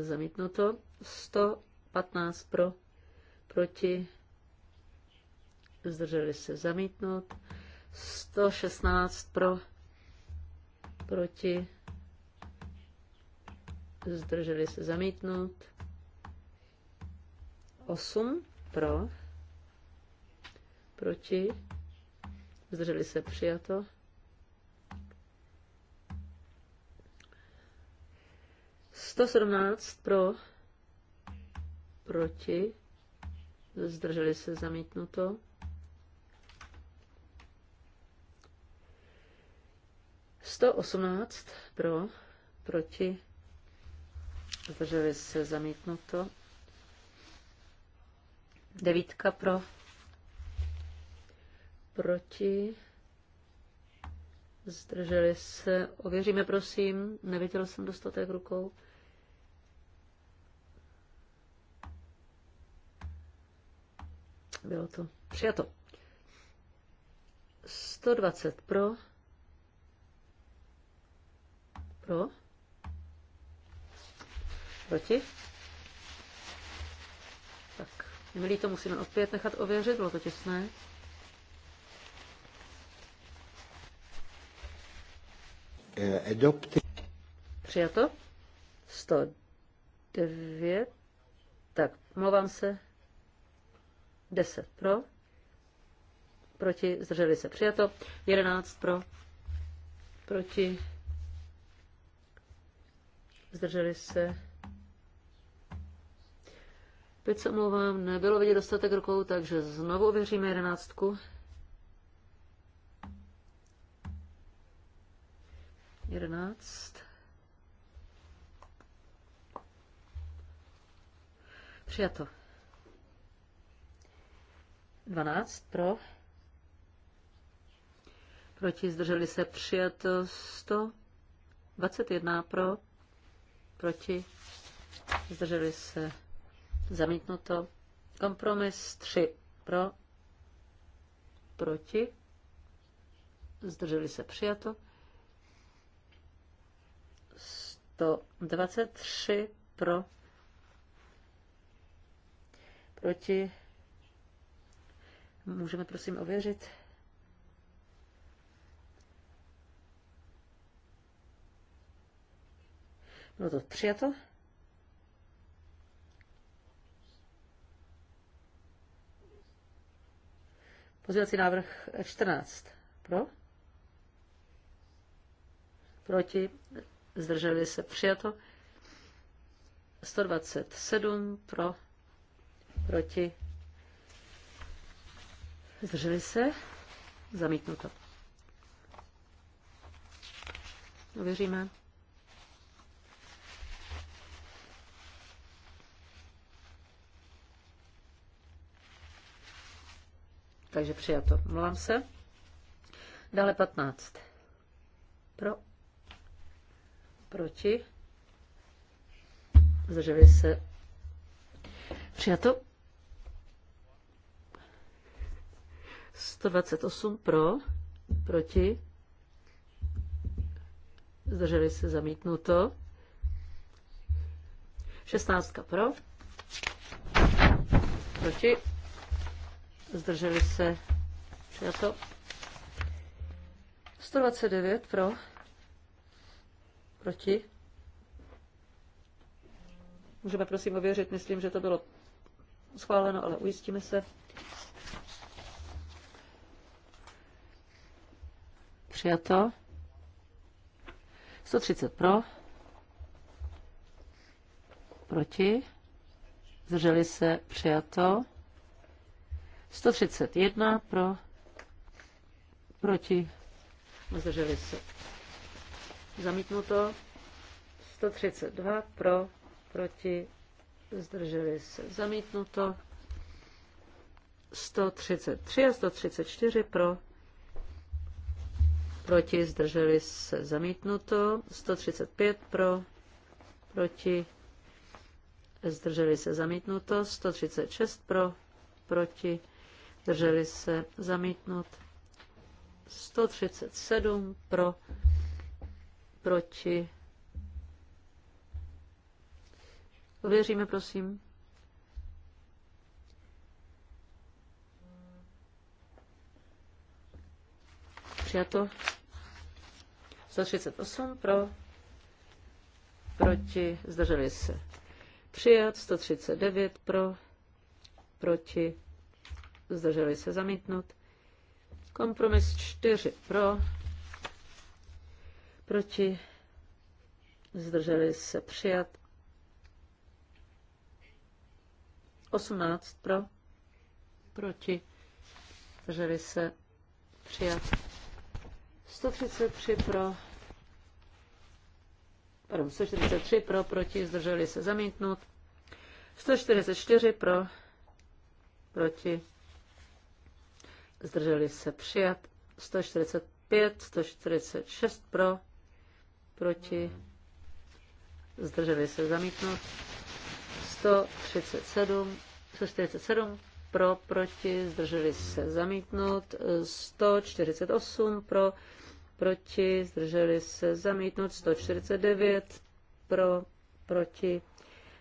zamítnuto 115 pro, proti, zdrželi se zamítnout, 116 pro, proti, zdrželi se zamítnout, 8 pro, proti, zdrželi se přijato. Sto sedmnáct pro, proti, zdrželi se zamítnuto. 118 pro, proti, zdrželi se zamítnuto. Devítka pro, proti, zdrželi se, ověříme prosím, neviděl jsem dostatek rukou. Bylo to přijato. 120 pro, pro, proti. Tak, milí, to musíme opět nechat ověřit, bylo to těsné. Eh, Přijato. 109. Tak, mluvám se. 10 pro. Proti. Zdrželi se. Přijato. 11 pro. Proti. Zdrželi se. Teď se omlouvám, nebylo vidět dostatek rukou, takže znovu ověříme jedenáctku. 11. Přijato. 12 pro. Proti zdrželi se přijato 121 pro. Proti zdrželi se zamítnuto. Kompromis 3 pro. Proti zdrželi se přijato. to 23 pro, proti. Můžeme prosím ověřit. Bylo to přijato. Pozvědací návrh 14. Pro? Proti? zdrželi se přijato. 127 pro, proti, zdrželi se, zamítnuto. Uvěříme. Takže přijato. Mlám se. Dále 15. Pro. Proti? Zdrželi se. Přijato. 128 pro, proti, zdrželi se zamítnuto, 16 pro, proti, zdrželi se přijato, 129 pro, Proti? Můžeme prosím ověřit, myslím, že to bylo schváleno, ale ujistíme se. Přijato. 130 pro. Proti. Zdrželi se. Přijato. 131 pro. Proti. Zdrželi se Zamítnuto. 132 pro, proti, zdrželi se. Zamítnuto. 133 a 134 pro, proti, zdrželi se. Zamítnuto. 135 pro, proti, zdrželi se. Zamítnuto. 136 pro, proti, zdrželi se. Zamítnut. 137 pro, proti. Uvěříme, prosím. Přijato 138 pro, proti, zdrželi se. Přijat 139 pro, proti, zdrželi se zamítnout. Kompromis 4 pro, proti, zdrželi se přijat. 18 pro, proti, zdrželi se přijat. 133 pro, pardon, 143 pro, proti, zdrželi se zamítnout. 144 pro, proti, zdrželi se přijat. 145, 146 pro, proti, zdrželi se zamítnout. 137, 147 pro, proti, zdrželi se zamítnout. 148 pro, proti, zdrželi se zamítnout. 149 pro, proti,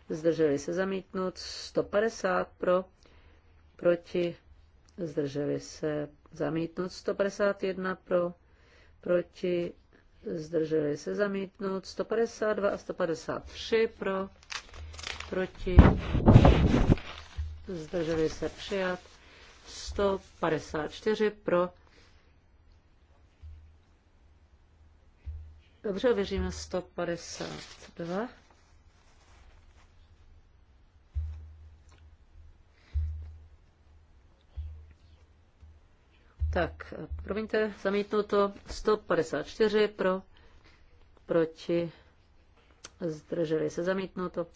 zdrželi se zamítnout. 150 pro, proti, zdrželi se zamítnout. 151 pro, proti, zdrželi se zamítnout 152 a 153 pro, proti, zdrželi se přijat 154 pro, dobře, věříme 152. Tak, promiňte, zamítnuto 154 pro, proti, zdrželi se zamítnuto.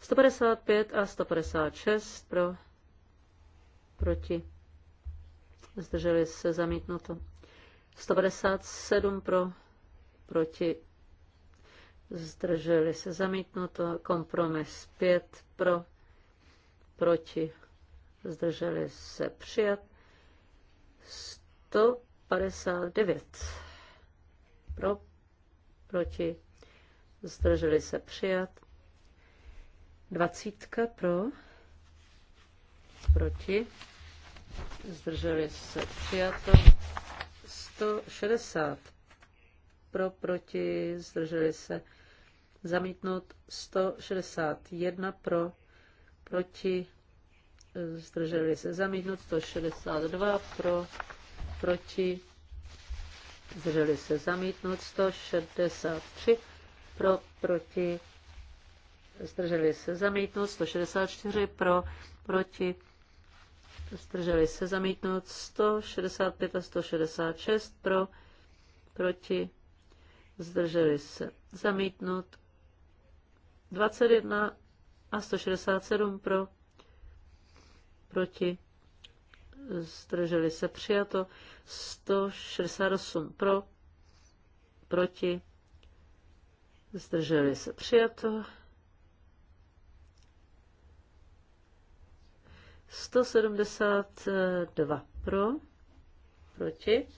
155 a 156 pro, proti, zdrželi se zamítnuto. 157 pro, proti, zdrželi se zamítnuto. Kompromis 5 pro, proti, zdrželi se přijat. 159. Pro, proti, zdrželi se přijat. Dvacítka pro, proti, zdrželi se přijato. 160 pro, proti, zdrželi se zamítnout. 161 pro, proti, zdrželi se zamítnout. 162 pro, proti, zdrželi se zamítnout 163 pro, proti, zdrželi se zamítnout 164 pro, proti, zdrželi se zamítnout 165 a 166 pro, proti, zdrželi se zamítnout 21 a 167 pro, proti, zdrželi se přijato, 168 pro, proti, zdrželi se přijato, 172 pro, proti,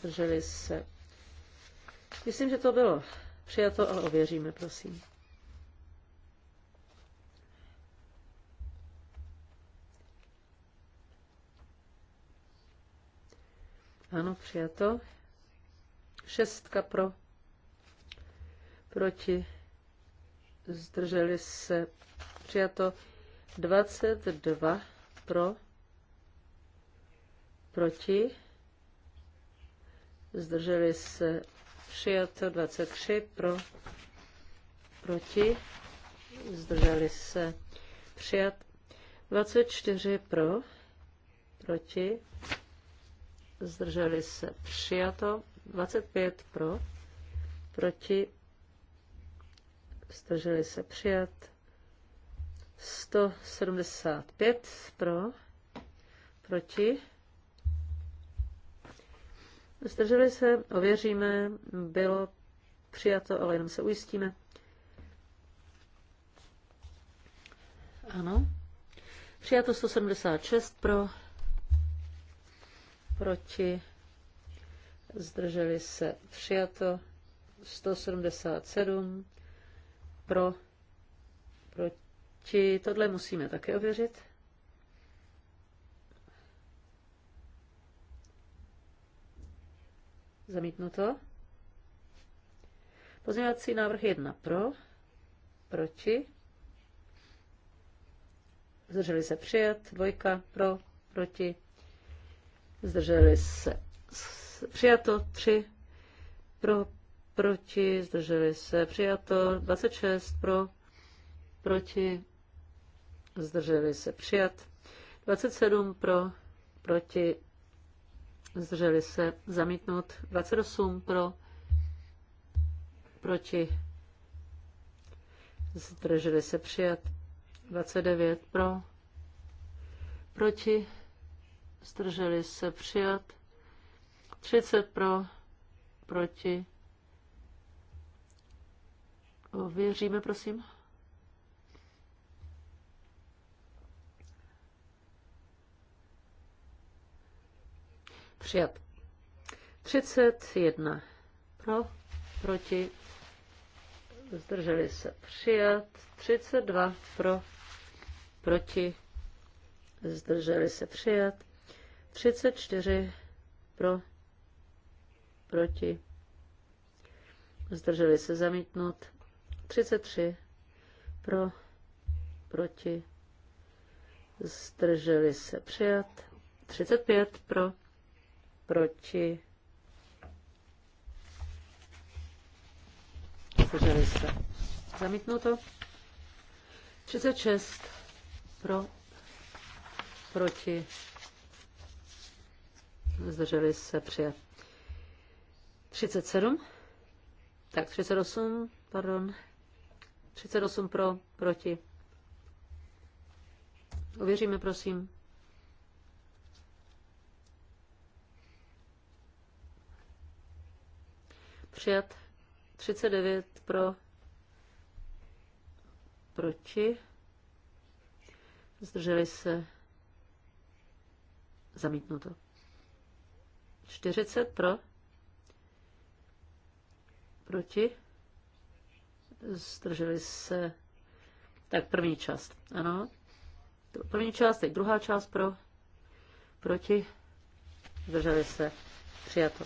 zdrželi se. Myslím, že to bylo přijato, ale ověříme, prosím. Ano, přijato. Šestka pro. Proti. Zdrželi se. Přijato. 22 pro. Proti. Zdrželi se. Přijato. 23 pro. Proti. Zdrželi se. Přijat. 24 pro. Proti zdrželi se přijato, 25 pro, proti, zdrželi se přijat, 175 pro, proti, zdrželi se, ověříme, bylo přijato, ale jenom se ujistíme. Ano. Přijato 176 pro, proti, zdrželi se přijato 177, pro, proti, tohle musíme také ověřit. Zamítnuto. Pozměňovací návrh 1 pro, proti, zdrželi se přijat, dvojka pro, proti, zdrželi se přijato 3 pro, proti, zdrželi se přijato 26 pro, proti, zdrželi se přijat 27 pro, proti, zdrželi se zamítnout 28 pro, proti, zdrželi se přijat 29 pro, proti, zdrželi se přijat, 30 pro, proti. Věříme, prosím. Přijat. 31 pro, proti, zdrželi se přijat, 32 pro, proti, zdrželi se přijat, 34 pro, proti, zdrželi se zamítnout, 33 pro, proti, zdrželi se přijat, 35 pro, proti, zdrželi se zamítnuto, 36 pro, proti, zdrželi se přijat. 37, tak 38, pardon, 38 pro, proti. Uvěříme, prosím. Přijat 39 pro, proti. Zdrželi se. Zamítnuto. 40 pro, proti, zdrželi se, tak první část, ano, první část, teď druhá část pro, proti, zdrželi se, přijato.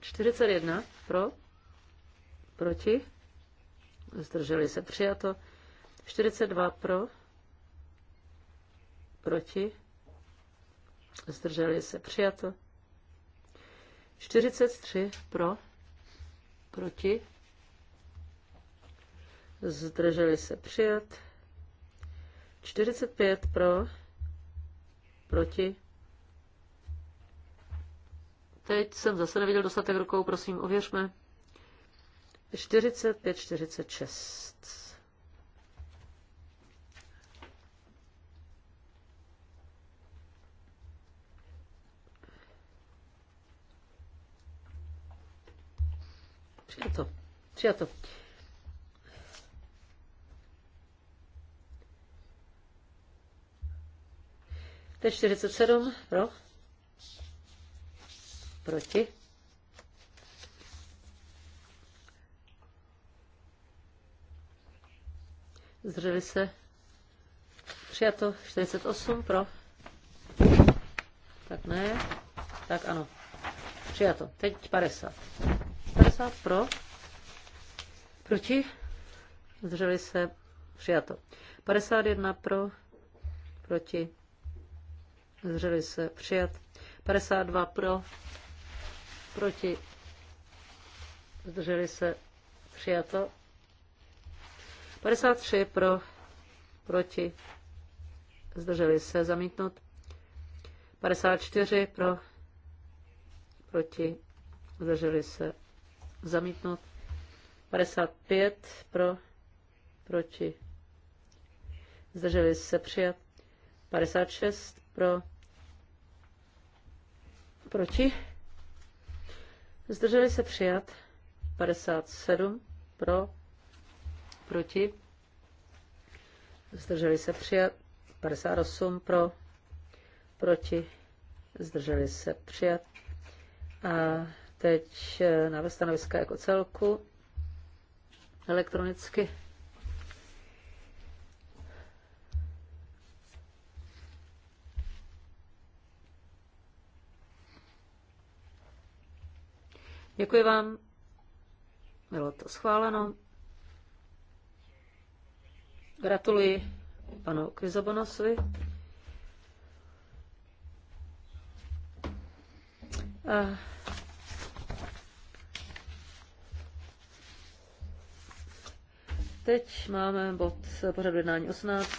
41 pro, proti, zdrželi se, přijato. 42 pro, proti, zdrželi se přijato. 43 pro, proti, zdrželi se přijat. 45 pro, proti. Teď jsem zase neviděl dostatek rukou, prosím, ověřme. 45, 46. Přijato. t 47 pro. Proti. Zdrželi se. Přijato 48 pro. Tak ne. Tak ano. Přijato. Teď 50. 50 pro. Proti? Zdrželi se. Přijato. 51 pro. Proti? Zdrželi se. Přijat. 52 pro. Proti? Zdrželi se. Přijato. 53 pro. Proti? Zdrželi se. Zamítnout. 54 pro. Proti? Zdrželi se. Zamítnout. 55 pro, proti, zdrželi se přijat. 56 pro, proti, zdrželi se přijat. 57 pro, proti, zdrželi se přijat. 58 pro, proti, zdrželi se přijat. A teď eh, návrh stanoviska jako celku elektronicky. Děkuji vám. Bylo to schváleno. Gratuluji panu Kvizobonosovi. Uh. Teď máme bod pořadu jednání 18.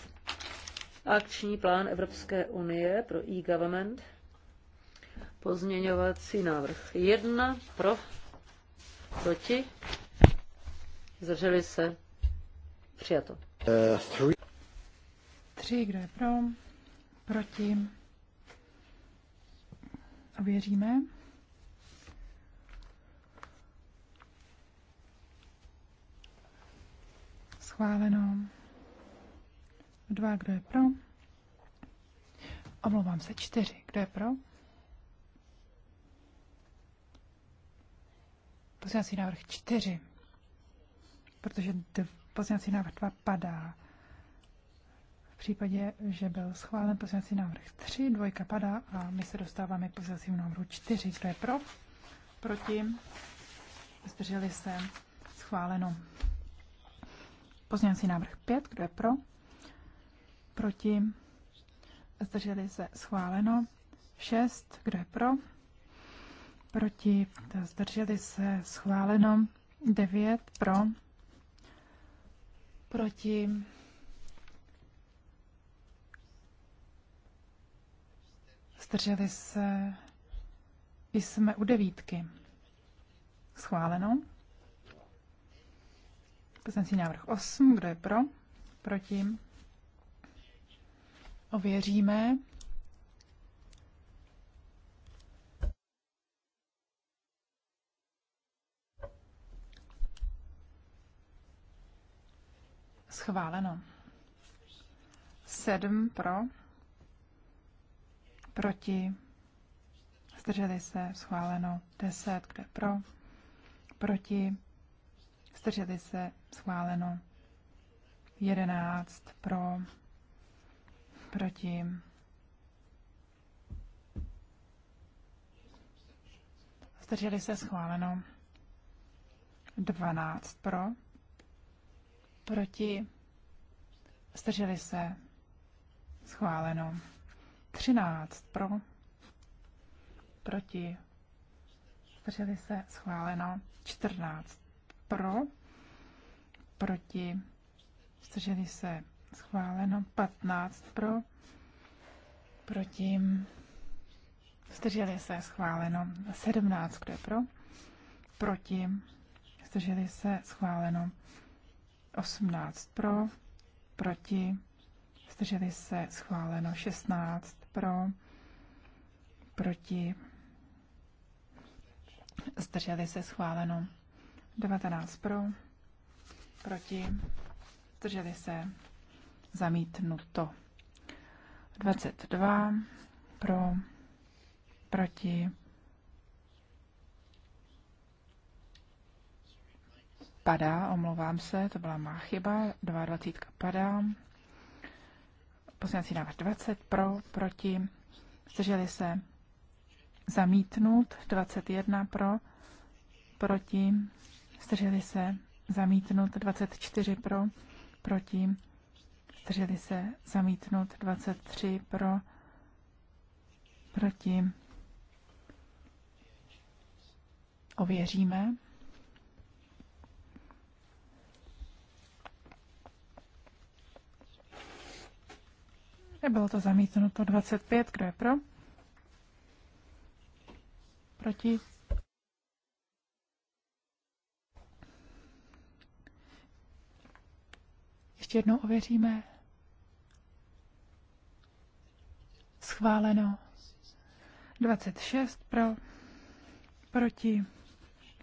Akční plán Evropské unie pro e-government. Pozměňovací návrh 1 pro, proti, zdrželi se, přijato. 3, Uh, kdo je pro, proti, ověříme. Schváleno. Dva, kdo je pro? Omlouvám se, čtyři. Kdo je pro? Pozměňovací návrh čtyři. Protože pozměňovací návrh dva padá. V případě, že byl schválen pozměňovací návrh tři dvojka padá a my se dostáváme k pozměňovacímu návrhu čtyři, Kdo je pro? Proti? Zdrželi se? Schváleno. Pozměňovací návrh 5, kdo je pro? Proti? Zdrželi se schváleno. 6, kdo je pro? Proti? Zdrželi se schváleno. 9 pro? Proti? Zdrželi se jsme u devítky. Schváleno. Poznací návrh 8, kdo je pro? Proti? Ověříme. Schváleno. 7 pro. Proti. Zdrželi se. Schváleno. 10, Kdo je pro. Proti zdrželi se, schváleno. 11 pro, proti, zdrželi se, schváleno. 12 pro, proti, zdrželi se, schváleno. 13 pro, proti, zdrželi se, schváleno. 14 pro, proti, zdrželi se schváleno, 15 pro, proti, zdrželi se schváleno, 17 kdo je pro, proti, zdrželi se schváleno, 18 pro, proti, zdrželi se schváleno, 16 pro, proti, zdrželi se schváleno. 19 pro, proti, zdrželi se, zamítnuto. 22 pro, proti, padá, omlouvám se, to byla má chyba, 22 padá. Poslanecí návrh 20 pro, proti, zdrželi se, zamítnut, 21 pro, proti, zdrželi se, zamítnut 24 pro, proti, zdrželi se, zamítnut 23 pro, proti. Ověříme. Nebylo to zamítnuto 25, kdo je pro? Proti Ještě jednou ověříme. Schváleno. 26 pro, proti,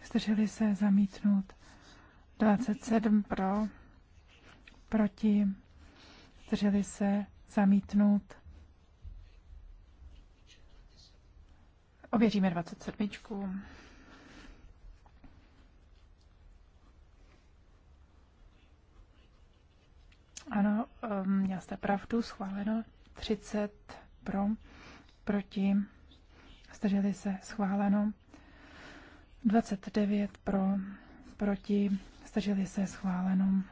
zdrželi se zamítnout. 27 pro, proti, zdrželi se zamítnout. Ověříme 27. Ano, um, měl jste pravdu, schváleno 30 pro, proti, zdrželi se, schváleno 29 pro, proti, zdrželi se, schváleno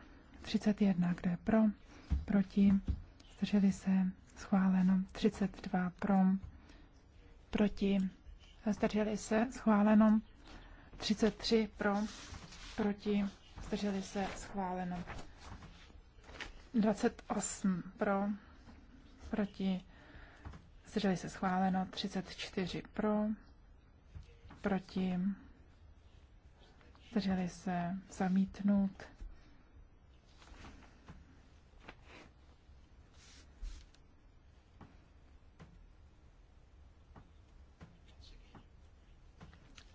31, kde je pro, proti, zdrželi se, schváleno 32 pro, proti, zdrželi se, schváleno 33 pro, proti, zdrželi se, schváleno 28 pro, proti, zdrželi se schváleno, 34 pro, proti, zdrželi se zamítnout.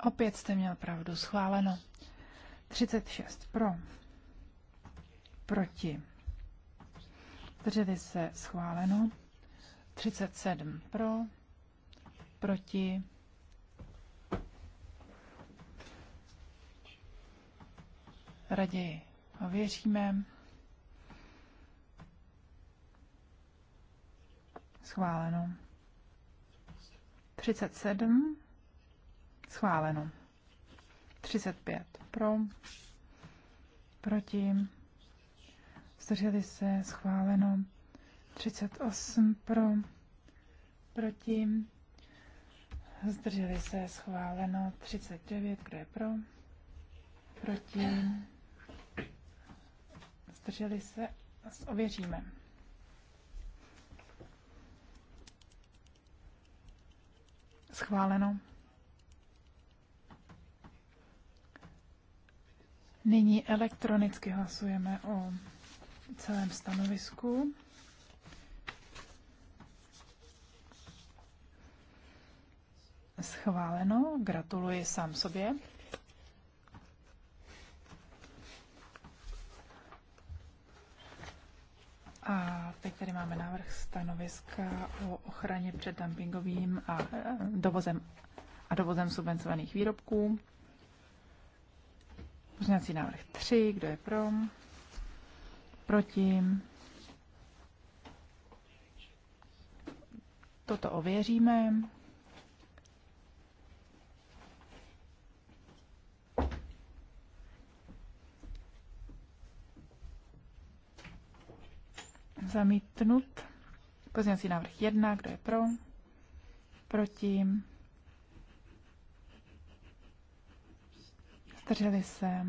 Opět jste měl pravdu, schváleno. 36 pro, proti Drželi se schváleno. 37 pro, proti. Raději věříme. Schváleno. 37. Schváleno. 35 pro, proti zdrželi se, schváleno. 38 pro, proti, zdrželi se, schváleno. 39, kdo je pro, proti, zdrželi se, ověříme. Schváleno. Nyní elektronicky hlasujeme o celém stanovisku. Schváleno, gratuluji sám sobě. A teď tady máme návrh stanoviska o ochraně před dumpingovým a e, dovozem a dovozem subvencovaných výrobků. Pozměňovací návrh 3, kdo je pro? proti. Toto ověříme. Zamítnut. Pozměňovací návrh 1, kdo je pro? Proti? Zdrželi se.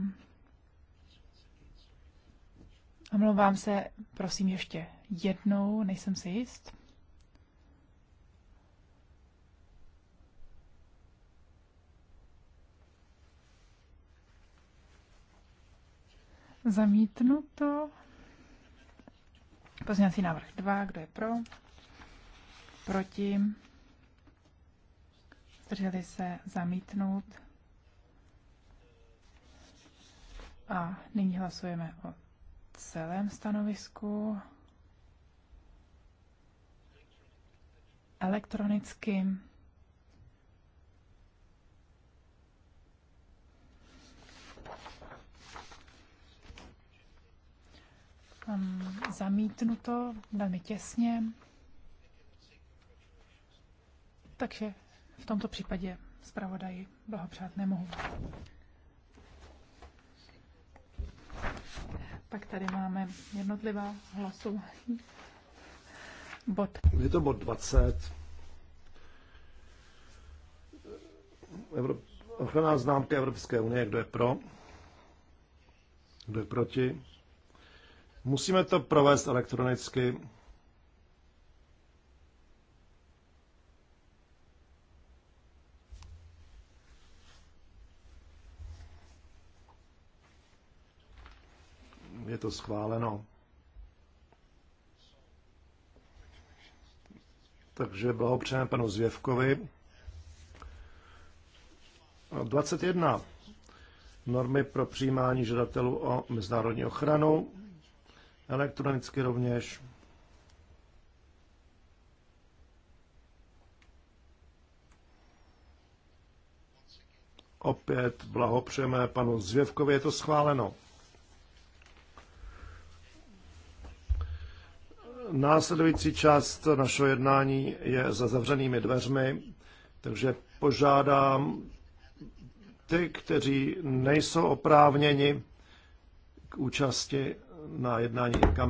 Omlouvám se, prosím, ještě jednou, nejsem si jist. to. Pozměňovací návrh 2, kdo je pro? Proti? Zdrželi se zamítnout. A nyní hlasujeme o celém stanovisku elektronicky. zamítnuto velmi těsně. Takže v tomto případě zpravodaji blahopřát nemohu. Pak tady máme jednotlivá hlasování. Bod. Je to bod 20. Evrop... Ochranná známka Evropské unie, kdo je pro, kdo je proti. Musíme to provést elektronicky. to schváleno. Takže blahopřejeme panu Zvěvkovi. 21. Normy pro přijímání žadatelů o mezinárodní ochranu. Elektronicky rovněž. Opět blahopřejeme panu Zvěvkovi, je to schváleno. Následující část našeho jednání je za zavřenými dveřmi, takže požádám ty, kteří nejsou oprávněni k účasti na jednání